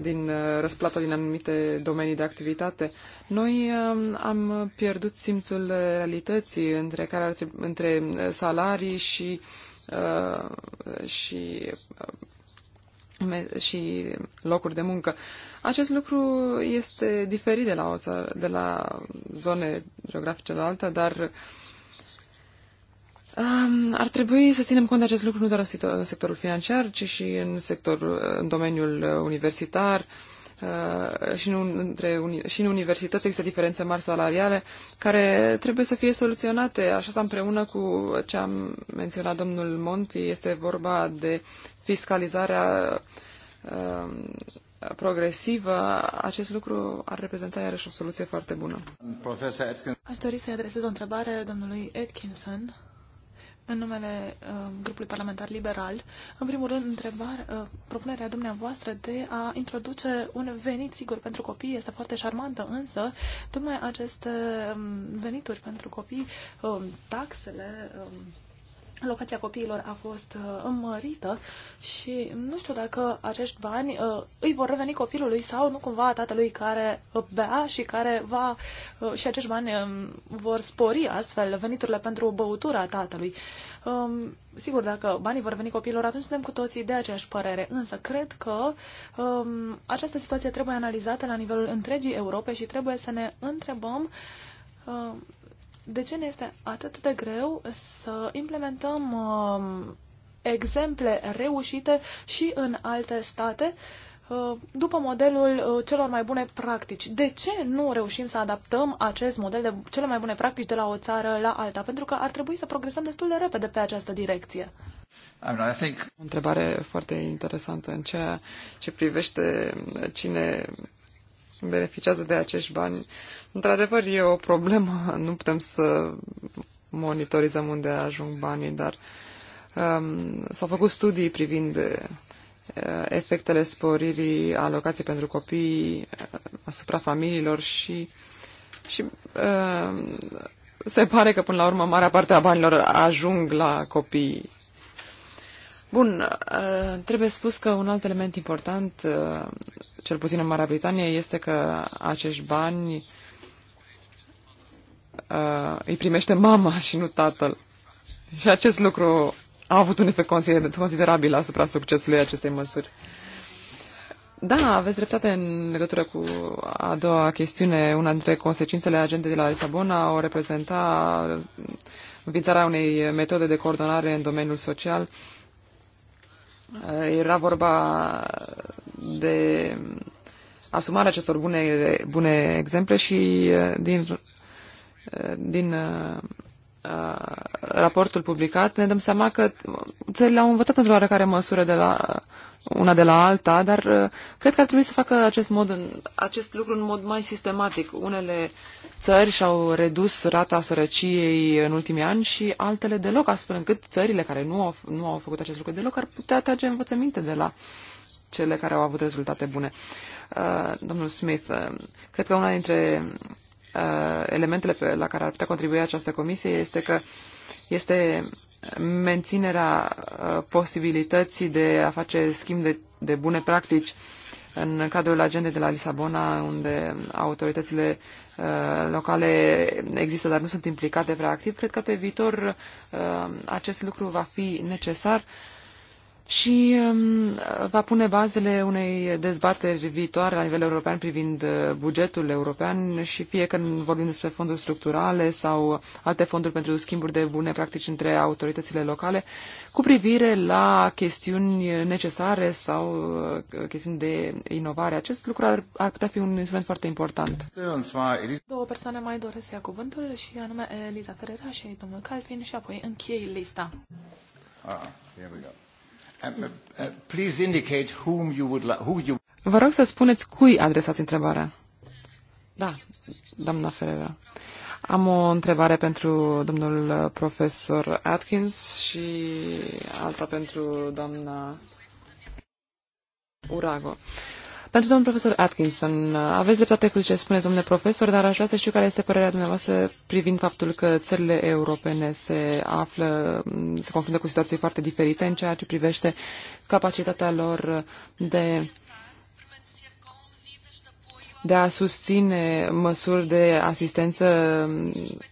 din răsplata din anumite domenii de activitate. Noi um, am pierdut simțul realității între, care între salarii și, uh, și uh, și locuri de muncă. Acest lucru este diferit de la, o țară, de la zone geografice la alta, dar um, ar trebui să ținem cont de acest lucru nu doar în sectorul financiar, ci și în, sectorul, în domeniul universitar, uh, Uh, și, în, între, și în universități există diferențe mari salariale care trebuie să fie soluționate. Așa s-a împreună cu ce am menționat domnul Monti, este vorba de fiscalizarea uh, progresivă, acest lucru ar reprezenta iarăși o soluție foarte bună. Aș dori să-i adresez o întrebare domnului Atkinson în numele uh, grupului parlamentar liberal. În primul rând, întrebare, uh, propunerea dumneavoastră de a introduce un venit sigur pentru copii este foarte șarmantă, însă tocmai aceste uh, venituri pentru copii, uh, taxele Uh, locația copiilor a fost uh, înmărită și nu știu dacă acești bani uh, îi vor reveni copilului sau nu cumva tatălui care uh, bea și care va uh, și acești bani uh, vor spori astfel veniturile pentru băutura tatălui. Um, sigur, dacă banii vor veni copiilor atunci suntem cu toții de aceeași părere, însă cred că um, această situație trebuie analizată la nivelul întregii Europe și trebuie să ne întrebăm uh, de ce ne este atât de greu să implementăm uh, exemple reușite și în alte state uh, după modelul uh, celor mai bune practici. De ce nu reușim să adaptăm acest model de cele mai bune practici de la o țară la alta? Pentru că ar trebui să progresăm destul de repede pe această direcție. O întrebare foarte interesantă în ceea ce privește cine beneficiază de acești bani. Într-adevăr, e o problemă. Nu putem să monitorizăm unde ajung banii, dar um, s-au făcut studii privind uh, efectele sporirii alocației pentru copii uh, asupra familiilor și, și uh, se pare că, până la urmă, marea parte a banilor ajung la copii. Bun, uh, trebuie spus că un alt element important, uh, cel puțin în Marea Britanie, este că acești bani uh, îi primește mama și nu tatăl. Și acest lucru a avut un efect considerabil asupra succesului acestei măsuri. Da, aveți dreptate în legătură cu a doua chestiune. Una dintre consecințele agendei de la Lisabona o reprezenta înființarea unei metode de coordonare în domeniul social. Uh, era vorba de asumarea acestor bune, bune exemple și uh, din din uh, uh, raportul publicat, ne dăm seama că țările au învățat într-o oarecare măsură de la uh, una de la alta, dar cred că ar trebui să facă acest, mod în, acest lucru în mod mai sistematic. Unele țări și-au redus rata sărăciei în ultimii ani și altele deloc, astfel încât țările care nu au, nu au făcut acest lucru deloc ar putea trage învățăminte de la cele care au avut rezultate bune. Uh, domnul Smith, uh, cred că una dintre Uh, elementele la care ar putea contribui această comisie este că este menținerea uh, posibilității de a face schimb de, de bune practici în cadrul agendei de la Lisabona, unde autoritățile uh, locale există, dar nu sunt implicate prea activ. Cred că pe viitor acest lucru va fi necesar și um, va pune bazele unei dezbateri viitoare la nivel european privind uh, bugetul european și fie că vorbim despre fonduri structurale sau alte fonduri pentru schimburi de bune practici între autoritățile locale cu privire la chestiuni necesare sau uh, chestiuni de inovare. Acest lucru ar, ar putea fi un instrument foarte important. Două persoane mai doresc să ia cuvântul și anume Eliza Ferreira și domnul Calvin și apoi închei lista. Ah, here we go. Uh, uh, please indicate whom you would who you... Vă rog să spuneți cui adresați întrebarea. Da, doamna Ferreira. Am o întrebare pentru domnul uh, profesor Atkins și alta pentru doamna Urago. Pentru domnul profesor Atkinson, aveți dreptate cu ce spuneți, domnule profesor, dar aș vrea să știu care este părerea dumneavoastră privind faptul că țările europene se află, se confruntă cu situații foarte diferite în ceea ce privește capacitatea lor de de a susține măsuri de asistență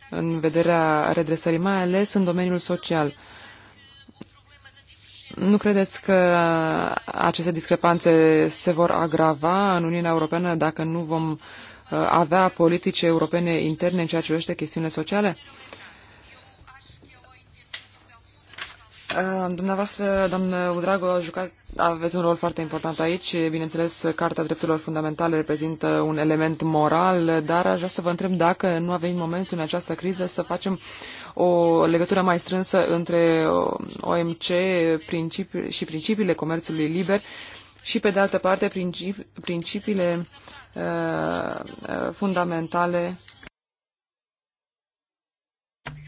în vederea redresării, mai ales în domeniul social. Nu credeți că uh, aceste discrepanțe se vor agrava în Uniunea Europeană dacă nu vom uh, avea politici europene interne în ceea ce privește chestiunile sociale? Uh, Dumneavoastră, doamnă Udrago, a jucat, aveți un rol foarte important aici. Bineînțeles, Carta Drepturilor Fundamentale reprezintă un element moral, dar aș vrea să vă întreb dacă nu a venit momentul în această criză să facem o legătură mai strânsă între OMC principi- și principiile comerțului liber și, pe de altă parte, principi- principiile uh, uh fundamentale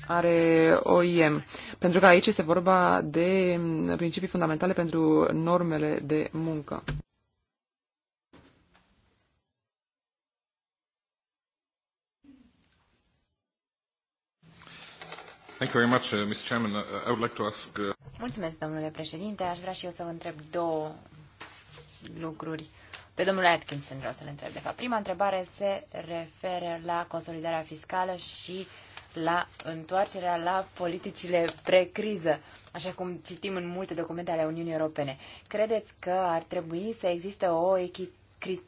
are OIM, pentru că aici este vorba de principii fundamentale pentru normele de muncă. Mulțumesc, domnule președinte. Aș vrea și eu să vă întreb două lucruri. Pe domnul Atkinson vreau să-l întreb, de fapt. Prima întrebare se referă la consolidarea fiscală și uh, la întoarcerea la politicile precriză, așa cum citim în multe documente ale Uniunii Europene. Credeți că ar trebui să existe o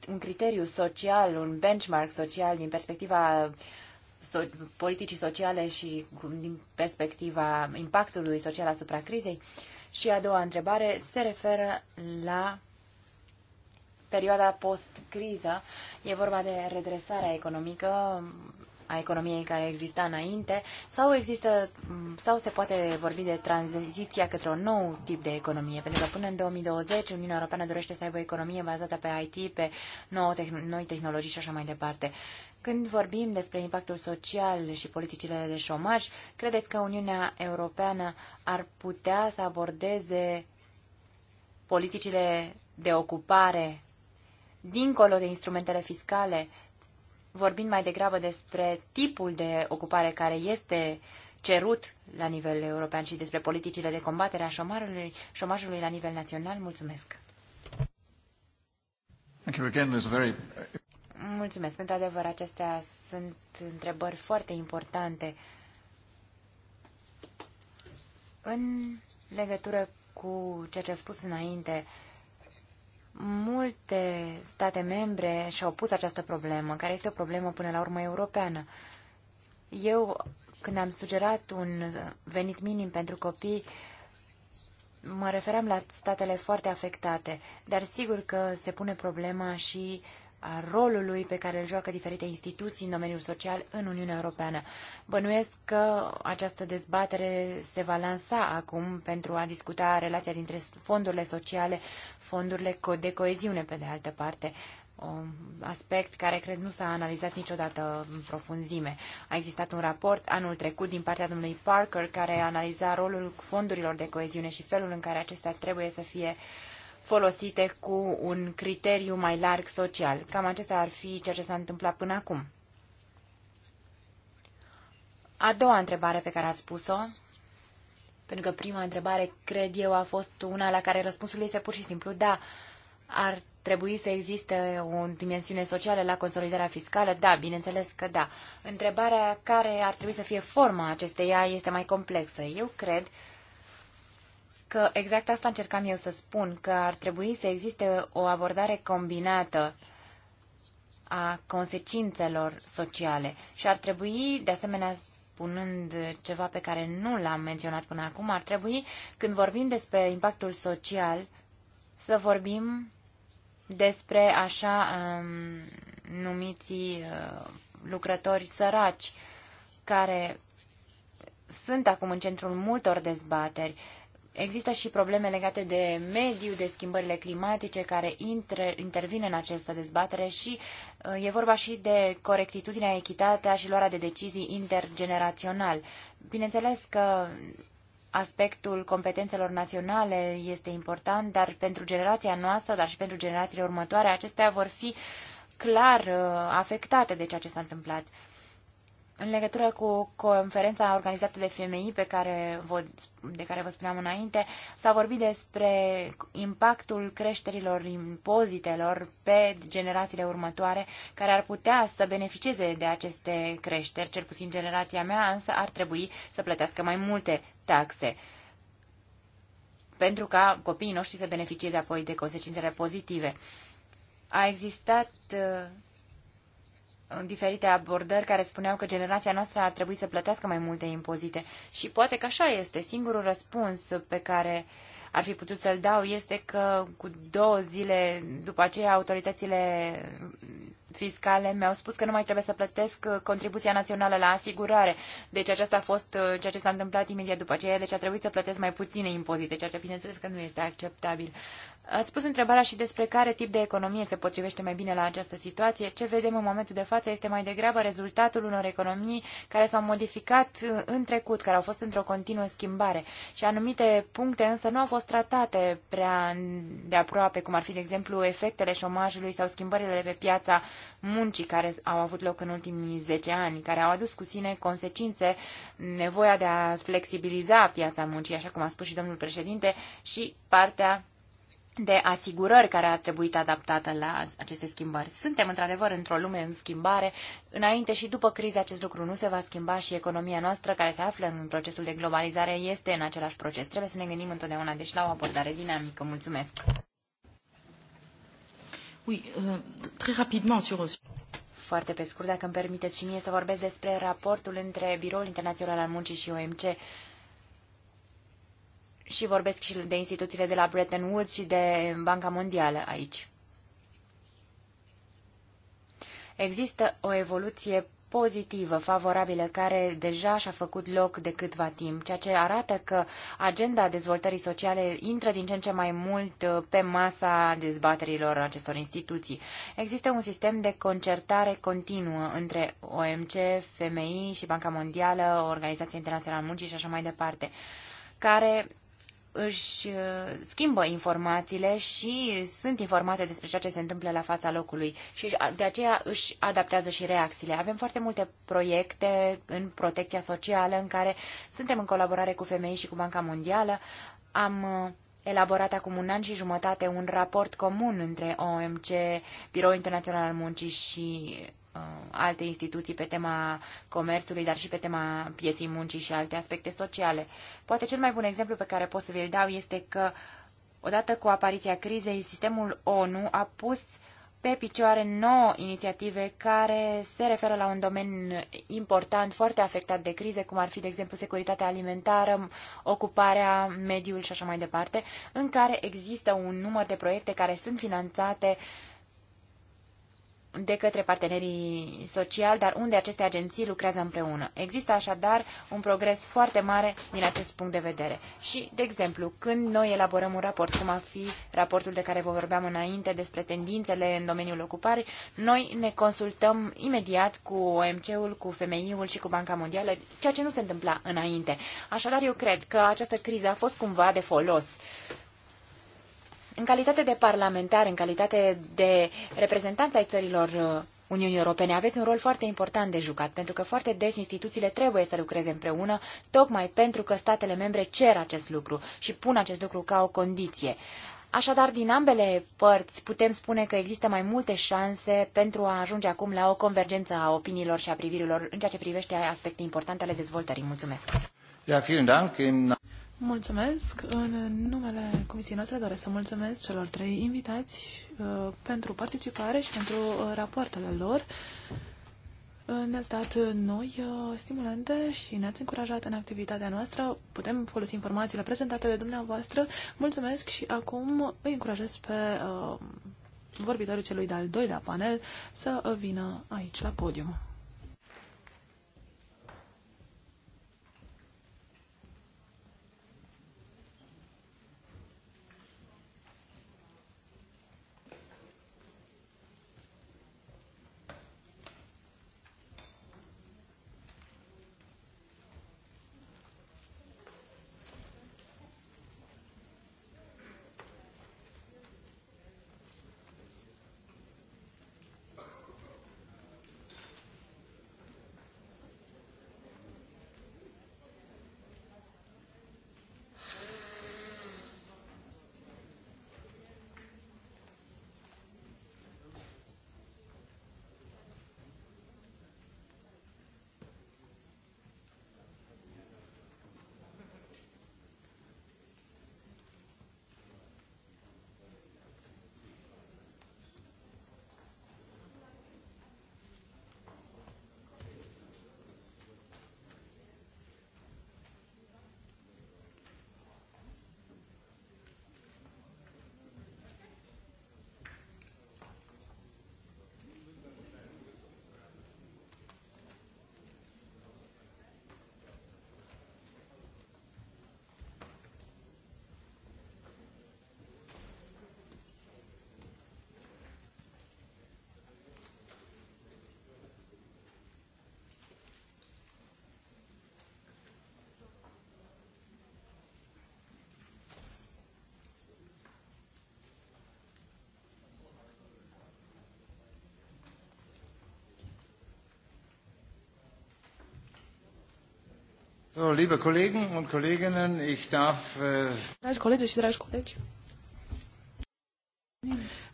un criteriu social, un benchmark social din perspectiva so politicii sociale și din perspectiva impactului social asupra crizei? Și a doua întrebare se referă la perioada post-criză. E vorba de redresarea economică a economiei care exista înainte sau, există, sau se poate vorbi de tranziția către un nou tip de economie? Pentru că până în 2020 Uniunea Europeană dorește să aibă o economie bazată pe IT, pe nouă tehn- noi tehnologii și așa mai departe. Când vorbim despre impactul social și politicile de șomaj, credeți că Uniunea Europeană ar putea să abordeze politicile de ocupare dincolo de instrumentele fiscale vorbind mai degrabă despre tipul de ocupare care este cerut la nivel european și despre politicile de combatere a șomarului, șomajului la nivel național. Mulțumesc! Mulțumesc! Într-adevăr, acestea sunt întrebări foarte importante. În legătură cu ceea ce a spus înainte, multe state membre și-au pus această problemă, care este o problemă până la urmă europeană. Eu, când am sugerat un venit minim pentru copii, mă referam la statele foarte afectate, dar sigur că se pune problema și uh, a rolului pe care îl joacă diferite instituții în domeniul social în Uniunea Europeană. Bănuiesc că această dezbatere se va lansa acum pentru a discuta relația dintre fondurile sociale, fondurile de coeziune, pe de altă parte, un aspect care cred nu s-a analizat niciodată în profunzime. A existat un raport anul trecut din partea domnului Parker care analiza rolul fondurilor de coeziune și felul în care acestea trebuie să fie uh, folosite cu un criteriu mai larg social. Cam acesta ar fi ceea ce s-a întâmplat până acum. A doua întrebare pe care ați spus o pentru că prima întrebare, cred eu, a fost una la care răspunsul este pur și simplu da. Ar trebui să existe o dimensiune socială la consolidarea fiscală? Da, bineînțeles că da. Întrebarea care ar trebui să fie forma acesteia este mai complexă. Eu cred uh, că exact asta încercam eu să spun, că ar trebui să existe o abordare combinată a consecințelor sociale și ar trebui, de asemenea, spunând ceva pe care nu l-am menționat până acum, ar trebui, când vorbim despre impactul social, să vorbim despre așa um, numiții uh, lucrători săraci, care sunt acum în centrul multor dezbateri Există și probleme legate de mediu, de schimbările climatice care intră, intervin în această dezbatere și uh, e vorba și de corectitudinea, echitatea și luarea de decizii intergenerațional. Bineînțeles că aspectul competențelor naționale este important, dar pentru generația noastră, dar și pentru generațiile următoare, acestea vor fi clar uh, afectate de ceea ce s-a întâmplat. În legătură cu conferința organizată de FMI pe care vă, de care vă spuneam înainte, s-a vorbit despre impactul creșterilor impozitelor pe generațiile următoare, care ar putea să beneficieze de aceste creșteri, cel puțin generația mea, însă ar trebui să plătească mai multe taxe pentru ca copiii noștri să beneficieze apoi de consecințele pozitive. A existat uh, diferite abordări care spuneau că generația noastră ar trebui să plătească mai multe impozite. Și poate că așa este. Singurul răspuns pe care ar fi putut să-l dau este că cu două zile după aceea autoritățile fiscale mi-au spus că nu mai trebuie să plătesc uh, contribuția națională la asigurare. Deci aceasta a fost uh, ceea ce s-a întâmplat imediat după aceea, deci a trebuit să plătesc mai puține impozite, ceea ce bineînțeles că nu este acceptabil. Ați pus întrebarea și despre care tip de economie se potrivește mai bine la această situație. Ce vedem în momentul de față este mai degrabă rezultatul unor economii care s-au modificat uh, în trecut, care au fost într-o continuă schimbare. Și anumite puncte însă nu au fost tratate prea de aproape, cum ar fi, de exemplu, efectele șomajului sau schimbările de pe piața muncii care au avut loc în ultimii 10 ani, care au adus cu sine consecințe, nevoia de a flexibiliza piața muncii, așa cum a spus și domnul președinte, și partea de asigurări care ar trebui adaptată la aceste schimbări. Suntem într-adevăr într-o lume în schimbare. Înainte și după criză acest lucru nu se va schimba și economia noastră care se află în procesul de globalizare este în același proces. Trebuie să ne gândim întotdeauna deci la o abordare dinamică. Mulțumesc! Euh, Foarte pe scurt, dacă îmi permiteți și mie să vorbesc despre raportul între Biroul Internațional al Muncii și OMC și vorbesc și de instituțiile de la Bretton Woods și de Banca Mondială aici. Există o evoluție pozitivă, favorabilă, care deja și-a făcut loc de câtva timp, ceea ce arată că agenda dezvoltării sociale intră din ce în ce mai mult uh, pe masa dezbaterilor acestor instituții. Există un sistem de concertare continuă între OMC, FMI și Banca Mondială, Organizația Internațională a Muncii și așa mai departe, care își uh, schimbă informațiile și sunt informate despre ceea ce se întâmplă la fața locului și de aceea își adaptează și reacțiile. Avem foarte multe proiecte în protecția socială în care suntem în colaborare cu femei și cu Banca Mondială. Am uh, elaborat acum un an și jumătate un raport comun între OMC, Biroul Internațional al Muncii și Uh, alte instituții pe tema comerțului, dar și pe tema pieții muncii și alte aspecte sociale. Poate cel mai bun exemplu pe care pot să vi-l dau este că odată cu apariția crizei, sistemul ONU a pus pe picioare nouă inițiative care se referă la un domeniu important, foarte afectat de crize, cum ar fi, de exemplu, securitatea alimentară, ocuparea, mediul și așa mai departe, în care există un număr de proiecte care sunt finanțate uh, de către partenerii sociali, dar unde aceste agenții lucrează împreună. Există așadar un progres foarte mare din acest punct de vedere. Și, de exemplu, când noi elaborăm un raport, cum ar fi raportul de care vă vorbeam înainte despre tendințele în domeniul ocupării, noi ne consultăm imediat cu OMC-ul, cu FMI-ul și cu Banca Mondială, ceea ce nu se întâmpla înainte. Așadar, eu cred că această criză a fost cumva de folos în calitate de parlamentar, în calitate de reprezentanță ai țărilor uh, Uniunii Europene, aveți un rol foarte important de jucat, pentru că foarte des instituțiile trebuie să lucreze împreună, tocmai pentru că statele membre cer acest lucru și pun acest lucru ca o condiție. Așadar, din ambele părți putem spune că există mai multe șanse pentru a ajunge acum la o convergență a opiniilor și a privirilor în ceea ce privește aspecte importante ale dezvoltării. Mulțumesc! Ja, vielen Dank. Mulțumesc. În numele comisiei noastre doresc să mulțumesc celor trei invitați uh, pentru participare și pentru uh, rapoartele lor. Uh, ne-ați dat noi stimulante și ne-ați încurajat în activitatea noastră. Putem folosi informațiile prezentate de dumneavoastră. Mulțumesc și acum îi încurajez pe vorbitorul celui de-al doilea panel să vină aici la podium. Äh, dragi colegi și dragi colegi,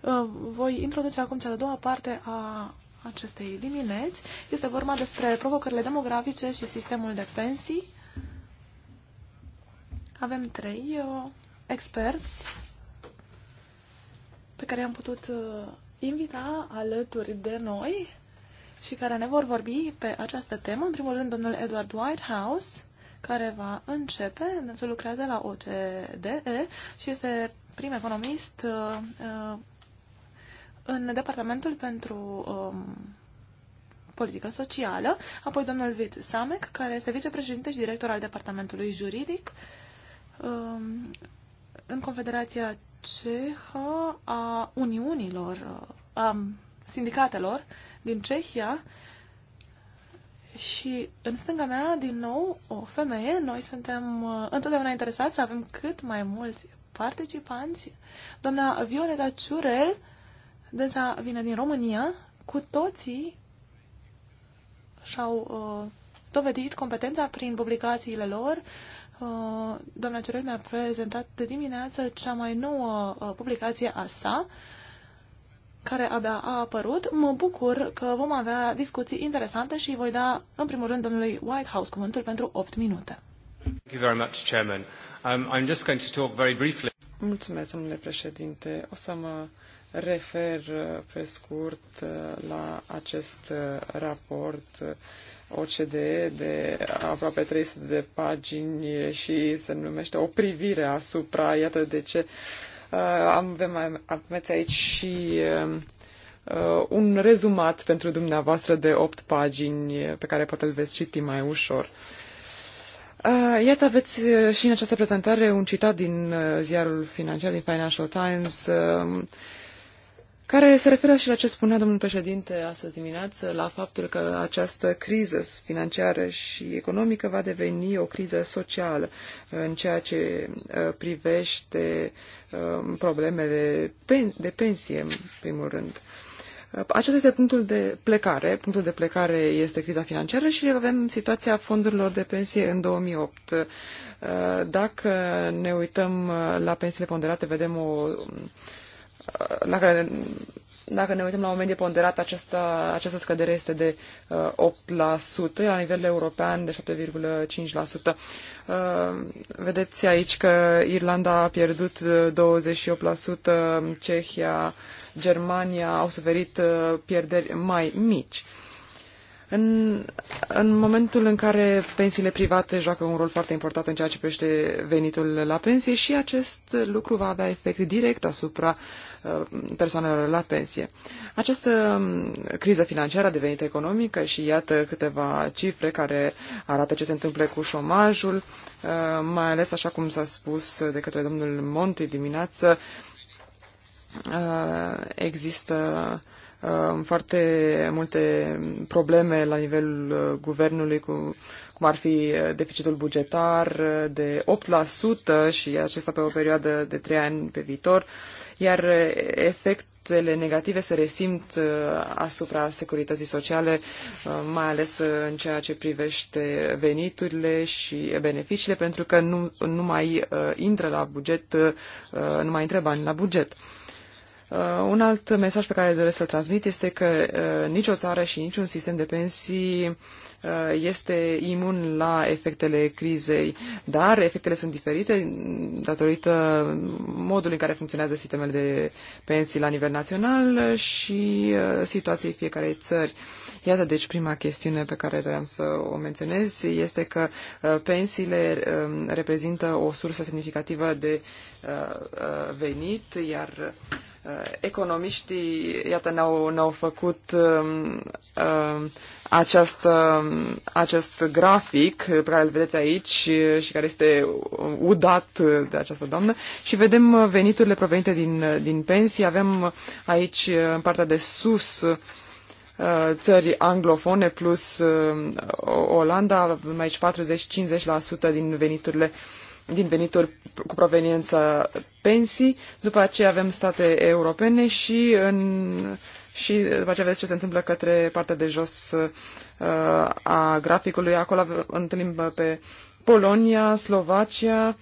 uh, voi introduce acum cea de-a doua parte a acestei dimineți. Este vorba despre provocările demografice și sistemul de pensii. Avem trei uh, experți pe care am putut uh, invita alături de noi și care ne vor vorbi pe această temă. În primul rând, domnul Edward Whitehouse, care va începe. Dânsul lucrează la OCDE și este prim economist uh, uh, în Departamentul pentru um, Politică Socială, apoi domnul Vit Samek, care este vicepreședinte și director al Departamentului Juridic um, în Confederația Cehă a Uniunilor, uh, a Sindicatelor din Cehia și în stânga mea, din nou, o femeie. Noi suntem uh, întotdeauna interesați să avem cât mai mulți participanți. Doamna Violeta Ciurel, dânsa vine din România, cu toții și-au uh, dovedit competența prin publicațiile lor. Uh, doamna Ciurel mi-a prezentat de dimineață cea mai nouă uh, publicație a sa, uh, care abia a apărut. Mă bucur că vom avea discuții interesante și voi da, în primul rând, domnului Whitehouse cuvântul pentru 8 minute. Thank you very much, Chairman. Um, I'm just going to talk very briefly. Mulțumesc, domnule președinte. O să mă refer uh, pe scurt uh, la acest uh, raport OCDE de aproape 300 de pagini și se numește O privire asupra, iată de ce uh, Uh, avem, aveți aici și um, uh, un rezumat pentru dumneavoastră de 8 pagini uh, pe care poate îl veți citi mai ușor. Iată, aveți și în această prezentare un citat din ziarul financiar, din Financial Times, um, care se referă și la ce spunea domnul președinte astăzi dimineață, la faptul că această criză financiară și economică va deveni o criză socială uh, în ceea ce uh, privește uh, problemele de pensie, în primul rând. Acesta este punctul de plecare. Punctul de plecare este criza financiară și avem situația fondurilor de pensie în 2008. Dacă ne uităm la pensiile ponderate, vedem o dacă, dacă ne uităm la o medie ponderată această, această scădere este de 8%, uh, la nivel european de 7,5%. Uh, vedeți aici că Irlanda a pierdut 28%, uh, Cehia, Germania au suferit pierderi mai mici. În, în momentul în care pensiile private joacă un rol foarte important în ceea ce privește venitul la pensie și acest lucru va avea efect direct asupra uh, persoanelor la pensie. Această um, criză financiară a devenit economică și iată câteva cifre care arată ce se întâmplă cu șomajul, uh, mai ales așa cum s-a spus de către domnul Monti dimineață, uh, există foarte multe probleme la nivelul uh, guvernului cu cum ar fi uh, deficitul bugetar uh, de 8% și acesta pe o perioadă de 3 ani pe viitor, iar efectele negative se resimt asupra securității sociale, mai ales în ceea ce privește veniturile și beneficiile, pentru că nu, nu mai intră la buget, nu mai intră bani la buget. Uh, un alt mesaj pe care doresc să-l transmit este că uh, nicio țară și niciun sistem de pensii uh, este imun la efectele crizei, dar efectele sunt diferite datorită modului în care funcționează sistemele de pensii la nivel național și situației fiecarei țări. Iată, deci, prima chestiune pe care doream să o menționez este că pensiile um, reprezintă o sursă semnificativă de venit, iar Uh, economiștii, iată, ne-au, ne-au făcut uh, um, uh, um, această, um, acest grafic pe care îl vedeți aici și care este udat de această doamnă și vedem veniturile provenite din, din pensii. Avem aici în partea de sus uh, țări anglofone plus Olanda, avem aici 40-50% din veniturile uh, din venituri cu proveniență pensii, după aceea avem state europene și în și după aceea vedeți ce se întâmplă către partea de jos uh, a graficului. Acolo întâlnim pe Polonia, Slovacia.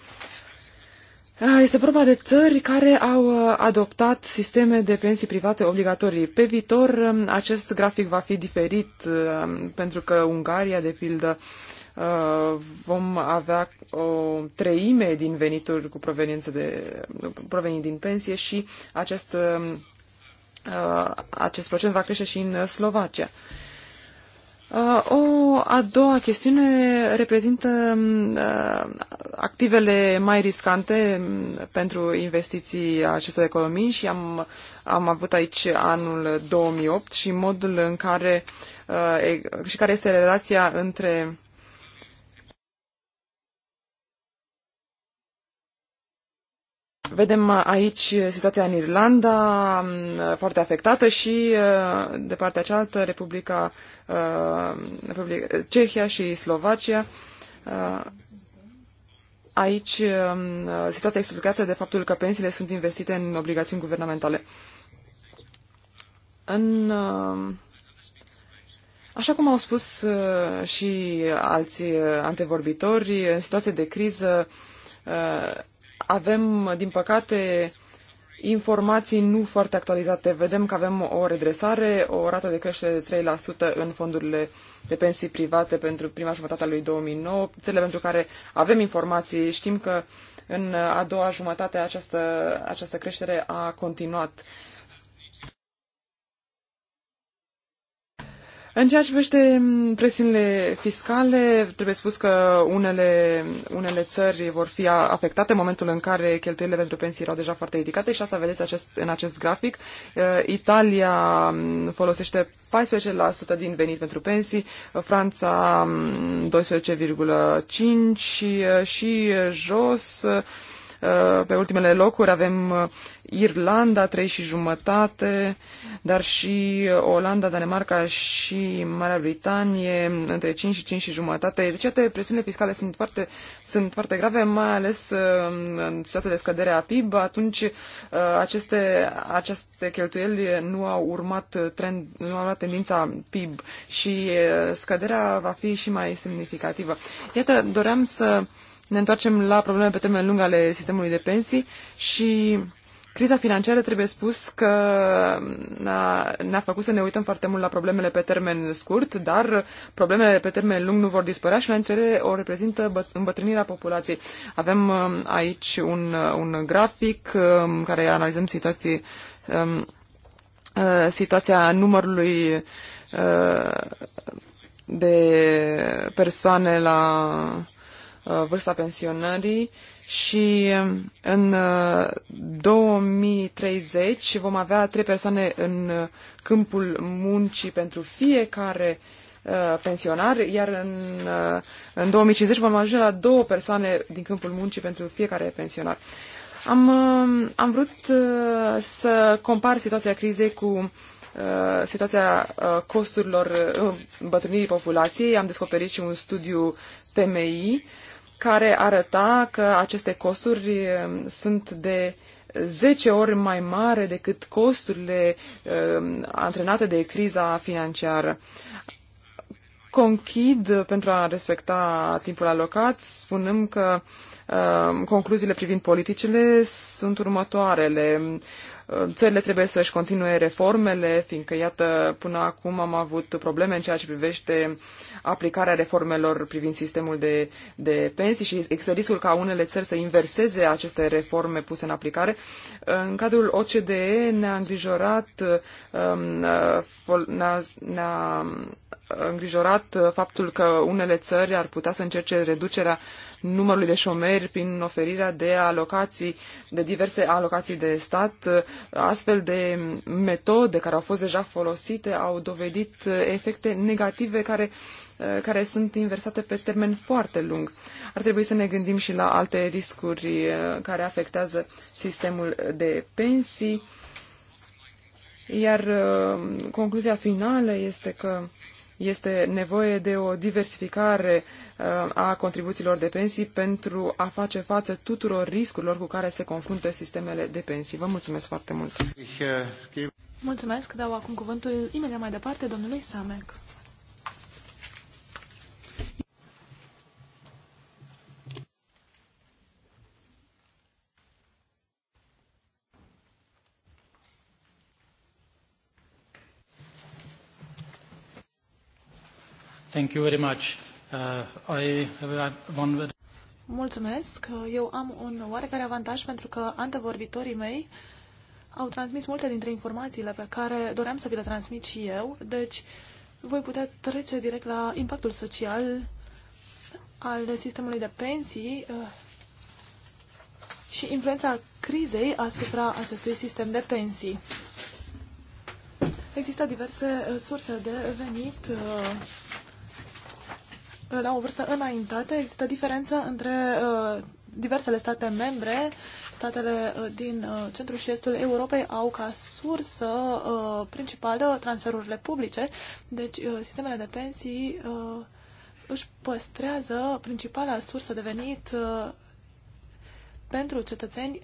Ah, este vorba de țări care au uh, adoptat sisteme de pensii private obligatorii. Pe viitor, um, acest grafic va fi diferit uh, pentru că Ungaria, de pildă, Uh, vom avea o treime din venituri cu proveniență de, provenind din pensie și acest, uh, acest procent va crește și în Slovacia. Uh, o a doua chestiune reprezintă activele mai riscante mm, pentru investiții acestor economii și am, am avut aici anul 2008 și modul în care și care este relația între Vedem aici situația în Irlanda, foarte afectată, și uh, de partea cealaltă Republica, uh, Republica Cehia și Slovacia. Uh, aici um, situația este explicată de faptul că pensiile sunt investite în obligațiuni guvernamentale. În, așa cum au spus și alți antevorbitori, în situație de criză, avem, din păcate, informații nu foarte actualizate. Vedem că avem o redresare, o rată de creștere de 3% în fondurile de pensii private pentru prima jumătate a lui 2009, țările pentru care avem informații. Știm că în a doua jumătate această, această creștere a continuat. În ceea ce privește mm, presiunile fiscale, trebuie spus că unele, unele țări vor fi afectate în momentul în care cheltuielile pentru pensii erau deja foarte ridicate și asta vedeți acest, în acest grafic. Uh, Italia mm, folosește 14% din venit pentru pensii, Franța 12,5% mm, și uh, uh, jos pe ultimele locuri avem Irlanda, trei și jumătate, dar și Olanda, Danemarca și Marea Britanie, între 5 și 5 și jumătate. Deci, toate presiunile fiscale sunt foarte, sunt foarte grave, mai ales um, în situația de scădere a PIB. Atunci, uh, aceste, aceste cheltuieli nu au urmat, trend, nu au luat tendința PIB și uh, scăderea va fi și mai semnificativă. Iată, doream să ne întoarcem la probleme pe termen lung ale sistemului de pensii și Criza financiară, trebuie spus că ne-a, făcut să ne uităm foarte mult la problemele pe termen scurt, dar problemele pe termen lung nu vor dispărea și una dintre ele o reprezintă îmbătrânirea populației. Avem um, aici un, uh, un grafic în um, care analizăm situații, um, uh, situația numărului uh, de persoane la vârsta pensionării și um, în 2030 uh, vom avea trei persoane în uh, câmpul muncii pentru fiecare uh, pensionar, iar în, în 2050 vom ajunge la două persoane din câmpul muncii pentru fiecare pensionar. Am, um, am vrut să compar situația crizei cu situația costurilor îmbătrânirii populației. Am descoperit și un studiu PMI care arăta că aceste costuri um, sunt de 10 ori mai mare decât costurile um, antrenate de criza financiară. Conchid, uh, pentru a respecta timpul alocat, spunem că um, concluziile privind politicile sunt următoarele. Țările trebuie să-și continue reformele, fiindcă, iată, până acum am avut probleme în ceea ce privește aplicarea reformelor privind sistemul de, de pensii și există riscul ca unele țări să inverseze aceste reforme puse în aplicare. În cadrul OCDE ne-a îngrijorat, um, uh, ne-a, ne-a îngrijorat uh, faptul că unele țări ar putea să încerce reducerea numărului de șomeri prin oferirea de alocații, de diverse alocații de stat. Uh, astfel de metode care au fost deja folosite au dovedit uh, efecte negative care care sunt inversate pe termen foarte lung. Ar trebui să ne gândim și la alte riscuri care afectează sistemul de pensii. Iar concluzia finală este că este nevoie de o diversificare uh, a contribuțiilor de pensii pentru a face față tuturor riscurilor cu care se confruntă sistemele de pensii. Vă mulțumesc foarte mult! Mulțumesc, dau acum cuvântul imediat mai departe domnului Samec. Thank you very much. Uh, I have one... Mulțumesc. Eu am un oarecare avantaj pentru că antevorbitorii mei au transmis multe dintre informațiile pe care doream să vi le transmit și eu, deci voi putea trece direct la impactul social al sistemului de pensii uh, și influența crizei asupra acestui sistem de pensii. Există diverse uh, surse de venit uh, la o vârstă înaintată. Există diferență între uh, diversele state membre. Statele uh, din uh, centrul și estul Europei au ca sursă principală transferurile publice, deci sistemele de pensii își păstrează principala sursă de venit pentru cetățeni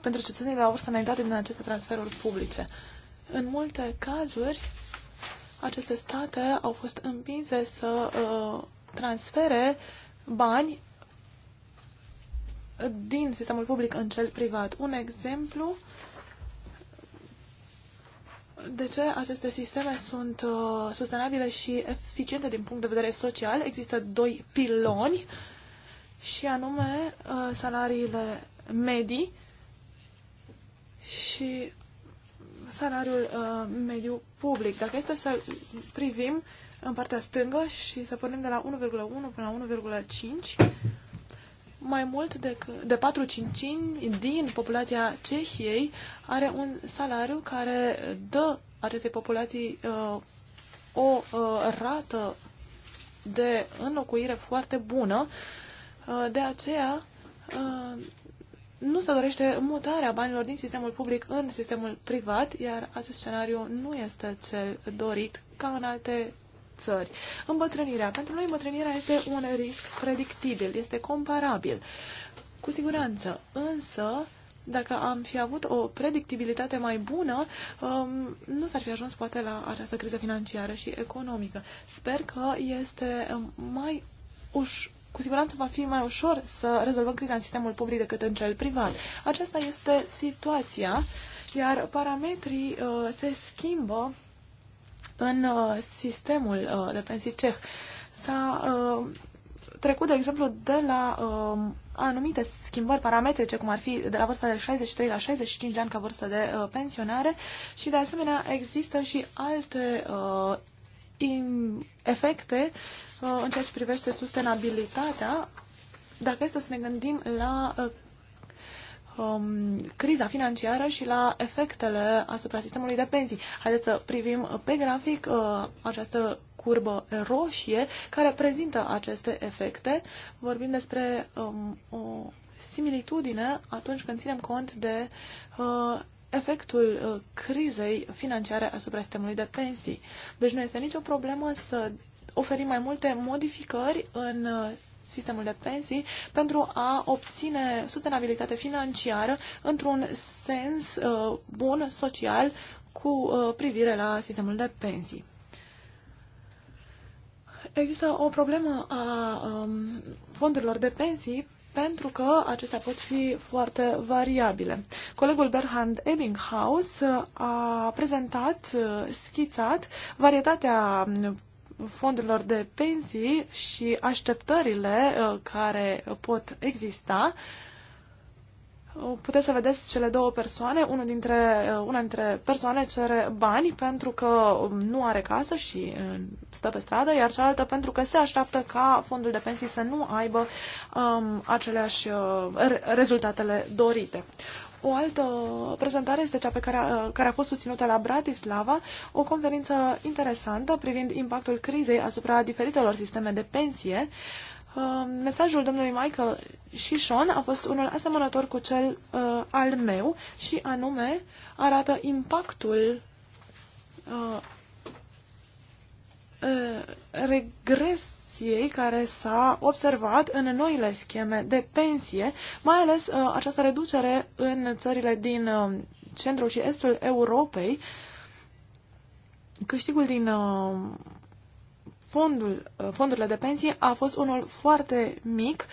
pentru cetățenii la vârstă înaintată din aceste transferuri publice. În multe cazuri, aceste state au fost împinse să uh, transfere bani din sistemul public în cel privat. Un exemplu de ce aceste sisteme sunt uh, sustenabile și eficiente din punct de vedere social. Există doi piloni și anume uh, salariile medii și salariul uh, mediu public. Dacă este să privim în partea stângă și să pornim de la 1,1 până la 1,5, mai mult decât de 4 din populația Cehiei are un salariu care dă acestei populații uh, o uh, rată de înlocuire foarte bună. Uh, de aceea, uh, nu se dorește mutarea banilor din sistemul public în sistemul privat, iar acest scenariu nu este cel dorit ca în alte țări. Îmbătrânirea. Pentru noi îmbătrânirea este un risc predictibil, este comparabil. Cu siguranță, însă, dacă am fi avut o predictibilitate mai bună, um, nu s-ar fi ajuns poate la această criză financiară și economică. Sper că este mai uș cu siguranță va fi mai ușor să rezolvăm criza în sistemul public decât în cel privat. Aceasta este situația, iar parametrii uh, se schimbă în uh, sistemul uh, de pensii ceh. S-a uh, trecut, de exemplu, de la uh, anumite schimbări parametrice, cum ar fi de la vârsta de 63 la 65 de ani ca vârstă de uh, pensionare și, de asemenea, există și alte uh, efecte Uh, în ceea ce privește sustenabilitatea, dacă este să ne gândim la uh, um, criza financiară și la efectele asupra sistemului de pensii. Haideți să privim pe grafic uh, această curbă roșie care prezintă aceste efecte. Vorbim despre um, o similitudine atunci când ținem cont de uh, efectul uh, crizei financiare asupra sistemului de pensii. Deci nu este nicio problemă să oferi mai multe modificări în uh, sistemul de pensii pentru a obține sustenabilitate financiară într-un sens uh, bun social cu uh, privire la sistemul de pensii. Există o problemă a um, fondurilor de pensii pentru că acestea pot fi foarte variabile. Colegul Berhand Ebbinghaus a prezentat, uh, schițat, varietatea fondurilor de pensii și așteptările uh, care pot exista, uh, puteți să vedeți cele două persoane, una dintre, uh, una dintre persoane cere bani pentru că um, nu are casă și stă pe stradă, iar cealaltă pentru că se așteaptă ca fondul de pensii să nu aibă um, aceleași uh, rezultatele dorite. O altă prezentare este cea pe care a, care a fost susținută la Bratislava, o conferință interesantă privind impactul crizei asupra diferitelor sisteme de pensie. Uh, mesajul domnului Michael și Sean a fost unul asemănător cu cel uh, al meu și anume arată impactul uh, Uh, regresiei care s-a observat în noile scheme de pensie, mai ales uh, această reducere în țările din uh, centrul și estul Europei. Câștigul din fondul, fondurile de pensie a fost unul foarte mic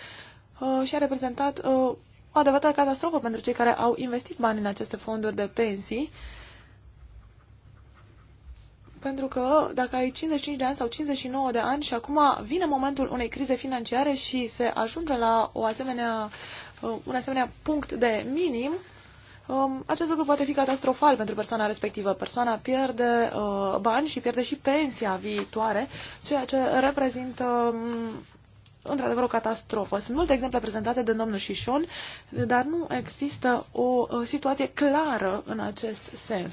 și a reprezentat o adevărată catastrofă pentru cei care au investit bani în aceste fonduri de pensii pentru că dacă ai 55 de ani sau 59 de ani și acum vine momentul unei crize financiare și se ajunge la o asemenea, uh, un asemenea punct de minim, um, acest lucru poate fi catastrofal pentru persoana respectivă. Persoana pierde uh, bani și pierde și pensia viitoare, ceea ce reprezintă um, într-adevăr o catastrofă. Sunt multe exemple prezentate de domnul Șișon, dar nu există o uh, situație clară în acest sens.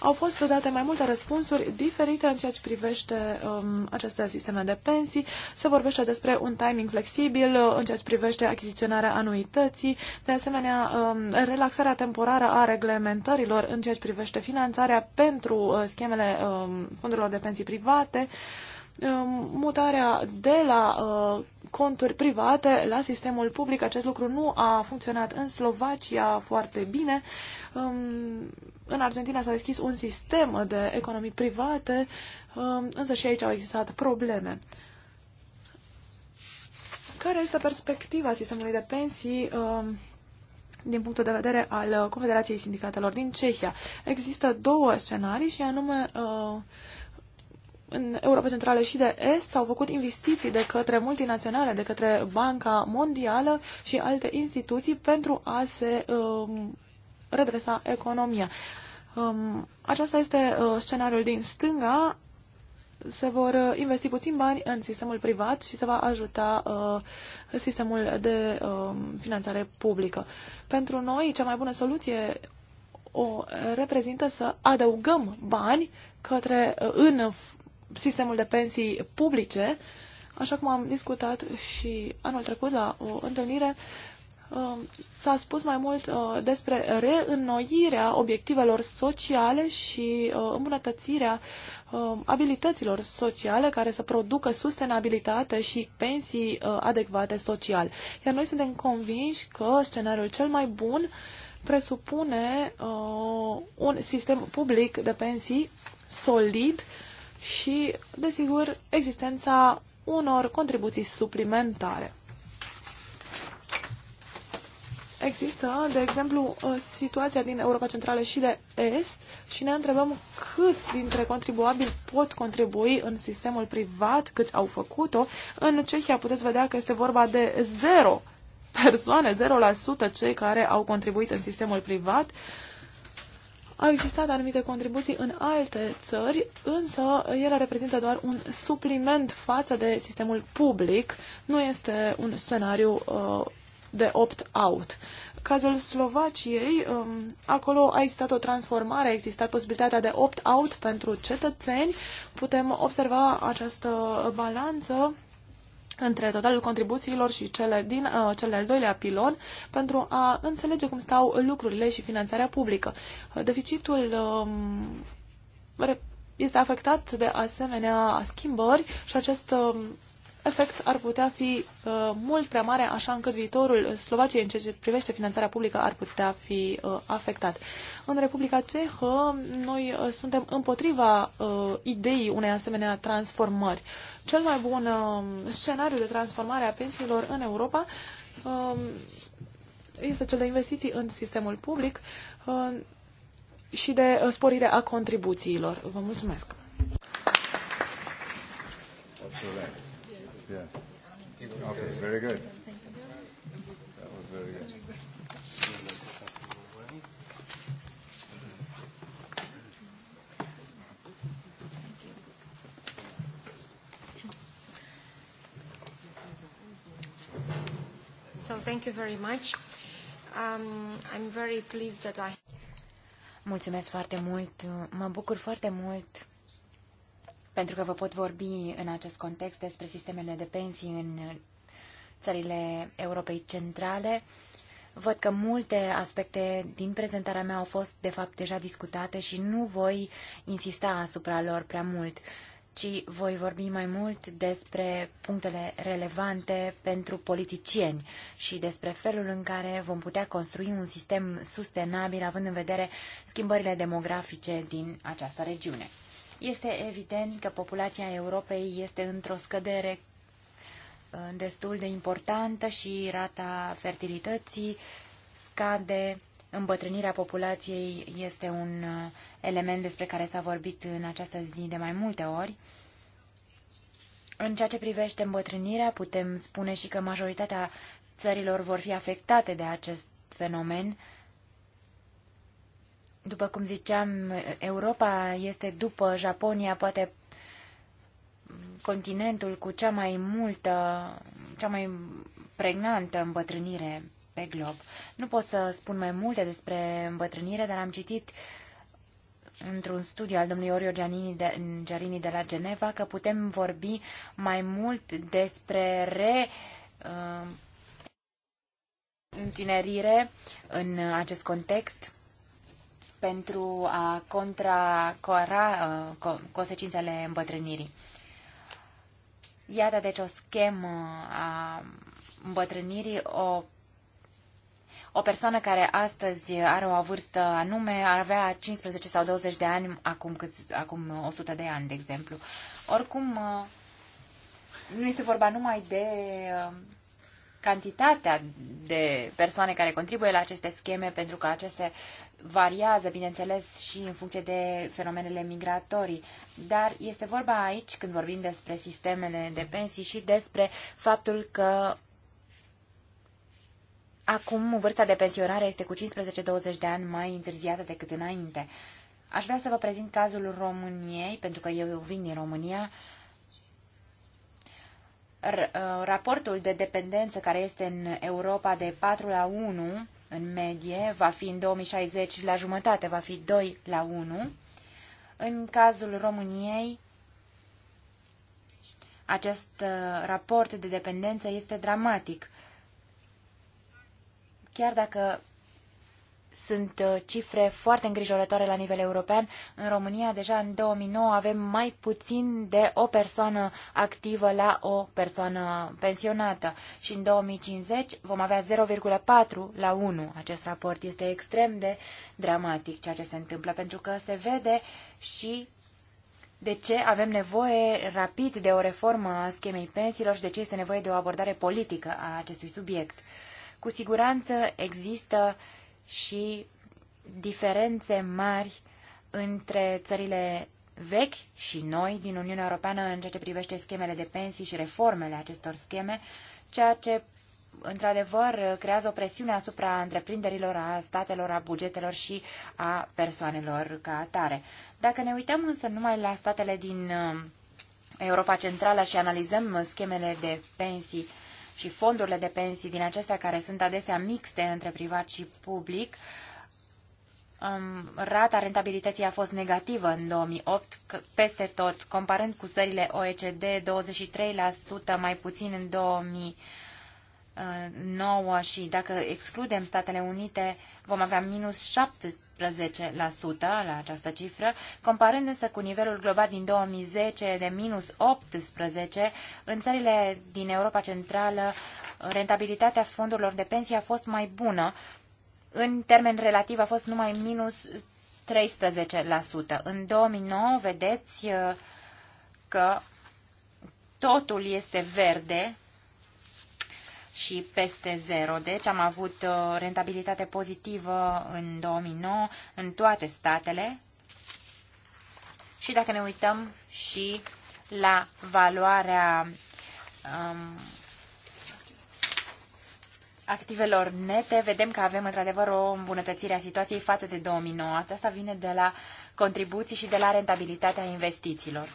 Au fost date mai multe răspunsuri diferite în ceea ce privește um, aceste sisteme de pensii. Se vorbește despre un timing flexibil uh, în ceea ce privește achiziționarea anuității, de asemenea um, relaxarea temporară a reglementărilor în ceea ce privește finanțarea pentru uh, schemele um, fondurilor de pensii private um, mutarea de la uh, conturi private la sistemul public. Acest lucru nu a funcționat în Slovacia foarte bine. Um, în Argentina s-a deschis un sistem de economii private, um, însă și aici au existat probleme. Care este perspectiva sistemului de pensii um, din punctul de vedere al Confederației Sindicatelor din Cehia? Există două scenarii și anume uh, în Europa Centrală și de Est s-au făcut investiții de către multinaționale, de către Banca Mondială și alte instituții pentru a se um, redresa economia. Um, aceasta este uh, scenariul din stânga. Se vor uh, investi puțin bani în sistemul privat și se va ajuta uh, sistemul de uh, finanțare publică. Pentru noi, cea mai bună soluție o reprezintă să adăugăm bani către, uh, în sistemul de pensii publice, așa cum am discutat și anul trecut la o întâlnire, Um, s-a spus mai mult uh, despre reînnoirea obiectivelor sociale și uh, îmbunătățirea um, abilităților sociale care să producă sustenabilitate și pensii uh, adecvate social. Iar noi suntem convinși că scenariul cel mai bun presupune un sistem public de pensii solid și, desigur, existența unor contribuții suplimentare. Există, de exemplu, uh, situația din Europa Centrală și de Est și ne întrebăm câți dintre contribuabili pot contribui în sistemul privat, câți au făcut-o. În Cehia puteți vedea că este vorba de zero persoane, 0% cei care au contribuit în sistemul privat. Au existat anumite contribuții în alte țări, însă ele reprezintă doar un supliment față de sistemul public. Nu este un scenariu uh, de opt-out. Cazul Slovaciei, um, acolo a existat o transformare, a existat posibilitatea de opt-out pentru cetățeni. Putem observa această balanță între totalul contribuțiilor și cele din uh, cel al doilea pilon pentru a înțelege cum stau lucrurile și finanțarea publică. Deficitul um, este afectat de asemenea schimbări și acest uh, efect ar putea fi uh, mult prea mare, așa încât viitorul Slovaciei în ceea ce privește finanțarea publică ar putea fi uh, afectat. În Republica Cehă, noi uh, suntem împotriva uh, ideii unei asemenea transformări. Cel mai bun uh, scenariu de transformare a pensiilor în Europa uh, este cel de investiții în sistemul public uh, și de uh, sporire a contribuțiilor. Vă mulțumesc! Absolutely. Yeah. Okay, very good. That was very good. So thank you very much. Um, I'm very pleased that I Mulțumesc foarte mult. Mă bucur foarte mult pentru că vă pot vorbi în acest context despre sistemele de pensii în țările Europei Centrale. Văd că multe aspecte din prezentarea mea au fost, de fapt, deja discutate și nu voi insista asupra lor prea mult, ci voi vorbi mai mult despre punctele relevante pentru politicieni și despre felul în care vom putea construi un sistem sustenabil, având în vedere schimbările demografice din această regiune. Este evident că populația Europei este într-o scădere uh, destul de importantă și rata fertilității scade, îmbătrânirea populației este un uh, element despre care s-a vorbit în această zi de mai multe ori. În ceea ce privește îmbătrânirea, putem spune și că majoritatea țărilor vor fi afectate de acest fenomen, după cum ziceam, Europa este după Japonia, poate continentul cu cea mai multă, cea mai pregnantă îmbătrânire pe glob. Nu pot să spun mai multe despre îmbătrânire, dar am citit într-un studiu al domnului Orio Giannini de, Giarini de la Geneva că putem vorbi mai mult despre re uh, întinerire în acest context pentru a contracora uh, consecințele îmbătrânirii. Iată deci o schemă a îmbătrânirii, o, o persoană care astăzi are o vârstă anume ar avea 15 sau 20 de ani acum, cât, acum 100 de ani, de exemplu. Oricum, uh, nu este vorba numai de uh, cantitatea de persoane care contribuie la aceste scheme, pentru că aceste variază, bineînțeles, și în funcție de fenomenele migratorii. Dar este vorba aici, când vorbim despre sistemele de pensii, și despre faptul că acum vârsta de pensionare este cu 15-20 de ani mai întârziată decât înainte. Aș vrea să vă prezint cazul României, pentru că eu vin din România Uh, raportul de dependență care este în Europa de 4 la 1 în medie, va fi în 2060 la jumătate, va fi 2 la 1. În cazul României, acest uh, raport de dependență este dramatic. Chiar dacă sunt uh, cifre foarte îngrijorătoare la nivel european. În România, deja în 2009, avem mai puțin de o persoană activă la o persoană pensionată și în 2050 vom avea 0,4 la 1. Acest raport este extrem de dramatic ceea ce se întâmplă, pentru că se vede și de ce avem nevoie rapid de o reformă a schemei pensiilor și de ce este nevoie de o abordare politică a acestui subiect. Cu siguranță există uh, și diferențe mari între țările vechi și noi din Uniunea Europeană în ceea ce privește schemele de pensii și reformele acestor scheme, ceea ce într-adevăr creează o presiune asupra întreprinderilor, a statelor, a bugetelor și a persoanelor ca atare. Dacă ne uităm însă numai la statele din uh, Europa Centrală și analizăm schemele de pensii și fondurile de pensii din acestea care sunt adesea mixte între privat și public, um, rata rentabilității a fost negativă în 2008 peste tot, comparând cu țările OECD 23% mai puțin în 2009 uh, și dacă excludem Statele Unite vom avea minus 18% la această cifră, comparând însă cu nivelul global din 2010 de minus 18, în țările din Europa Centrală rentabilitatea fondurilor de pensie a fost mai bună, în termen relativ a fost numai minus 13%. În 2009 vedeți uh, că totul este verde, și peste zero. Deci am avut uh, rentabilitate pozitivă în 2009 în toate statele. Și dacă ne uităm și la valoarea um, activelor nete, vedem că avem într-adevăr o îmbunătățire a situației față de 2009. Aceasta vine de la contribuții și de la rentabilitatea investițiilor.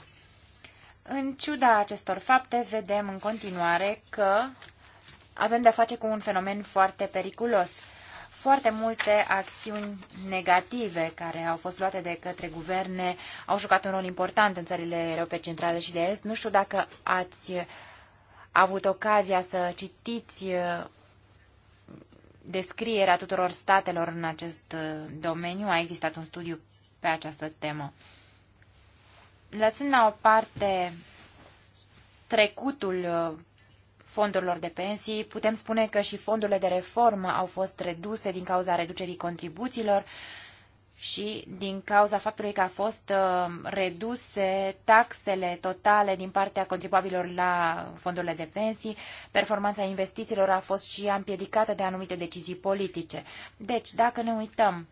În ciuda acestor fapte, vedem în continuare că avem de-a face cu un fenomen foarte periculos. Foarte multe acțiuni negative care au fost luate de către guverne au jucat un rol important în țările europene Centrale și de Est. Nu știu dacă ați avut ocazia să citiți uh, descrierea tuturor statelor în acest uh, domeniu. A existat un studiu pe această temă. Lăsând la o parte trecutul uh, fondurilor de pensii. Putem spune că și fondurile de reformă au fost reduse din cauza reducerii contribuțiilor și din cauza faptului că a fost uh, reduse taxele totale din partea contribuabililor la fondurile de pensii, performanța investițiilor a fost și împiedicată de anumite decizii politice. Deci, dacă ne uităm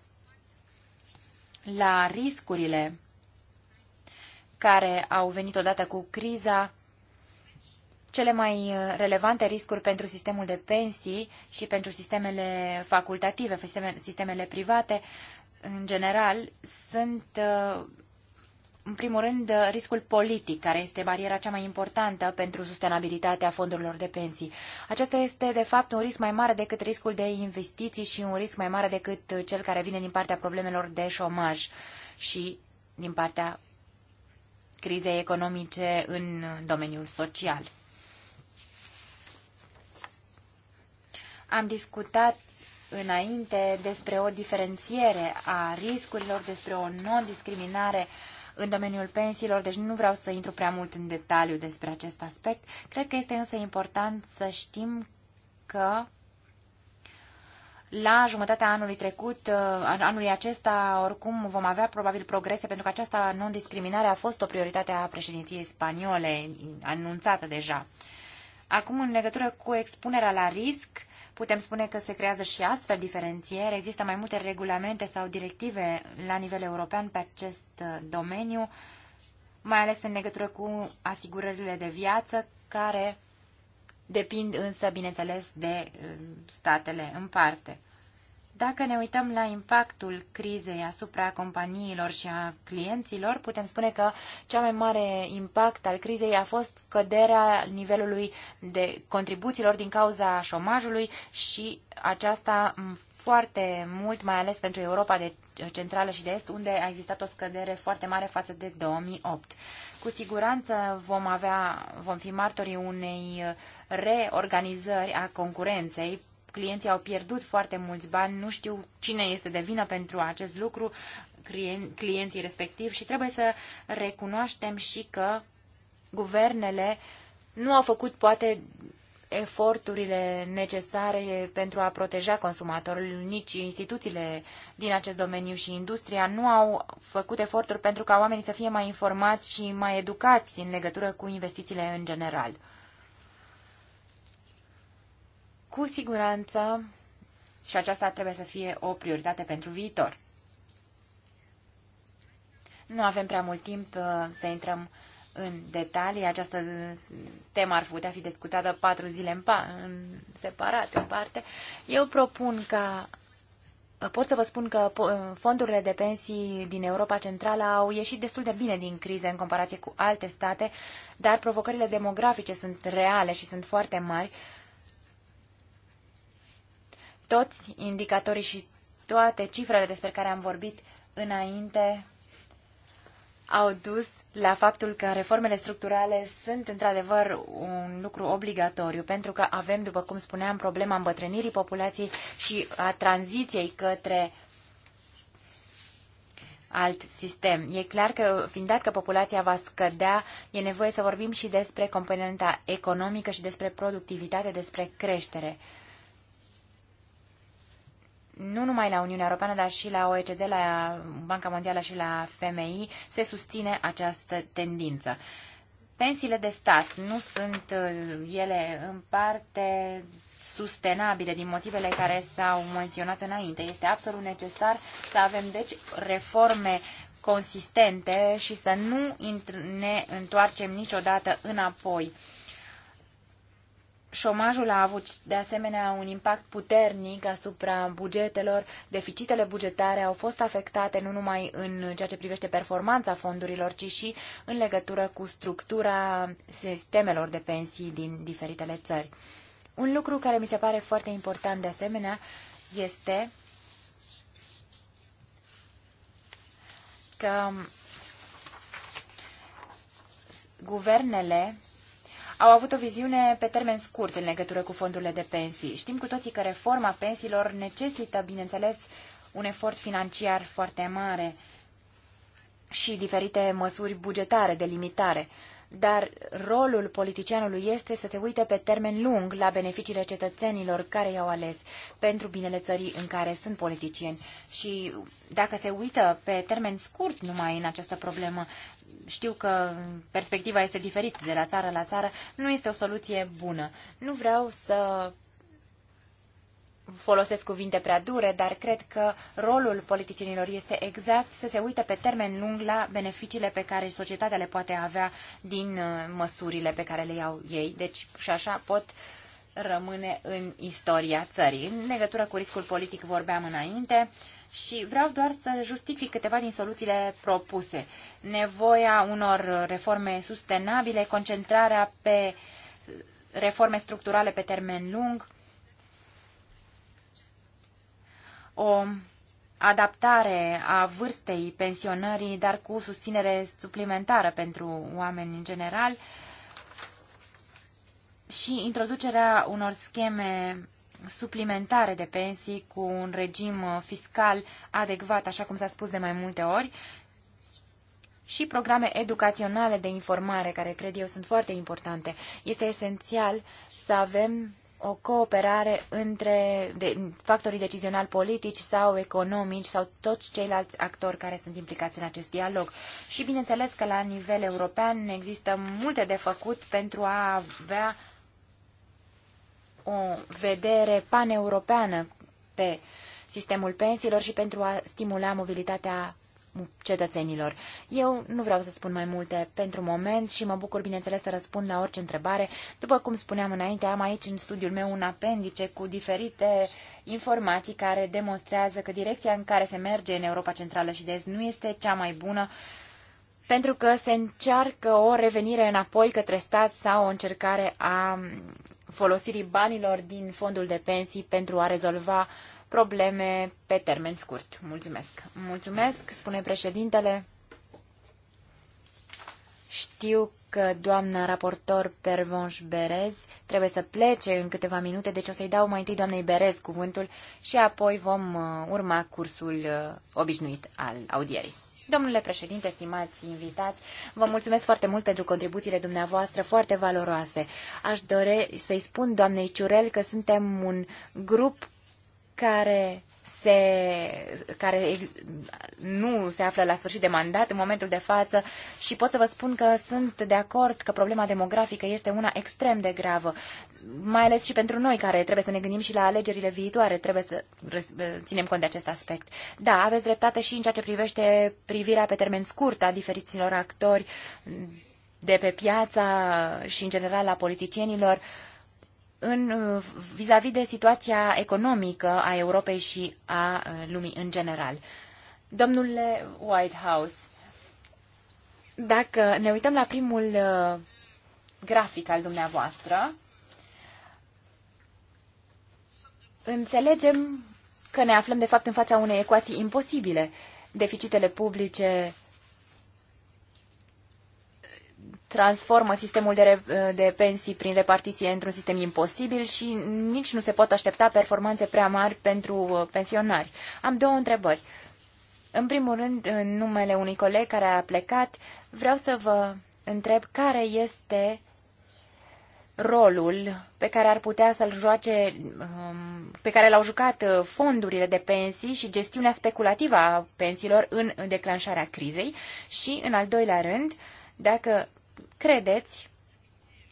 la riscurile care au venit odată cu criza, cele mai uh, relevante riscuri pentru sistemul de pensii și pentru sistemele facultative, sistemele, private, în general, sunt, uh, în primul rând, uh, riscul politic, care este bariera cea mai importantă pentru sustenabilitatea fondurilor de pensii. Acesta este, de fapt, un risc mai mare decât riscul de investiții și un risc mai mare decât cel care vine din partea problemelor de șomaj și din partea crizei economice în domeniul social. Am discutat înainte despre o diferențiere a riscurilor, despre o non-discriminare în domeniul pensiilor, deci nu vreau să intru prea mult în detaliu despre acest aspect. Cred că este însă important să știm că la jumătatea anului trecut, uh, anului acesta, oricum vom avea probabil progrese, pentru că această non-discriminare a fost o prioritate a președinției spaniole, anunțată deja. Acum, în legătură cu expunerea la risc, Putem spune că se creează și astfel diferențiere. Există mai multe regulamente sau directive la nivel european pe acest uh, domeniu, mai ales în legătură cu asigurările de viață, care depind însă, bineînțeles, de uh, statele în parte. Dacă ne uităm la impactul crizei asupra companiilor și a clienților, putem spune că cea mai mare impact al crizei a fost căderea nivelului de contribuțiilor din cauza șomajului și aceasta foarte mult, mai ales pentru Europa de Centrală și de Est, unde a existat o scădere foarte mare față de 2008. Cu siguranță vom avea, vom fi martorii unei reorganizări a concurenței clienții au pierdut foarte mulți bani, nu știu cine este de vină pentru acest lucru, clienții respectivi și trebuie să recunoaștem și că guvernele nu au făcut poate eforturile necesare pentru a proteja consumatorul, nici instituțiile din acest domeniu și industria nu au făcut eforturi pentru ca oamenii să fie mai informați și mai educați în legătură cu investițiile în general. Cu siguranță, și aceasta trebuie să fie o prioritate pentru viitor. Nu avem prea mult timp uh, să intrăm în detalii. Această temă ar putea fi discutată patru zile în, pa- în separat, în parte. Eu propun ca uh, Pot să vă spun că uh, fondurile de pensii din Europa Centrală au ieșit destul de bine din criză în comparație cu alte state, dar provocările demografice sunt reale și sunt foarte mari toți indicatorii și toate cifrele despre care am vorbit înainte au dus la faptul că reformele structurale sunt într-adevăr un lucru obligatoriu, pentru că avem, după cum spuneam, problema îmbătrânirii populației și a tranziției către alt sistem. E clar că, fiind dat că populația va scădea, e nevoie să vorbim și despre componenta economică și despre productivitate, despre creștere nu numai la Uniunea Europeană, dar și la OECD, la Banca Mondială și la FMI, se susține această tendință. Pensiile de stat nu sunt uh, ele în parte sustenabile din motivele care s-au menționat înainte. Este absolut necesar să avem, deci, reforme consistente și să nu ne întoarcem niciodată înapoi Șomajul a avut de asemenea un impact puternic asupra bugetelor. Deficitele bugetare au fost afectate nu numai în ceea ce privește performanța fondurilor, ci și în legătură cu structura sistemelor de pensii din diferitele țări. Un lucru care mi se pare foarte important de asemenea este că guvernele au avut o viziune pe termen scurt în legătură cu fondurile de pensii. Știm cu toții că reforma pensiilor necesită, bineînțeles, un efort financiar foarte mare și diferite măsuri bugetare de limitare dar rolul politicianului este să se uite pe termen lung la beneficiile cetățenilor care i-au ales pentru binele țării în care sunt politicieni. Și dacă se uită pe termen scurt numai în această problemă, știu că perspectiva este diferită de la țară la țară, nu este o soluție bună. Nu vreau să folosesc cuvinte prea dure, dar cred că rolul politicienilor este exact să se uite pe termen lung la beneficiile pe care societatea le poate avea din uh, măsurile pe care le iau ei. Deci și așa pot rămâne în istoria țării. În legătură cu riscul politic vorbeam înainte și vreau doar să justific câteva din soluțiile propuse. Nevoia unor reforme sustenabile, concentrarea pe reforme structurale pe termen lung, o adaptare a vârstei pensionării, dar cu susținere suplimentară pentru oameni în general și introducerea unor scheme suplimentare de pensii cu un regim fiscal adecvat, așa cum s-a spus de mai multe ori, și programe educaționale de informare, care cred eu sunt foarte importante. Este esențial să avem o cooperare între de, factorii decizionali politici sau economici sau toți ceilalți actori care sunt implicați în acest dialog. Și bineînțeles că la nivel european există multe de făcut pentru a avea o vedere paneuropeană pe sistemul pensiilor și pentru a stimula mobilitatea cetățenilor. Eu nu vreau să spun mai multe pentru moment și mă bucur, bineînțeles, să răspund la orice întrebare. După cum spuneam înainte, am aici în studiul meu un apendice cu diferite informații care demonstrează că direcția în care se merge în Europa Centrală și de Est nu este cea mai bună pentru că se încearcă o revenire înapoi către stat sau o încercare a folosirii banilor din fondul de pensii pentru a rezolva probleme pe termen scurt. Mulțumesc. Mulțumesc, spune președintele. Știu că doamna raportor Pervonș Berez trebuie să plece în câteva minute, deci o să-i dau mai întâi doamnei Berez cuvântul și apoi vom uh, urma cursul uh, obișnuit al audierii. Domnule președinte, stimați invitați, vă mulțumesc foarte mult pentru contribuțiile dumneavoastră foarte valoroase. Aș dori să-i spun doamnei Ciurel că suntem un grup care se, care nu se află la sfârșit de mandat în momentul de față și pot să vă spun că sunt de acord că problema demografică este una extrem de gravă, mai ales și pentru noi care trebuie să ne gândim și la alegerile viitoare, trebuie să ținem cont de acest aspect. Da, aveți dreptate și în ceea ce privește privirea pe termen scurt a diferiților actori de pe piața și în general a politicienilor uh, în, uh, vis-a-vis de situația economică a Europei și a uh, lumii în general. Domnule Whitehouse, dacă ne uităm la primul uh, grafic al dumneavoastră, înțelegem că ne aflăm de fapt în fața unei ecuații imposibile. Deficitele publice transformă sistemul de, de pensii prin repartiție într-un sistem imposibil și nici nu se pot aștepta performanțe prea mari pentru uh, pensionari. Am două întrebări. În primul rând, în numele unui coleg care a plecat, vreau să vă întreb care este rolul pe care ar putea să-l joace, um, pe care l-au jucat uh, fondurile de pensii și gestiunea speculativă a pensiilor în declanșarea crizei și, în al doilea rând, dacă Credeți,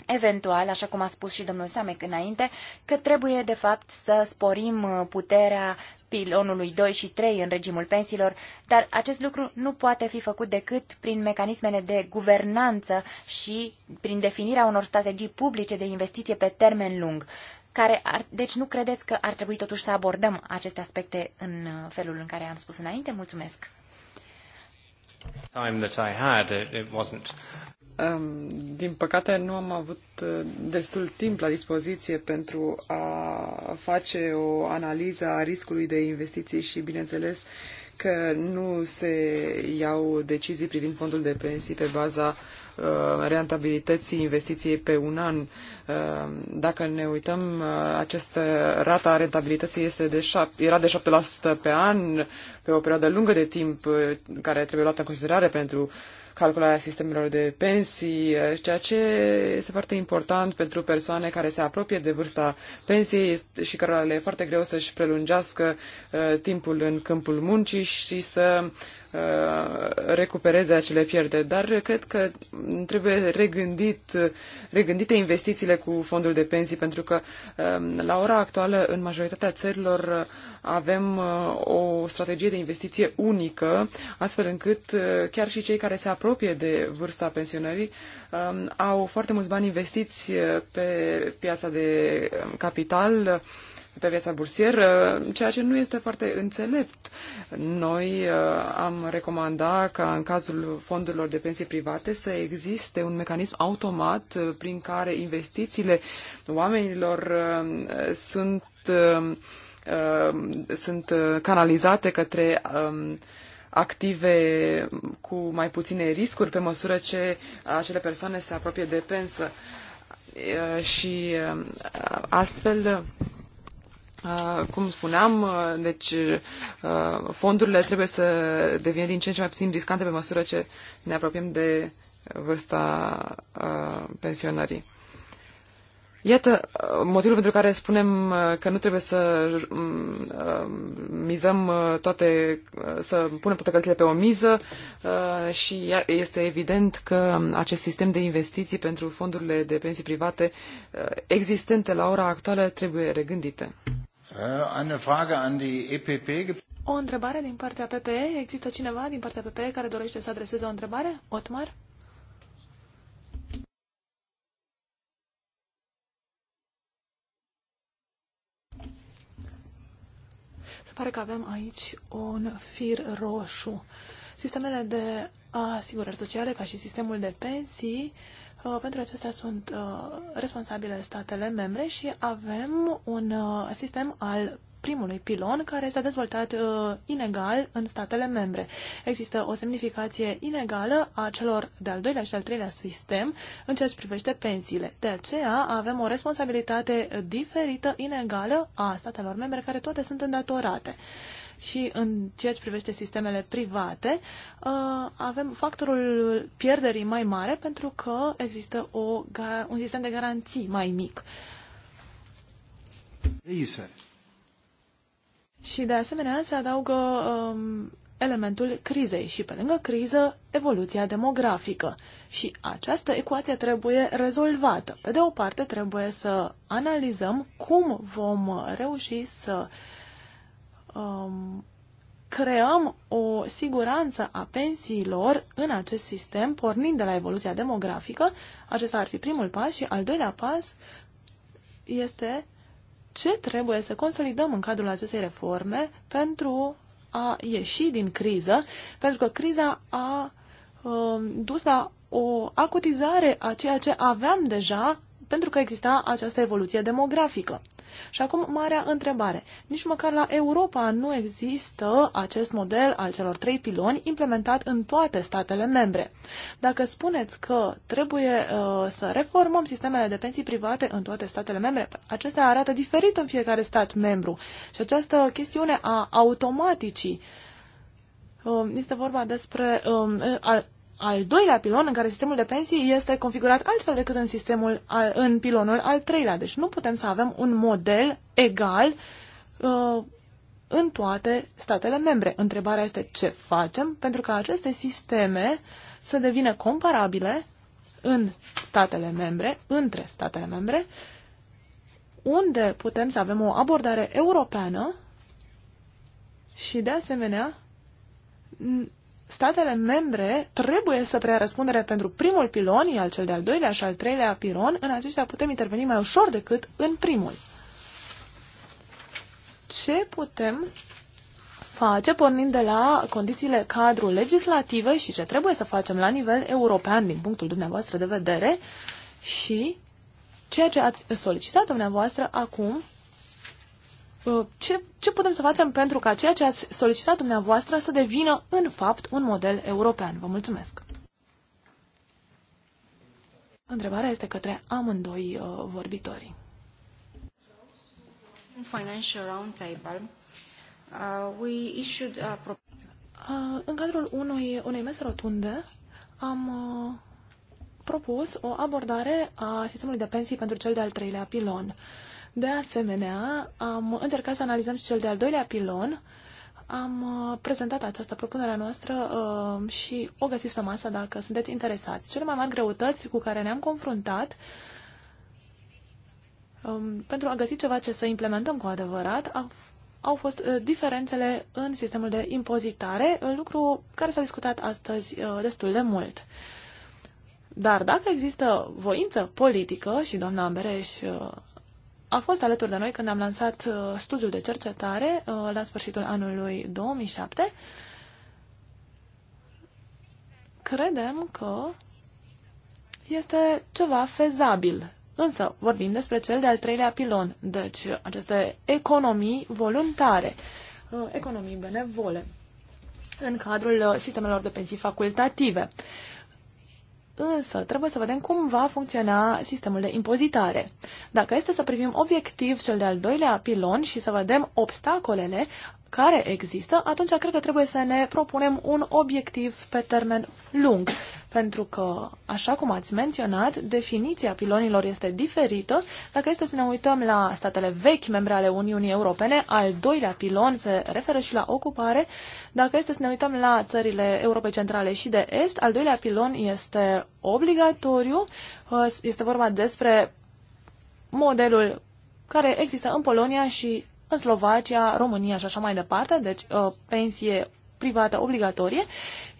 eventual, așa cum a spus și domnul Samec înainte, că trebuie de fapt să sporim uh, puterea pilonului 2 și 3 în regimul pensiilor, dar acest lucru nu poate fi făcut decât prin mecanismele de guvernanță și prin definirea unor strategii publice de investiție pe termen lung. Care ar, deci nu credeți că ar trebui totuși să abordăm aceste aspecte în uh, felul în care am spus înainte? Mulțumesc! Time that I had, it, it wasn't din păcate nu am avut uh, destul timp la dispoziție pentru a face o analiză a riscului de investiții și, bineînțeles, că nu se iau decizii privind fondul de pensii pe baza uh, rentabilității investiției pe un an. Uh, dacă ne uităm, această rata a rentabilității este de șap- era de 7% pe an, pe o perioadă lungă de timp, care trebuie luată în considerare pentru uh, calcularea sistemelor de pensii, eh, ceea ce este foarte important pentru persoane care se apropie de vârsta pensiei și care le e foarte greu să-și prelungească eh, timpul în câmpul muncii și să eh, recupereze acele pierderi. Dar cred că trebuie regândit, regândite investițiile cu fondul de pensii, pentru că la ora actuală, în majoritatea țărilor, avem o strategie de investiție unică, astfel încât chiar și cei care se apropie apropie de vârsta pensionării um, au foarte mulți bani investiți uh, pe piața de um, capital, uh, pe piața bursieră, uh, ceea ce nu este foarte înțelept. Noi am recomandat ca în cazul fondurilor de pensii private să existe un mecanism automat prin care investițiile oamenilor sunt sunt canalizate către um, active cu mai puține riscuri pe măsură ce acele persoane se apropie de pensă. Și astfel, cum spuneam, deci fondurile trebuie să devină din ce în ce mai puțin riscante pe măsură ce ne apropiem de vârsta pensionării. Iată uh, motivul pentru care spunem uh, că nu trebuie să uh, mizăm toate, să punem toate cărțile pe o miză și este evident că acest sistem de investiții pentru fondurile de pensii private existente la ora actuală trebuie regândite. O întrebare din partea PPE. Există cineva din partea PPE care dorește să adreseze o întrebare? Otmar? pare că avem aici un fir roșu. Sistemele de asigurări sociale, ca și sistemul de pensii, uh, pentru acestea sunt uh, responsabile statele membre și avem un uh, sistem al primului pilon care s-a dezvoltat uh, inegal în statele membre. Există o semnificație inegală a celor de-al doilea și al treilea sistem în ceea ce privește pensiile. De aceea avem o responsabilitate diferită, inegală a statelor membre care toate sunt îndatorate. Și în ceea ce privește sistemele private, uh, avem factorul pierderii mai mare pentru că există o, un sistem de garanții mai mic. Research. Și de asemenea se adaugă um, elementul crizei și pe lângă criză evoluția demografică. Și această ecuație trebuie rezolvată. Pe de o parte trebuie să analizăm cum vom reuși să um, creăm o siguranță a pensiilor în acest sistem, pornind de la evoluția demografică. Acesta ar fi primul pas și al doilea pas este ce trebuie să consolidăm în cadrul acestei reforme pentru a ieși din criză, pentru că criza a um, dus la o acutizare a ceea ce aveam deja pentru că exista această evoluție demografică. Și acum, marea întrebare. Nici măcar la Europa nu există acest model al celor trei piloni implementat în toate statele membre. Dacă spuneți că trebuie uh, să reformăm sistemele de pensii private în toate statele membre, acestea arată diferit în fiecare stat membru. Și această chestiune a automaticii uh, este vorba despre um, al doilea pilon, în care sistemul de pensii este configurat altfel decât în, sistemul al, în pilonul al treilea. Deci nu putem să avem un model egal uh, în toate statele membre. Întrebarea este ce facem pentru ca aceste sisteme să devină comparabile în statele membre, între statele membre, unde putem să avem o abordare europeană și, de asemenea, statele membre trebuie să preia răspundere pentru primul pilon, iar cel de-al doilea și al treilea pilon, în acestea putem interveni mai ușor decât în primul. Ce putem face pornind de la condițiile cadru legislative și ce trebuie să facem la nivel european din punctul dumneavoastră de vedere și ceea ce ați solicitat dumneavoastră acum Uh, ce, ce putem să facem pentru ca ceea ce ați solicitat dumneavoastră să devină, în fapt, un model european? Vă mulțumesc! Întrebarea este către amândoi uh, vorbitorii. Financial Roundtable, uh, we issued uh, în cadrul unui, unei mese rotunde am uh, propus o abordare a sistemului de pensii pentru cel de-al treilea pilon. Uh, de asemenea, am încercat să analizăm și cel de-al doilea pilon. Am uh, prezentat această propunere noastră uh, și o găsiți pe masă dacă sunteți interesați. Cele mai mari greutăți cu care ne-am confruntat um, pentru a găsi ceva ce să implementăm cu adevărat au fost uh, diferențele în sistemul de impozitare, lucru care s-a discutat astăzi destul de mult. Dar dacă există voință politică, și doamna Bereș a fost alături de noi când am lansat uh, studiul de cercetare uh, la sfârșitul anului 2007. Credem că este ceva fezabil. Însă vorbim despre cel de-al treilea pilon, deci aceste economii voluntare, uh, economii benevole în cadrul sistemelor de pensii facultative. Însă, trebuie să vedem cum va funcționa sistemul de impozitare. Dacă este să privim obiectiv cel de-al doilea pilon și să vedem obstacolele, care există, atunci cred că trebuie să ne propunem un obiectiv pe termen lung. Pentru că, așa cum ați menționat, definiția pilonilor este diferită. Dacă este să ne uităm la statele vechi membre ale Uniunii Europene, al doilea pilon se referă și la ocupare. Dacă este să ne uităm la țările Europei Centrale și de Est, al doilea pilon este obligatoriu. Este vorba despre modelul care există în Polonia și în Slovacia, România și așa mai departe, deci uh, pensie privată obligatorie,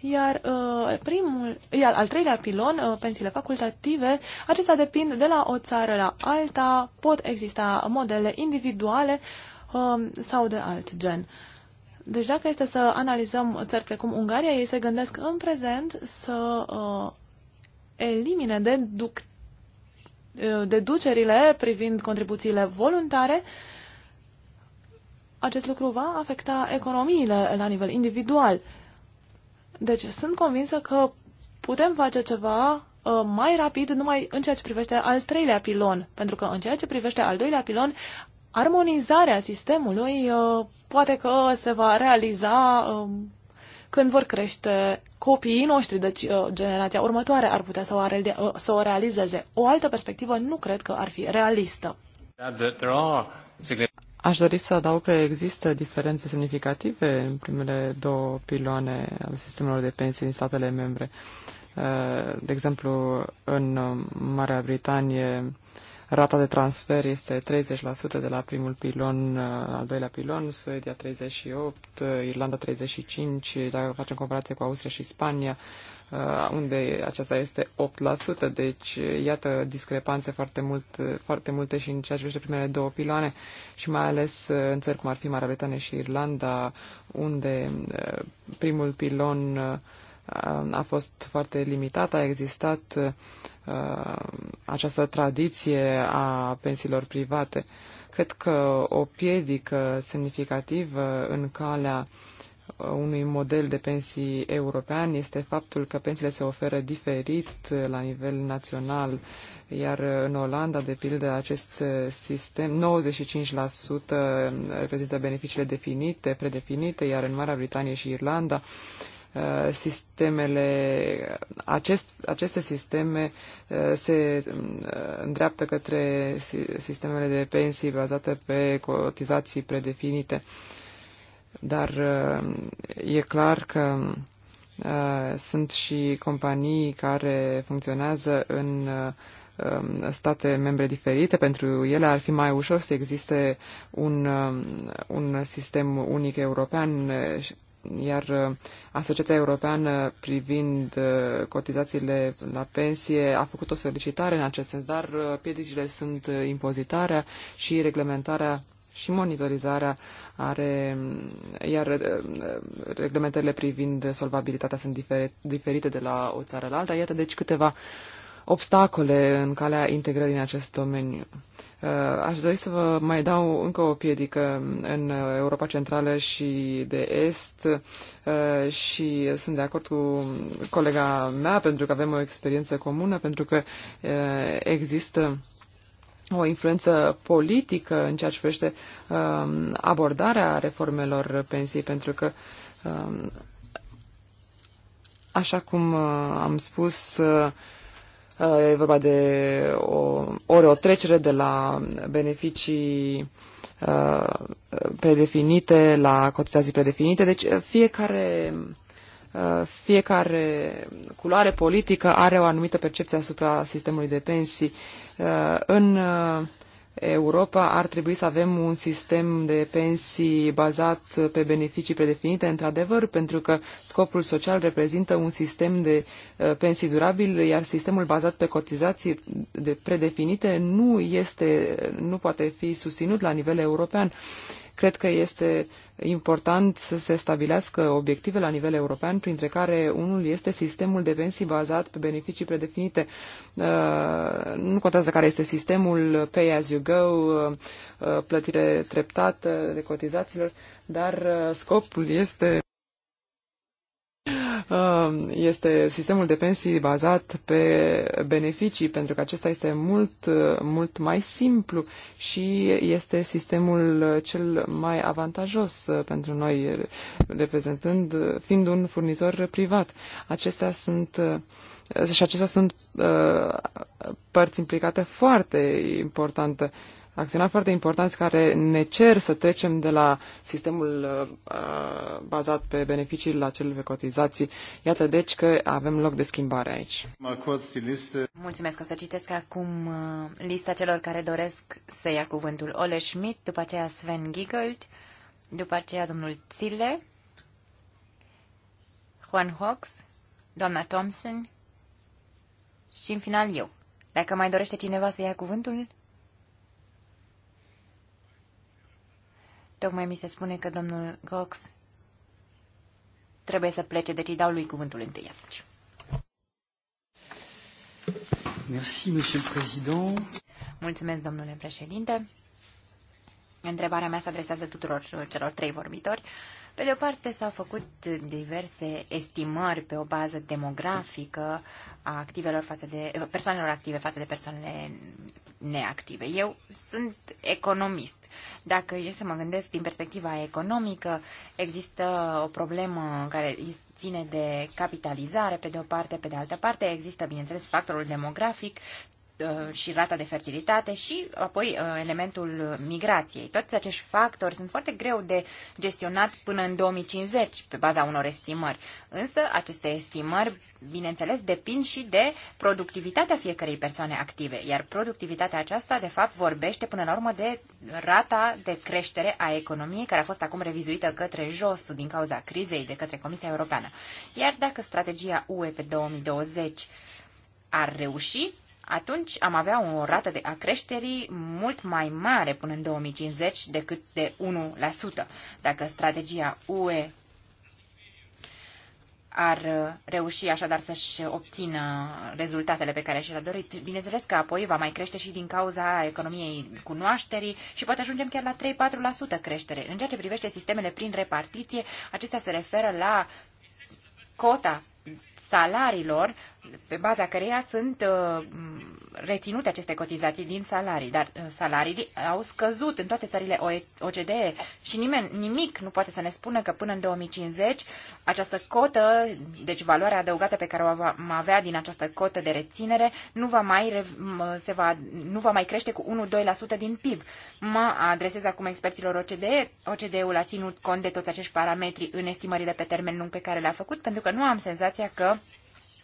iar, uh, primul, iar al treilea pilon, uh, pensiile facultative, acestea depind de la o țară la alta, pot exista modele individuale um, sau de alt gen. Deci dacă este să analizăm țări precum Ungaria, ei se gândesc în prezent să uh, elimine deduc, deducerile privind contribuțiile voluntare uh, acest lucru va afecta economiile la nivel individual. Deci sunt convinsă că putem face ceva uh, mai rapid numai în ceea ce privește al treilea pilon, pentru că în ceea ce privește al doilea pilon, armonizarea sistemului uh, poate că se va realiza um, când vor crește copiii noștri, deci uh, generația următoare ar putea să o, realizeze. O altă perspectivă nu cred că ar fi realistă. Aș dori să adaug că există diferențe semnificative în primele două piloane ale sistemelor de pensii din statele membre. Uh, de exemplu, în Marea Britanie, rata de transfer este 30% de la primul pilon, uh, al doilea pilon, Suedia 38, uh, Irlanda 35, dacă facem comparație cu Austria și Spania, Uh, unde aceasta este 8%, deci uh, iată discrepanțe foarte, mult, uh, foarte multe și în ceea ce privește primele două piloane și mai ales în țări cum ar fi Marea Britanie și Irlanda, unde primul pilon a fost foarte limitat, a existat această tradiție a pensiilor private. Cred că o piedică semnificativă în calea uh, unui model de pensii european este faptul că pensiile se oferă diferit la nivel național, iar în Olanda, de pildă, acest sistem, 95% reprezintă beneficiile definite, predefinite, iar în Marea Britanie și Irlanda, uh, sistemele, acest, aceste sisteme uh, se uh, îndreaptă către sistemele de pensii bazate pe cotizații predefinite. Dar uh, e clar că uh, sunt și companii care funcționează în uh, state membre diferite, pentru ele ar fi mai ușor să existe un, un sistem unic european, iar Asociația Europeană privind cotizațiile la pensie a făcut o solicitare în acest sens, dar piedicile sunt impozitarea și reglementarea și monitorizarea are, iar eh, reglementările privind solvabilitatea sunt diferite de la o țară la alta. Iată deci câteva obstacole în calea integrării în acest domeniu. Eh, aș dori să vă mai dau încă o piedică în Europa Centrală și de Est eh, și sunt de acord cu colega mea pentru că avem o experiență comună, pentru că există o influență politică în ceea ce privește um, abordarea reformelor pensiei, pentru că, um, așa cum uh, am spus, uh, e vorba de o, ori o trecere de la beneficii uh, predefinite la cotizații predefinite, deci uh, fiecare Uh, fiecare culoare politică are o anumită percepție asupra sistemului de pensii. Uh, în uh, Europa ar trebui să avem un sistem de pensii bazat pe beneficii predefinite, într-adevăr, pentru că scopul social reprezintă un sistem de pensii durabil, iar sistemul bazat pe cotizații de predefinite nu, este, nu poate fi susținut la nivel european. Cred că este important să se stabilească obiective la nivel european, printre care unul este sistemul de pensii bazat pe beneficii predefinite. Uh, nu contează care este sistemul pay as you go, uh, uh, plătire treptată de cotizațiilor, dar scopul este Uh, este sistemul de pensii bazat pe beneficii, pentru că acesta este mult, mult mai simplu și este sistemul cel mai avantajos pentru noi, reprezentând, fiind un furnizor privat. Acestea sunt uh, și acestea sunt uh, părți implicate foarte importante uh, acționari foarte importanți care ne cer să trecem de la sistemul uh, uh bazat pe beneficii la cel pe cotizații. Iată deci că avem loc de schimbare aici. Mulțumesc. O să citesc acum uh, lista celor care doresc să ia cuvântul. Ole Schmidt, după aceea Sven Giegold, după aceea domnul Țile, Juan Hox, doamna Thompson și în final eu. Dacă mai dorește cineva să ia cuvântul, Tocmai mi se spune că domnul Gox trebuie să plece, deci îi dau lui cuvântul întâi atunci. Merci, monsieur le président. Mulțumesc, domnule președinte. Întrebarea mea se adresează tuturor celor trei vorbitori. Pe de o parte, s-au făcut diverse estimări pe o bază demografică a activelor față de, persoanelor active față de persoanele neactive. Eu sunt economist. Dacă e să mă gândesc din perspectiva economică, există o problemă care ține de capitalizare, pe de o parte, pe de altă parte, există, bineînțeles, factorul demografic Uh, și rata de fertilitate și apoi uh, elementul migrației. Toți acești factori sunt foarte greu de gestionat până în 2050 pe baza unor estimări. Însă aceste estimări, bineînțeles, depind și de productivitatea fiecărei persoane active, iar productivitatea aceasta, de fapt, vorbește până la urmă de rata de creștere a economiei, care a fost acum revizuită către jos din cauza crizei de către Comisia Europeană. Iar dacă strategia UE pe 2020 ar reuși, atunci am avea o rată de a creșterii mult mai mare până în 2050 decât de 1%. Dacă strategia UE ar reuși așadar să-și obțină rezultatele pe care și l a dorit. Bineînțeles că apoi va mai crește și din cauza economiei cunoașterii și poate ajungem chiar la 3-4% creștere. În ceea ce privește sistemele prin repartiție, acestea se referă la cota salariilor pe baza căreia sunt uh, reținute aceste cotizații din salarii, dar uh, salariile au scăzut în toate țările OCDE și nimeni, nimic nu poate să ne spună că până în 2050 această cotă, deci valoarea adăugată pe care o vom avea din această cotă de reținere, nu va mai, se va, nu va mai crește cu 1-2% din PIB. Mă adresez acum experților OCDE. OCDE-ul a ținut cont de toți acești parametri în estimările pe termen lung pe care le-a făcut, pentru că nu am senzația că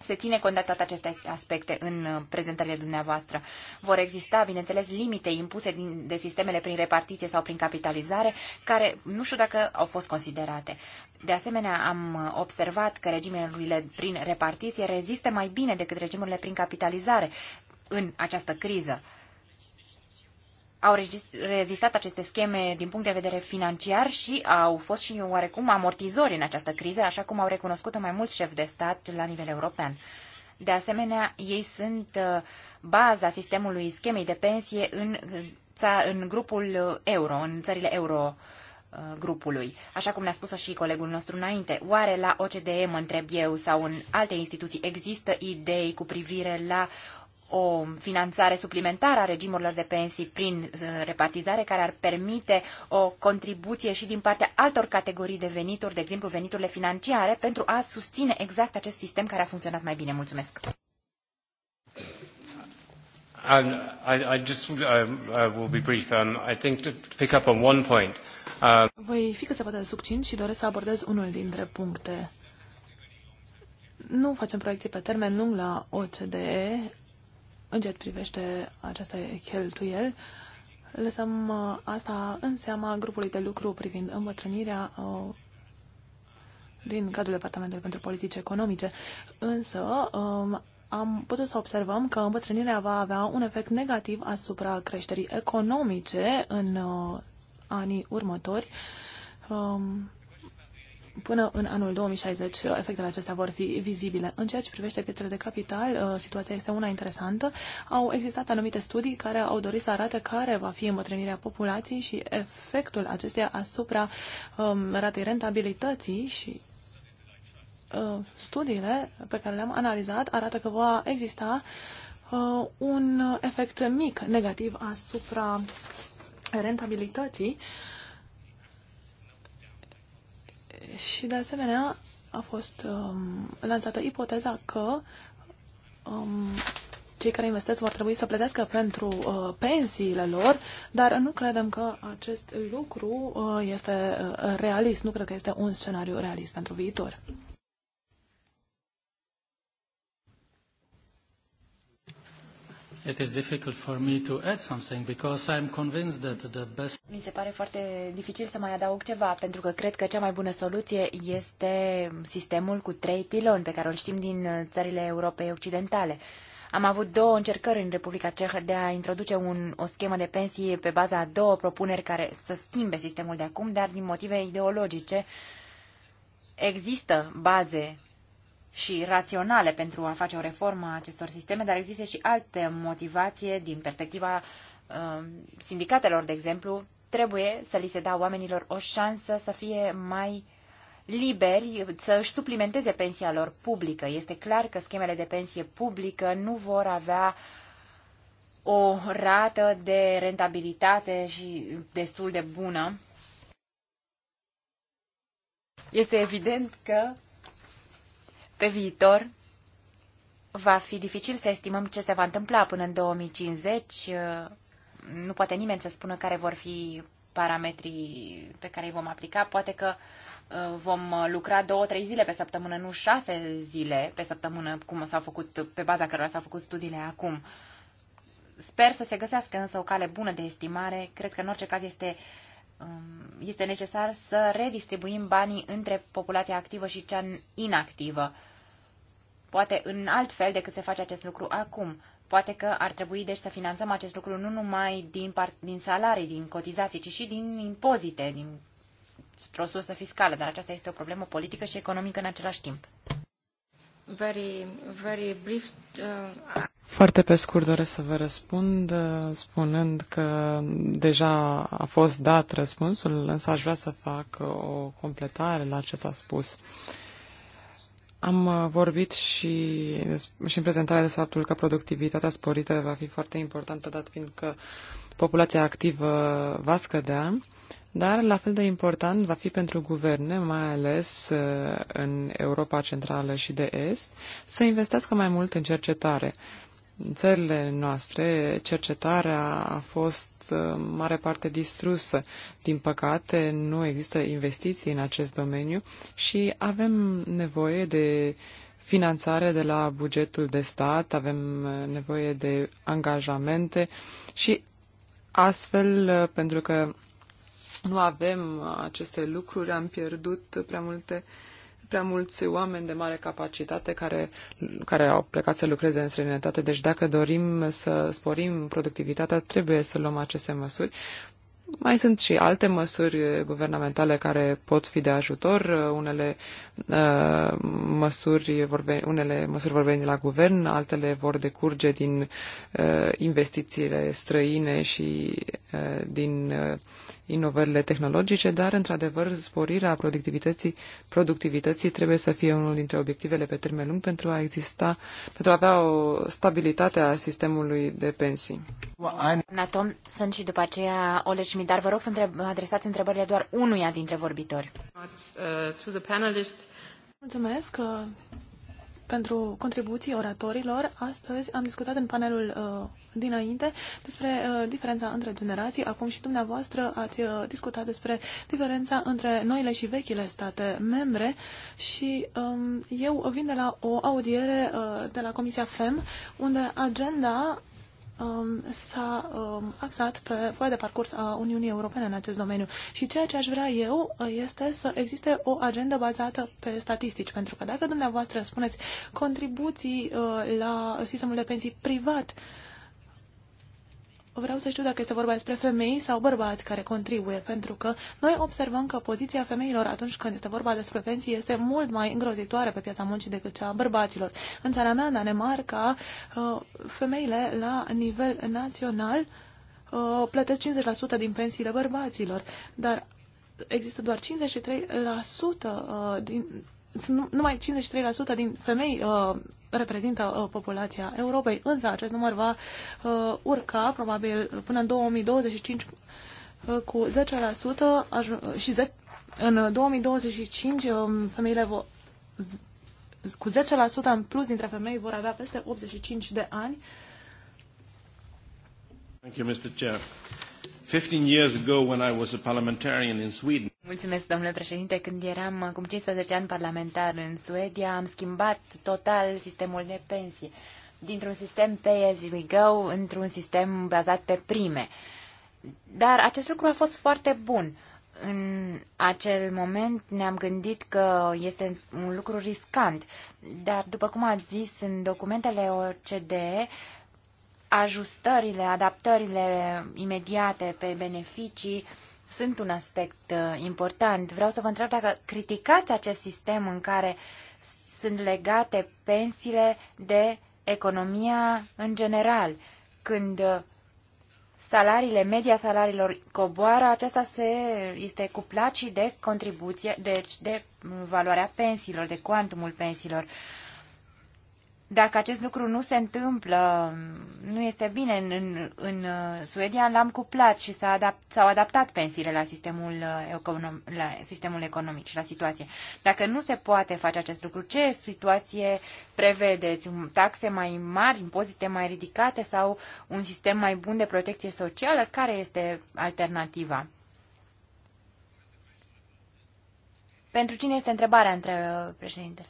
se ține cont de toate aceste aspecte în uh, prezentările dumneavoastră. Vor exista, bineînțeles, limite impuse din, de sistemele prin repartiție sau prin capitalizare, care nu știu dacă au fost considerate. De asemenea, am uh, observat că regimurile prin repartiție rezistă mai bine decât regimurile prin capitalizare în această criză au rezistat aceste scheme din punct de vedere financiar și au fost și oarecum amortizori în această criză, așa cum au recunoscut-o mai mulți șefi de stat la nivel european. De asemenea, ei sunt uh, baza sistemului schemei de pensie în, în grupul euro, în țările euro uh, grupului. Așa cum ne-a spus-o și colegul nostru înainte, oare la OCDE, mă întreb eu, sau în alte instituții există idei cu privire la o finanțare suplimentară a regimurilor de pensii prin uh, repartizare care ar permite o contribuție și din partea altor categorii de venituri, de exemplu veniturile financiare, pentru a susține exact acest sistem care a funcționat mai bine. Mulțumesc! Um, I, I just uh, I will be brief. Um, I think to pick up on one point. Um... Voi fi că se poate de succint și doresc să abordez unul dintre puncte. Nu facem proiecte pe termen lung la OCDE, în ce privește aceste cheltuieli, lăsăm uh, asta în seama grupului de lucru privind îmbătrânirea uh, din cadrul Departamentului pentru Politici Economice. Însă, um, am putut să observăm că îmbătrânirea va avea un efect negativ asupra creșterii economice în uh, anii următori. Um, până în anul 2060 uh, efectele acestea vor fi vizibile. În ceea ce privește pietrele de capital, uh, situația este una interesantă. Au existat anumite studii care au dorit să arate care va fi îmbătrânirea populației și efectul acesteia asupra um, ratei rentabilității și uh, studiile pe care le-am analizat arată că va exista uh, un efect mic negativ asupra rentabilității uh, și de asemenea a fost um, lansată ipoteza că um, cei care investesc vor trebui să plătească pentru uh, pensiile lor, dar nu credem că acest lucru uh, este uh, realist, nu cred că este un scenariu realist pentru viitor. It is difficult for me to add something because am convinced that the best Mi se pare foarte dificil să mai adaug ceva pentru că cred că cea mai bună soluție este sistemul cu trei piloni pe care îl știm din uh, țările Europei Occidentale. Am avut două încercări în Republica Cehă de a introduce un, o schemă de pensii pe baza a două propuneri care să schimbe sistemul de acum, dar din motive ideologice există baze și raționale pentru a face o reformă a acestor sisteme, dar există și alte motivație din perspectiva uh, sindicatelor, de exemplu. Trebuie să li se dea oamenilor o șansă să fie mai liberi să își suplimenteze pensia lor publică. Este clar că schemele de pensie publică nu vor avea o rată de rentabilitate și destul de bună. Este evident că pe viitor va fi dificil să estimăm ce se va întâmpla până în 2050. Nu poate nimeni să spună care vor fi parametrii pe care îi vom aplica. Poate că uh, vom uh, lucra două, trei zile pe săptămână, nu șase zile pe săptămână, cum s-au făcut, pe baza cărora s-au făcut studiile acum. Sper să se găsească însă o cale bună de estimare. Cred că în orice caz este Um, este necesar să redistribuim banii între populația activă și cea inactivă. Poate în alt fel decât se face acest lucru acum. Poate că ar trebui deci să finanțăm acest lucru nu numai din, part, din salarii, din cotizații, ci și din impozite, din o sursă fiscală, dar aceasta este o problemă politică și economică în același timp. Very, very brief. Uh... Foarte pe scurt doresc să vă răspund uh, spunând că deja a fost dat răspunsul, însă aș vrea să fac uh, o completare la ce s-a spus. Am uh, vorbit și, și în prezentarea de faptul că productivitatea sporită va fi foarte importantă, dat fiind că populația activă va scădea, dar la fel de important va fi pentru guverne, mai ales în Europa Centrală și de Est, să investească mai mult în cercetare în țările noastre, cercetarea a fost în uh, mare parte distrusă. Din păcate, nu există investiții în acest domeniu și avem nevoie de finanțare de la bugetul de stat, avem uh, nevoie de angajamente și astfel, uh, pentru că nu avem aceste lucruri, am pierdut prea multe uh, prea mulți oameni de mare capacitate care, care au plecat să lucreze în străinătate, deci dacă dorim să sporim productivitatea, trebuie să luăm aceste măsuri. Mai sunt și alte măsuri guvernamentale care pot fi de ajutor. Unele uh, măsuri vor veni, unele măsuri vor veni de la guvern, altele vor decurge din uh, investițiile străine și uh, din uh, inovările tehnologice, dar, într-adevăr, sporirea productivității, productivității trebuie să fie unul dintre obiectivele pe termen lung pentru a exista, pentru a avea o stabilitate a sistemului de pensii. Natom, sunt și după aceea Oleș dar Vă rog să întreb, adresați întrebările doar unuia dintre vorbitori. Uh, Mulțumesc. Uh, pentru contribuții oratorilor. Astăzi am discutat în panelul uh, dinainte despre uh, diferența între generații. Acum și dumneavoastră ați uh, discutat despre diferența între noile și vechile state membre și um, eu vin de la o audiere uh, de la Comisia FEM, unde agenda um, s-a um, axat pe foaia de parcurs a Uniunii Europene în acest domeniu. Și ceea ce aș vrea eu uh, este să existe o agendă bazată pe statistici, pentru că dacă dumneavoastră spuneți contribuții uh, la sistemul de pensii privat, uh, vreau să știu dacă este vorba despre femei sau bărbați care contribuie, pentru că noi observăm că poziția femeilor atunci când este vorba despre pensii este mult mai îngrozitoare pe piața muncii decât cea a bărbaților. În țara mea, în Danemarca, uh, femeile la nivel național uh, plătesc 50% din pensiile bărbaților, dar există doar 53% uh, din numai 53% din femei uh, reprezintă uh, populația Europei, însă acest număr va uh, urca probabil până în 2025 uh, cu 10% uh, și ze- în 2025 uh, um, femeile vor cu 10% în plus dintre femei vor avea peste 85 de ani. Thank you, Mr. Chair. 15 years ago when I was a parliamentarian in Sweden. Mulțumesc, domnule președinte. Când eram acum 15 ani parlamentar în Suedia, am schimbat total sistemul de pensii. Dintr-un sistem pay as we go, într-un sistem bazat pe prime. Dar acest lucru a fost foarte bun. În acel moment ne-am gândit că este un lucru riscant, dar după cum ați zis în documentele OCDE, ajustările, adaptările imediate pe beneficii sunt un aspect uh, important. Vreau să vă întreb dacă criticați acest sistem în care sunt legate pensiile de economia în general. Când uh, salariile, media salariilor coboară, aceasta se, este cuplat și de contribuție, deci de uh, valoarea pensiilor, de cuantumul pensiilor. Uh, dacă acest lucru nu se întâmplă, nu este bine. În, în, în uh, Suedia l-am cuplat și s-au adapt, adaptat pensiile la sistemul, uh, econom, la sistemul economic și la situație. Dacă nu se poate face acest lucru, ce situație prevedeți? Taxe mai mari, impozite mai ridicate sau un sistem mai bun de protecție socială? Care este alternativa? Pentru cine este întrebarea, între uh, președintele?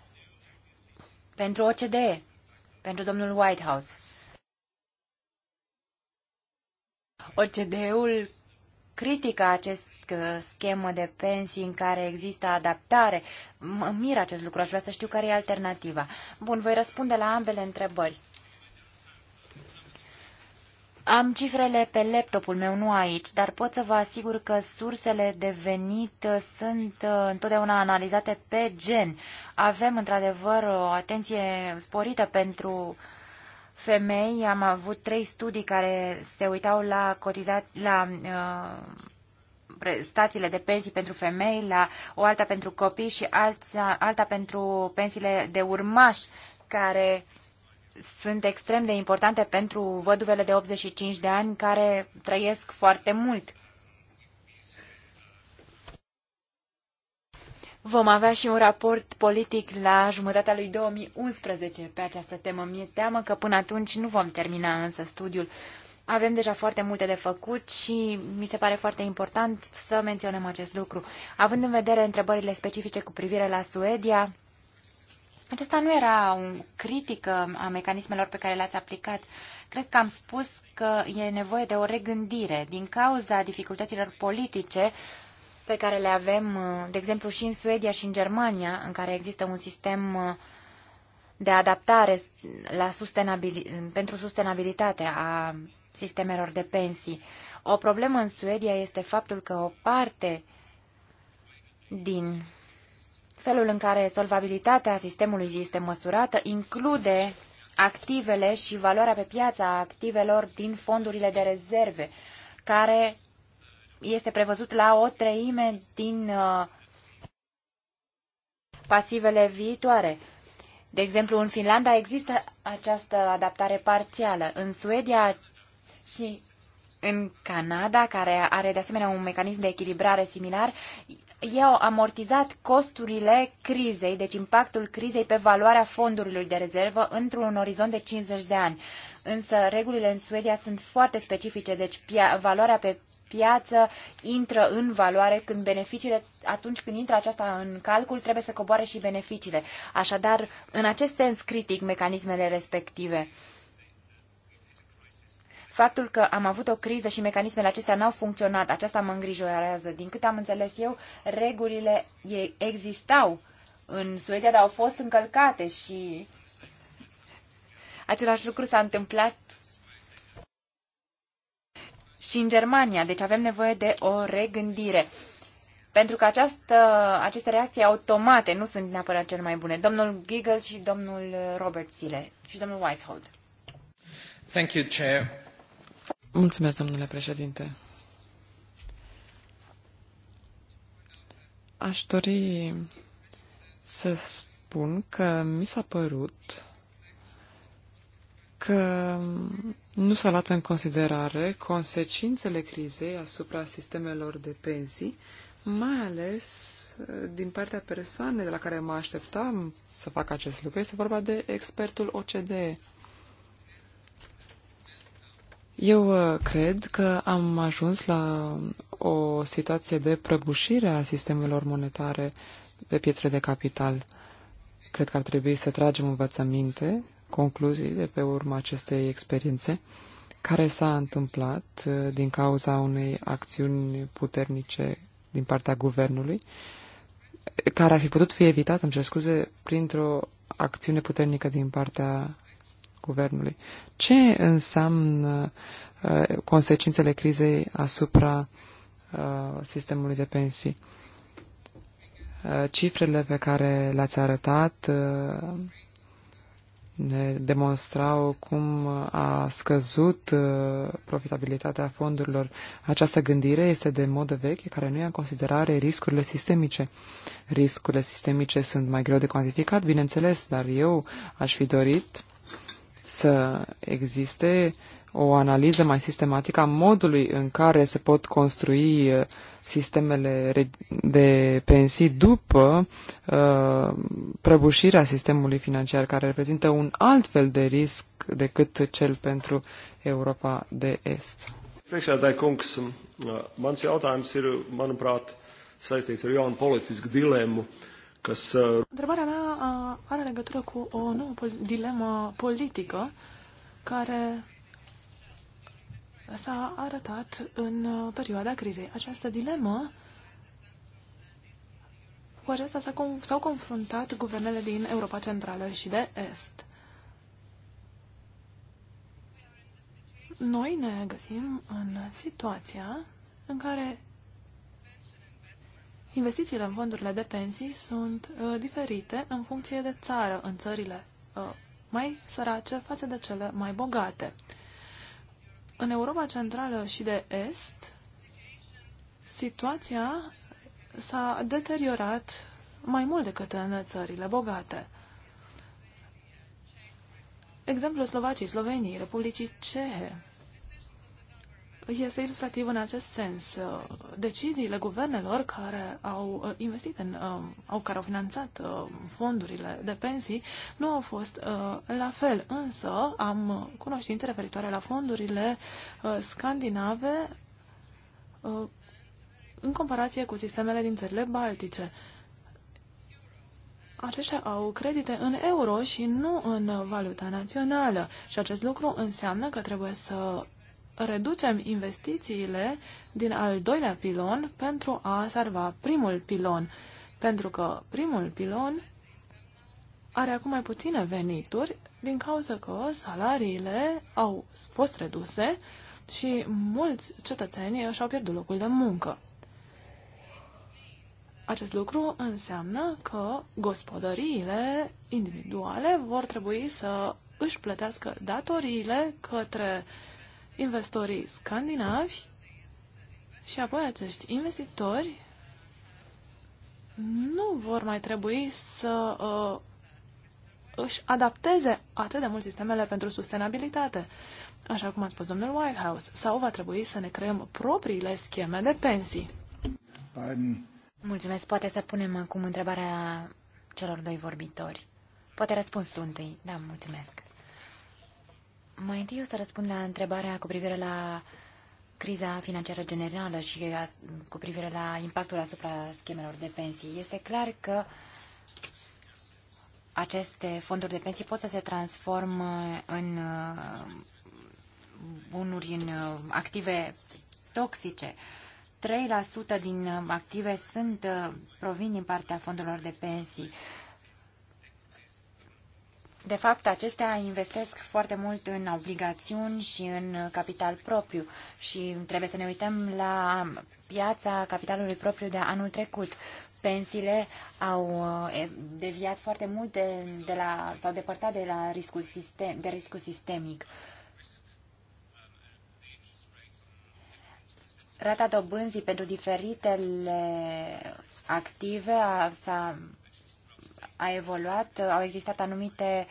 pentru OCDE, pentru domnul Whitehouse. OCDE-ul critică acest uh, schemă de pensii în care există adaptare. Mă mir acest lucru, aș vrea să știu care e alternativa. Bun, voi răspunde la ambele întrebări. Am cifrele pe laptopul meu, nu aici, dar pot să vă asigur că sursele de venit uh, sunt uh, întotdeauna analizate pe gen. Avem, într-adevăr, o atenție sporită pentru femei. Am avut trei studii care se uitau la cotizați, la uh, stațiile de pensii pentru femei, la o alta pentru copii și alta, alta pentru pensiile de urmași care sunt extrem de importante pentru văduvele de 85 de ani care trăiesc foarte mult. Vom avea și un raport politic la jumătatea lui 2011 pe această temă. Mi-e teamă că până atunci nu vom termina însă studiul. Avem deja foarte multe de făcut și mi se pare foarte important să menționăm acest lucru. Având în vedere întrebările specifice cu privire la Suedia, acesta nu era o critică a mecanismelor pe care le-ați aplicat. Cred că am spus că e nevoie de o regândire din cauza dificultăților politice pe care le avem, uh, de exemplu, și în Suedia și în Germania, în care există un sistem uh, de adaptare la sustenabil... pentru sustenabilitate a sistemelor de pensii. O problemă în Suedia este faptul că o parte din Felul în care solvabilitatea sistemului este măsurată include activele și valoarea pe piața activelor din fondurile de rezerve, care este prevăzut la o treime din uh, pasivele viitoare. De exemplu, în Finlanda există această adaptare parțială. În Suedia și în Canada, care are de asemenea un mecanism de echilibrare similar, ei au amortizat costurile crizei, deci impactul crizei pe valoarea fondurilor de rezervă într-un orizont de 50 de ani. Însă regulile în Suedia sunt foarte specifice, deci valoarea pe piață intră în valoare când beneficiile, atunci când intră aceasta în calcul, trebuie să coboare și beneficiile. Așadar, în acest sens critic mecanismele respective. Faptul că am avut o criză și mecanismele acestea n-au funcționat, aceasta mă îngrijorează. Din cât am înțeles eu, regulile existau în Suedia, dar au fost încălcate și același lucru s-a întâmplat și în Germania. Deci avem nevoie de o regândire. Pentru că această, aceste reacții automate nu sunt neapărat cele mai bune. Domnul Giggles și domnul Robert Sile și domnul Weishold. Thank you, Chair. Mulțumesc, domnule președinte. Aș dori să spun că mi s-a părut că nu s-a luat în considerare consecințele crizei asupra sistemelor de pensii, mai ales uh, din partea persoanei de la care mă așteptam să fac acest lucru. Este vorba de expertul OCDE. Eu uh, cred că am ajuns la o situație de prăbușire a sistemelor monetare pe pietre de capital. Cred că ar trebui să tragem învățăminte, concluzii de pe urma acestei experiențe, care s-a întâmplat uh, din cauza unei acțiuni puternice din partea guvernului, care ar fi putut fi evitat, îmi cer scuze, printr-o acțiune puternică din partea guvernului. Ce înseamnă uh, consecințele crizei asupra uh, sistemului de pensii? Uh, cifrele pe care le-ați arătat ne demonstrau cum a scăzut profitabilitatea fondurilor. Această gândire este de modă veche care nu ia în considerare riscurile sistemice. Riscurile sistemice sunt mai greu de cuantificat, bineînțeles, dar eu aș fi dorit să existe o analiză mai sistematică a modului în care se pot construi uh, sistemele de pensii după uh, prăbușirea sistemului financiar, care reprezintă un alt fel de risc decât cel pentru Europa de Est. Priekšētāji kungs, mans jautājums ir, manuprāt, saistīts ar jaunu politisku dilemmu. Uh, că să... Întrebarea mea are legătură cu o nouă dilemă politică care s-a arătat în uh, perioada crizei. Această dilemă cu aceasta s-au confruntat guvernele din Europa Centrală și de Est. Noi ne găsim în situația în care Investițiile în fondurile de pensii sunt uh, diferite în funcție de țară, în țările uh, mai sărace față de cele mai bogate. În Europa Centrală și de Est, situația s-a deteriorat mai mult decât în țările bogate. Exemplu Slovacii, Slovenii, Republicii Cehe, este ilustrativ în acest sens. Uh, deciziile guvernelor care au uh, investit în, um, au, care au finanțat uh, fondurile de pensii nu au fost la fel, însă am cunoștințe referitoare la fondurile scandinave în comparație cu sistemele din țările baltice. Aceștia au credite în euro și nu în valuta națională și acest lucru înseamnă că trebuie să reducem investițiile din al doilea pilon pentru a salva primul pilon, pentru că primul pilon are acum mai puține venituri din cauza că salariile au fost reduse și mulți cetățeni și-au pierdut locul de muncă. Acest lucru înseamnă că gospodăriile individuale vor trebui să își plătească datoriile către uh, investorii scandinavi și apoi acești investitori nu vor mai trebui să uh, își adapteze atât de mult sistemele pentru sustenabilitate, așa cum a spus domnul Whitehouse, sau va trebui să ne creăm propriile scheme de pensii. Biden. Mulțumesc. Poate să punem acum întrebarea celor doi vorbitori. Poate răspunsul întâi. Da, mulțumesc. Mai întâi o să răspund la întrebarea cu privire la criza financiară generală și cu privire la impactul asupra schemelor de pensii. Este clar că aceste fonduri de pensii pot să se transformă în uh, bunuri, în uh, active toxice. 3% din active sunt, uh, provin din partea fondurilor de pensii. De fapt, acestea investesc foarte mult în obligațiuni și în capital propriu și trebuie să ne uităm la piața capitalului propriu de anul trecut. Pensiile au eh, deviat foarte mult de, de la, s-au depărtat de la riscul, sistem, de riscul sistemic. Rata dobânzii pentru diferitele active s-a a evoluat, au existat anumite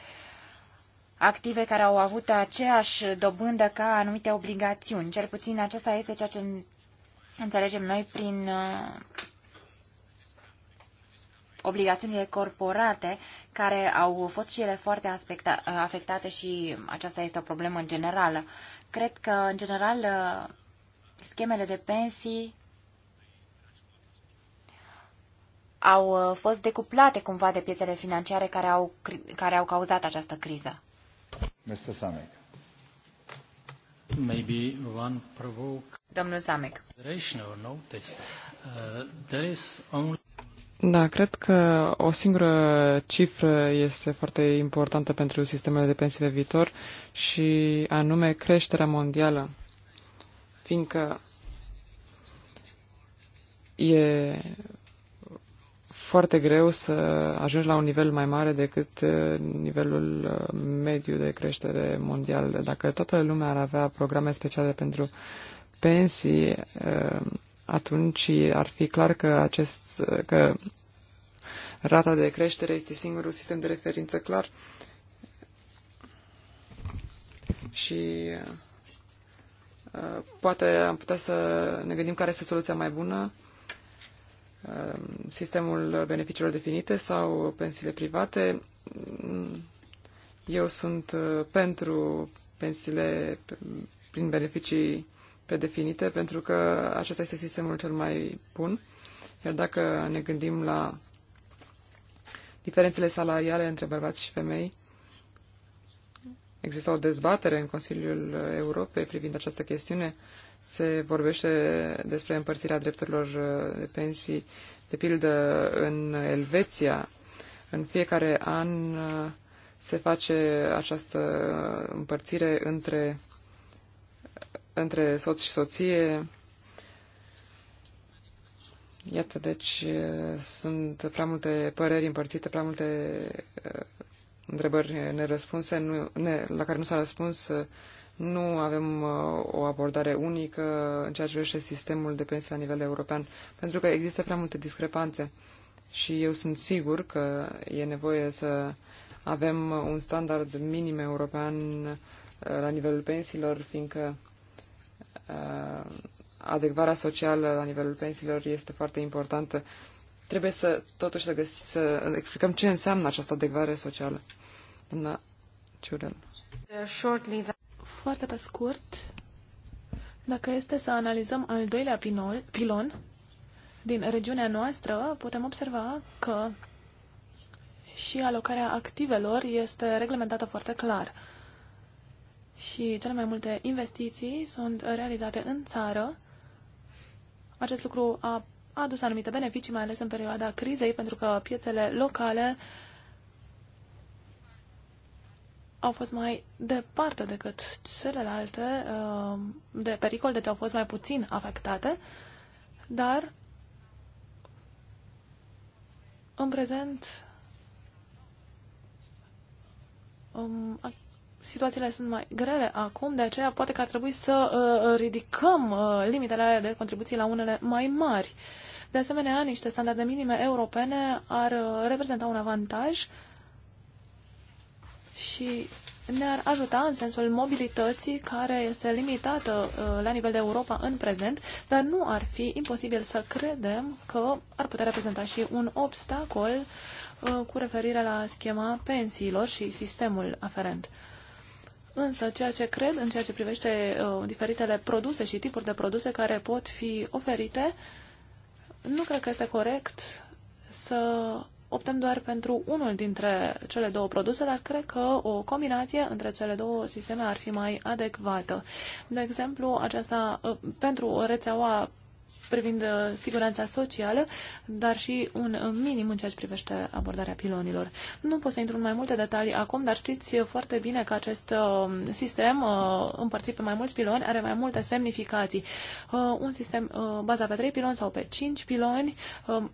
active care au avut aceeași dobândă ca anumite obligațiuni. Cel puțin acesta este ceea ce înțelegem noi prin uh, obligațiunile corporate care au fost și ele foarte aspecta, uh, afectate și aceasta este o problemă generală. Cred că, în general, uh, schemele de pensii au uh, fost decuplate cumva de piețele financiare care au, care au cauzat această criză. Mr. Samek. Maybe one provoke. Domnul Samek. Deci, uh, da, cred că o singură cifră este foarte importantă pentru sistemele de pensiile viitor și anume creșterea mondială, fiindcă e foarte greu să ajungi la un nivel mai mare decât uh, nivelul uh, mediu de creștere mondial. Dacă toată lumea ar avea programe speciale pentru pensii, uh, atunci ar fi clar că, acest, că rata de creștere este singurul sistem de referință clar. Și poate am putea să ne gândim care este soluția mai bună Um, sistemul beneficiilor definite sau pensiile private. Mm, eu sunt uh, pentru pensiile prin beneficii pe definite, pentru că acesta este sistemul cel mai bun. Iar dacă ne gândim la diferențele salariale între bărbați și femei, Există o dezbatere în Consiliul Europei privind această chestiune. Se vorbește despre împărțirea drepturilor uh, de pensii, de pildă în Elveția. În fiecare an uh, se face această împărțire între, între soț și soție. Iată, deci uh, sunt prea multe păreri împărțite, prea multe întrebări nerăspunse, nu, ne, la care nu s-a răspuns, nu avem uh, o abordare unică în ceea ce privește sistemul de pensii la nivel european, pentru că există prea multe discrepanțe. Și eu sunt sigur că e nevoie să avem un standard minim european uh, la nivelul pensiilor, fiindcă uh, adecvarea socială la nivelul pensiilor este foarte importantă Trebuie să, totuși, să, găsi, să explicăm ce înseamnă această adecvare socială. Doamna Ciurel. Foarte pe scurt, dacă este să analizăm al doilea pinol, pilon din regiunea noastră, putem observa că și alocarea activelor este reglementată foarte clar. Și cele mai multe investiții sunt realizate în țară. Acest lucru a a adus anumite beneficii, mai ales în perioada crizei, pentru că piețele locale au fost mai departe decât celelalte uh, de pericol, deci au fost mai puțin afectate, dar în prezent um, situațiile sunt mai grele acum, de aceea poate că ar trebui să uh, ridicăm uh, limitele de contribuții la unele mai mari. De asemenea, niște standarde minime europene ar uh, reprezenta un avantaj și ne-ar ajuta în sensul mobilității care este limitată uh, la nivel de Europa în prezent, dar nu ar fi imposibil să credem că ar putea reprezenta și un obstacol uh, cu referire la schema pensiilor și sistemul aferent. Însă, ceea ce cred în ceea ce privește uh, diferitele produse și tipuri de produse care pot fi oferite, nu cred că este corect să optăm doar pentru unul dintre cele două produse, dar cred că o combinație între cele două sisteme ar fi mai adecvată. De exemplu, aceasta, uh, pentru rețeaua privind uh, siguranța socială, dar și un minim în ceea ce privește abordarea pilonilor. Nu pot să intru în mai multe detalii acum, dar știți foarte bine că acest uh, sistem uh, împărțit pe mai mulți piloni are mai multe semnificații. Un sistem bazat pe 3 piloni sau pe 5 piloni,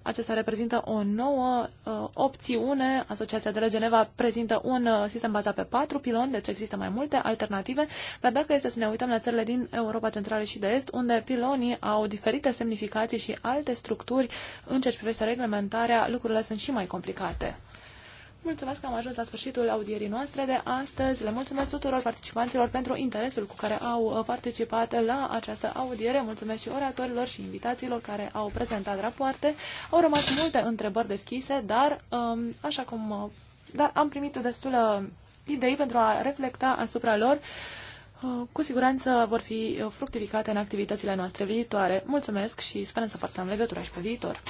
acesta reprezintă o nouă opțiune. Asociația de la Geneva prezintă un sistem bazat pe 4 piloni, deci există mai multe alternative, dar dacă este să ne uităm la țările din Europa Centrală și de Est, unde pilonii au diferite alte semnificații și alte structuri în ceea ce privește reglementarea, lucrurile sunt și mai complicate. Mulțumesc că am ajuns la sfârșitul audierii noastre de astăzi. Le mulțumesc tuturor participanților pentru interesul cu care au uh, participat la această audiere. Mulțumesc și oratorilor și invitațiilor care au prezentat rapoarte. Au rămas multe întrebări deschise, dar um, așa cum uh, dar am primit destulă idei pentru a reflecta asupra lor. Uh, cu siguranță vor fi uh, fructificate în activitățile noastre viitoare. Mulțumesc și sperăm să părtăm legătura și pe viitor.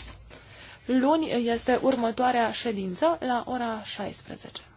Luni este următoarea ședință la ora 16.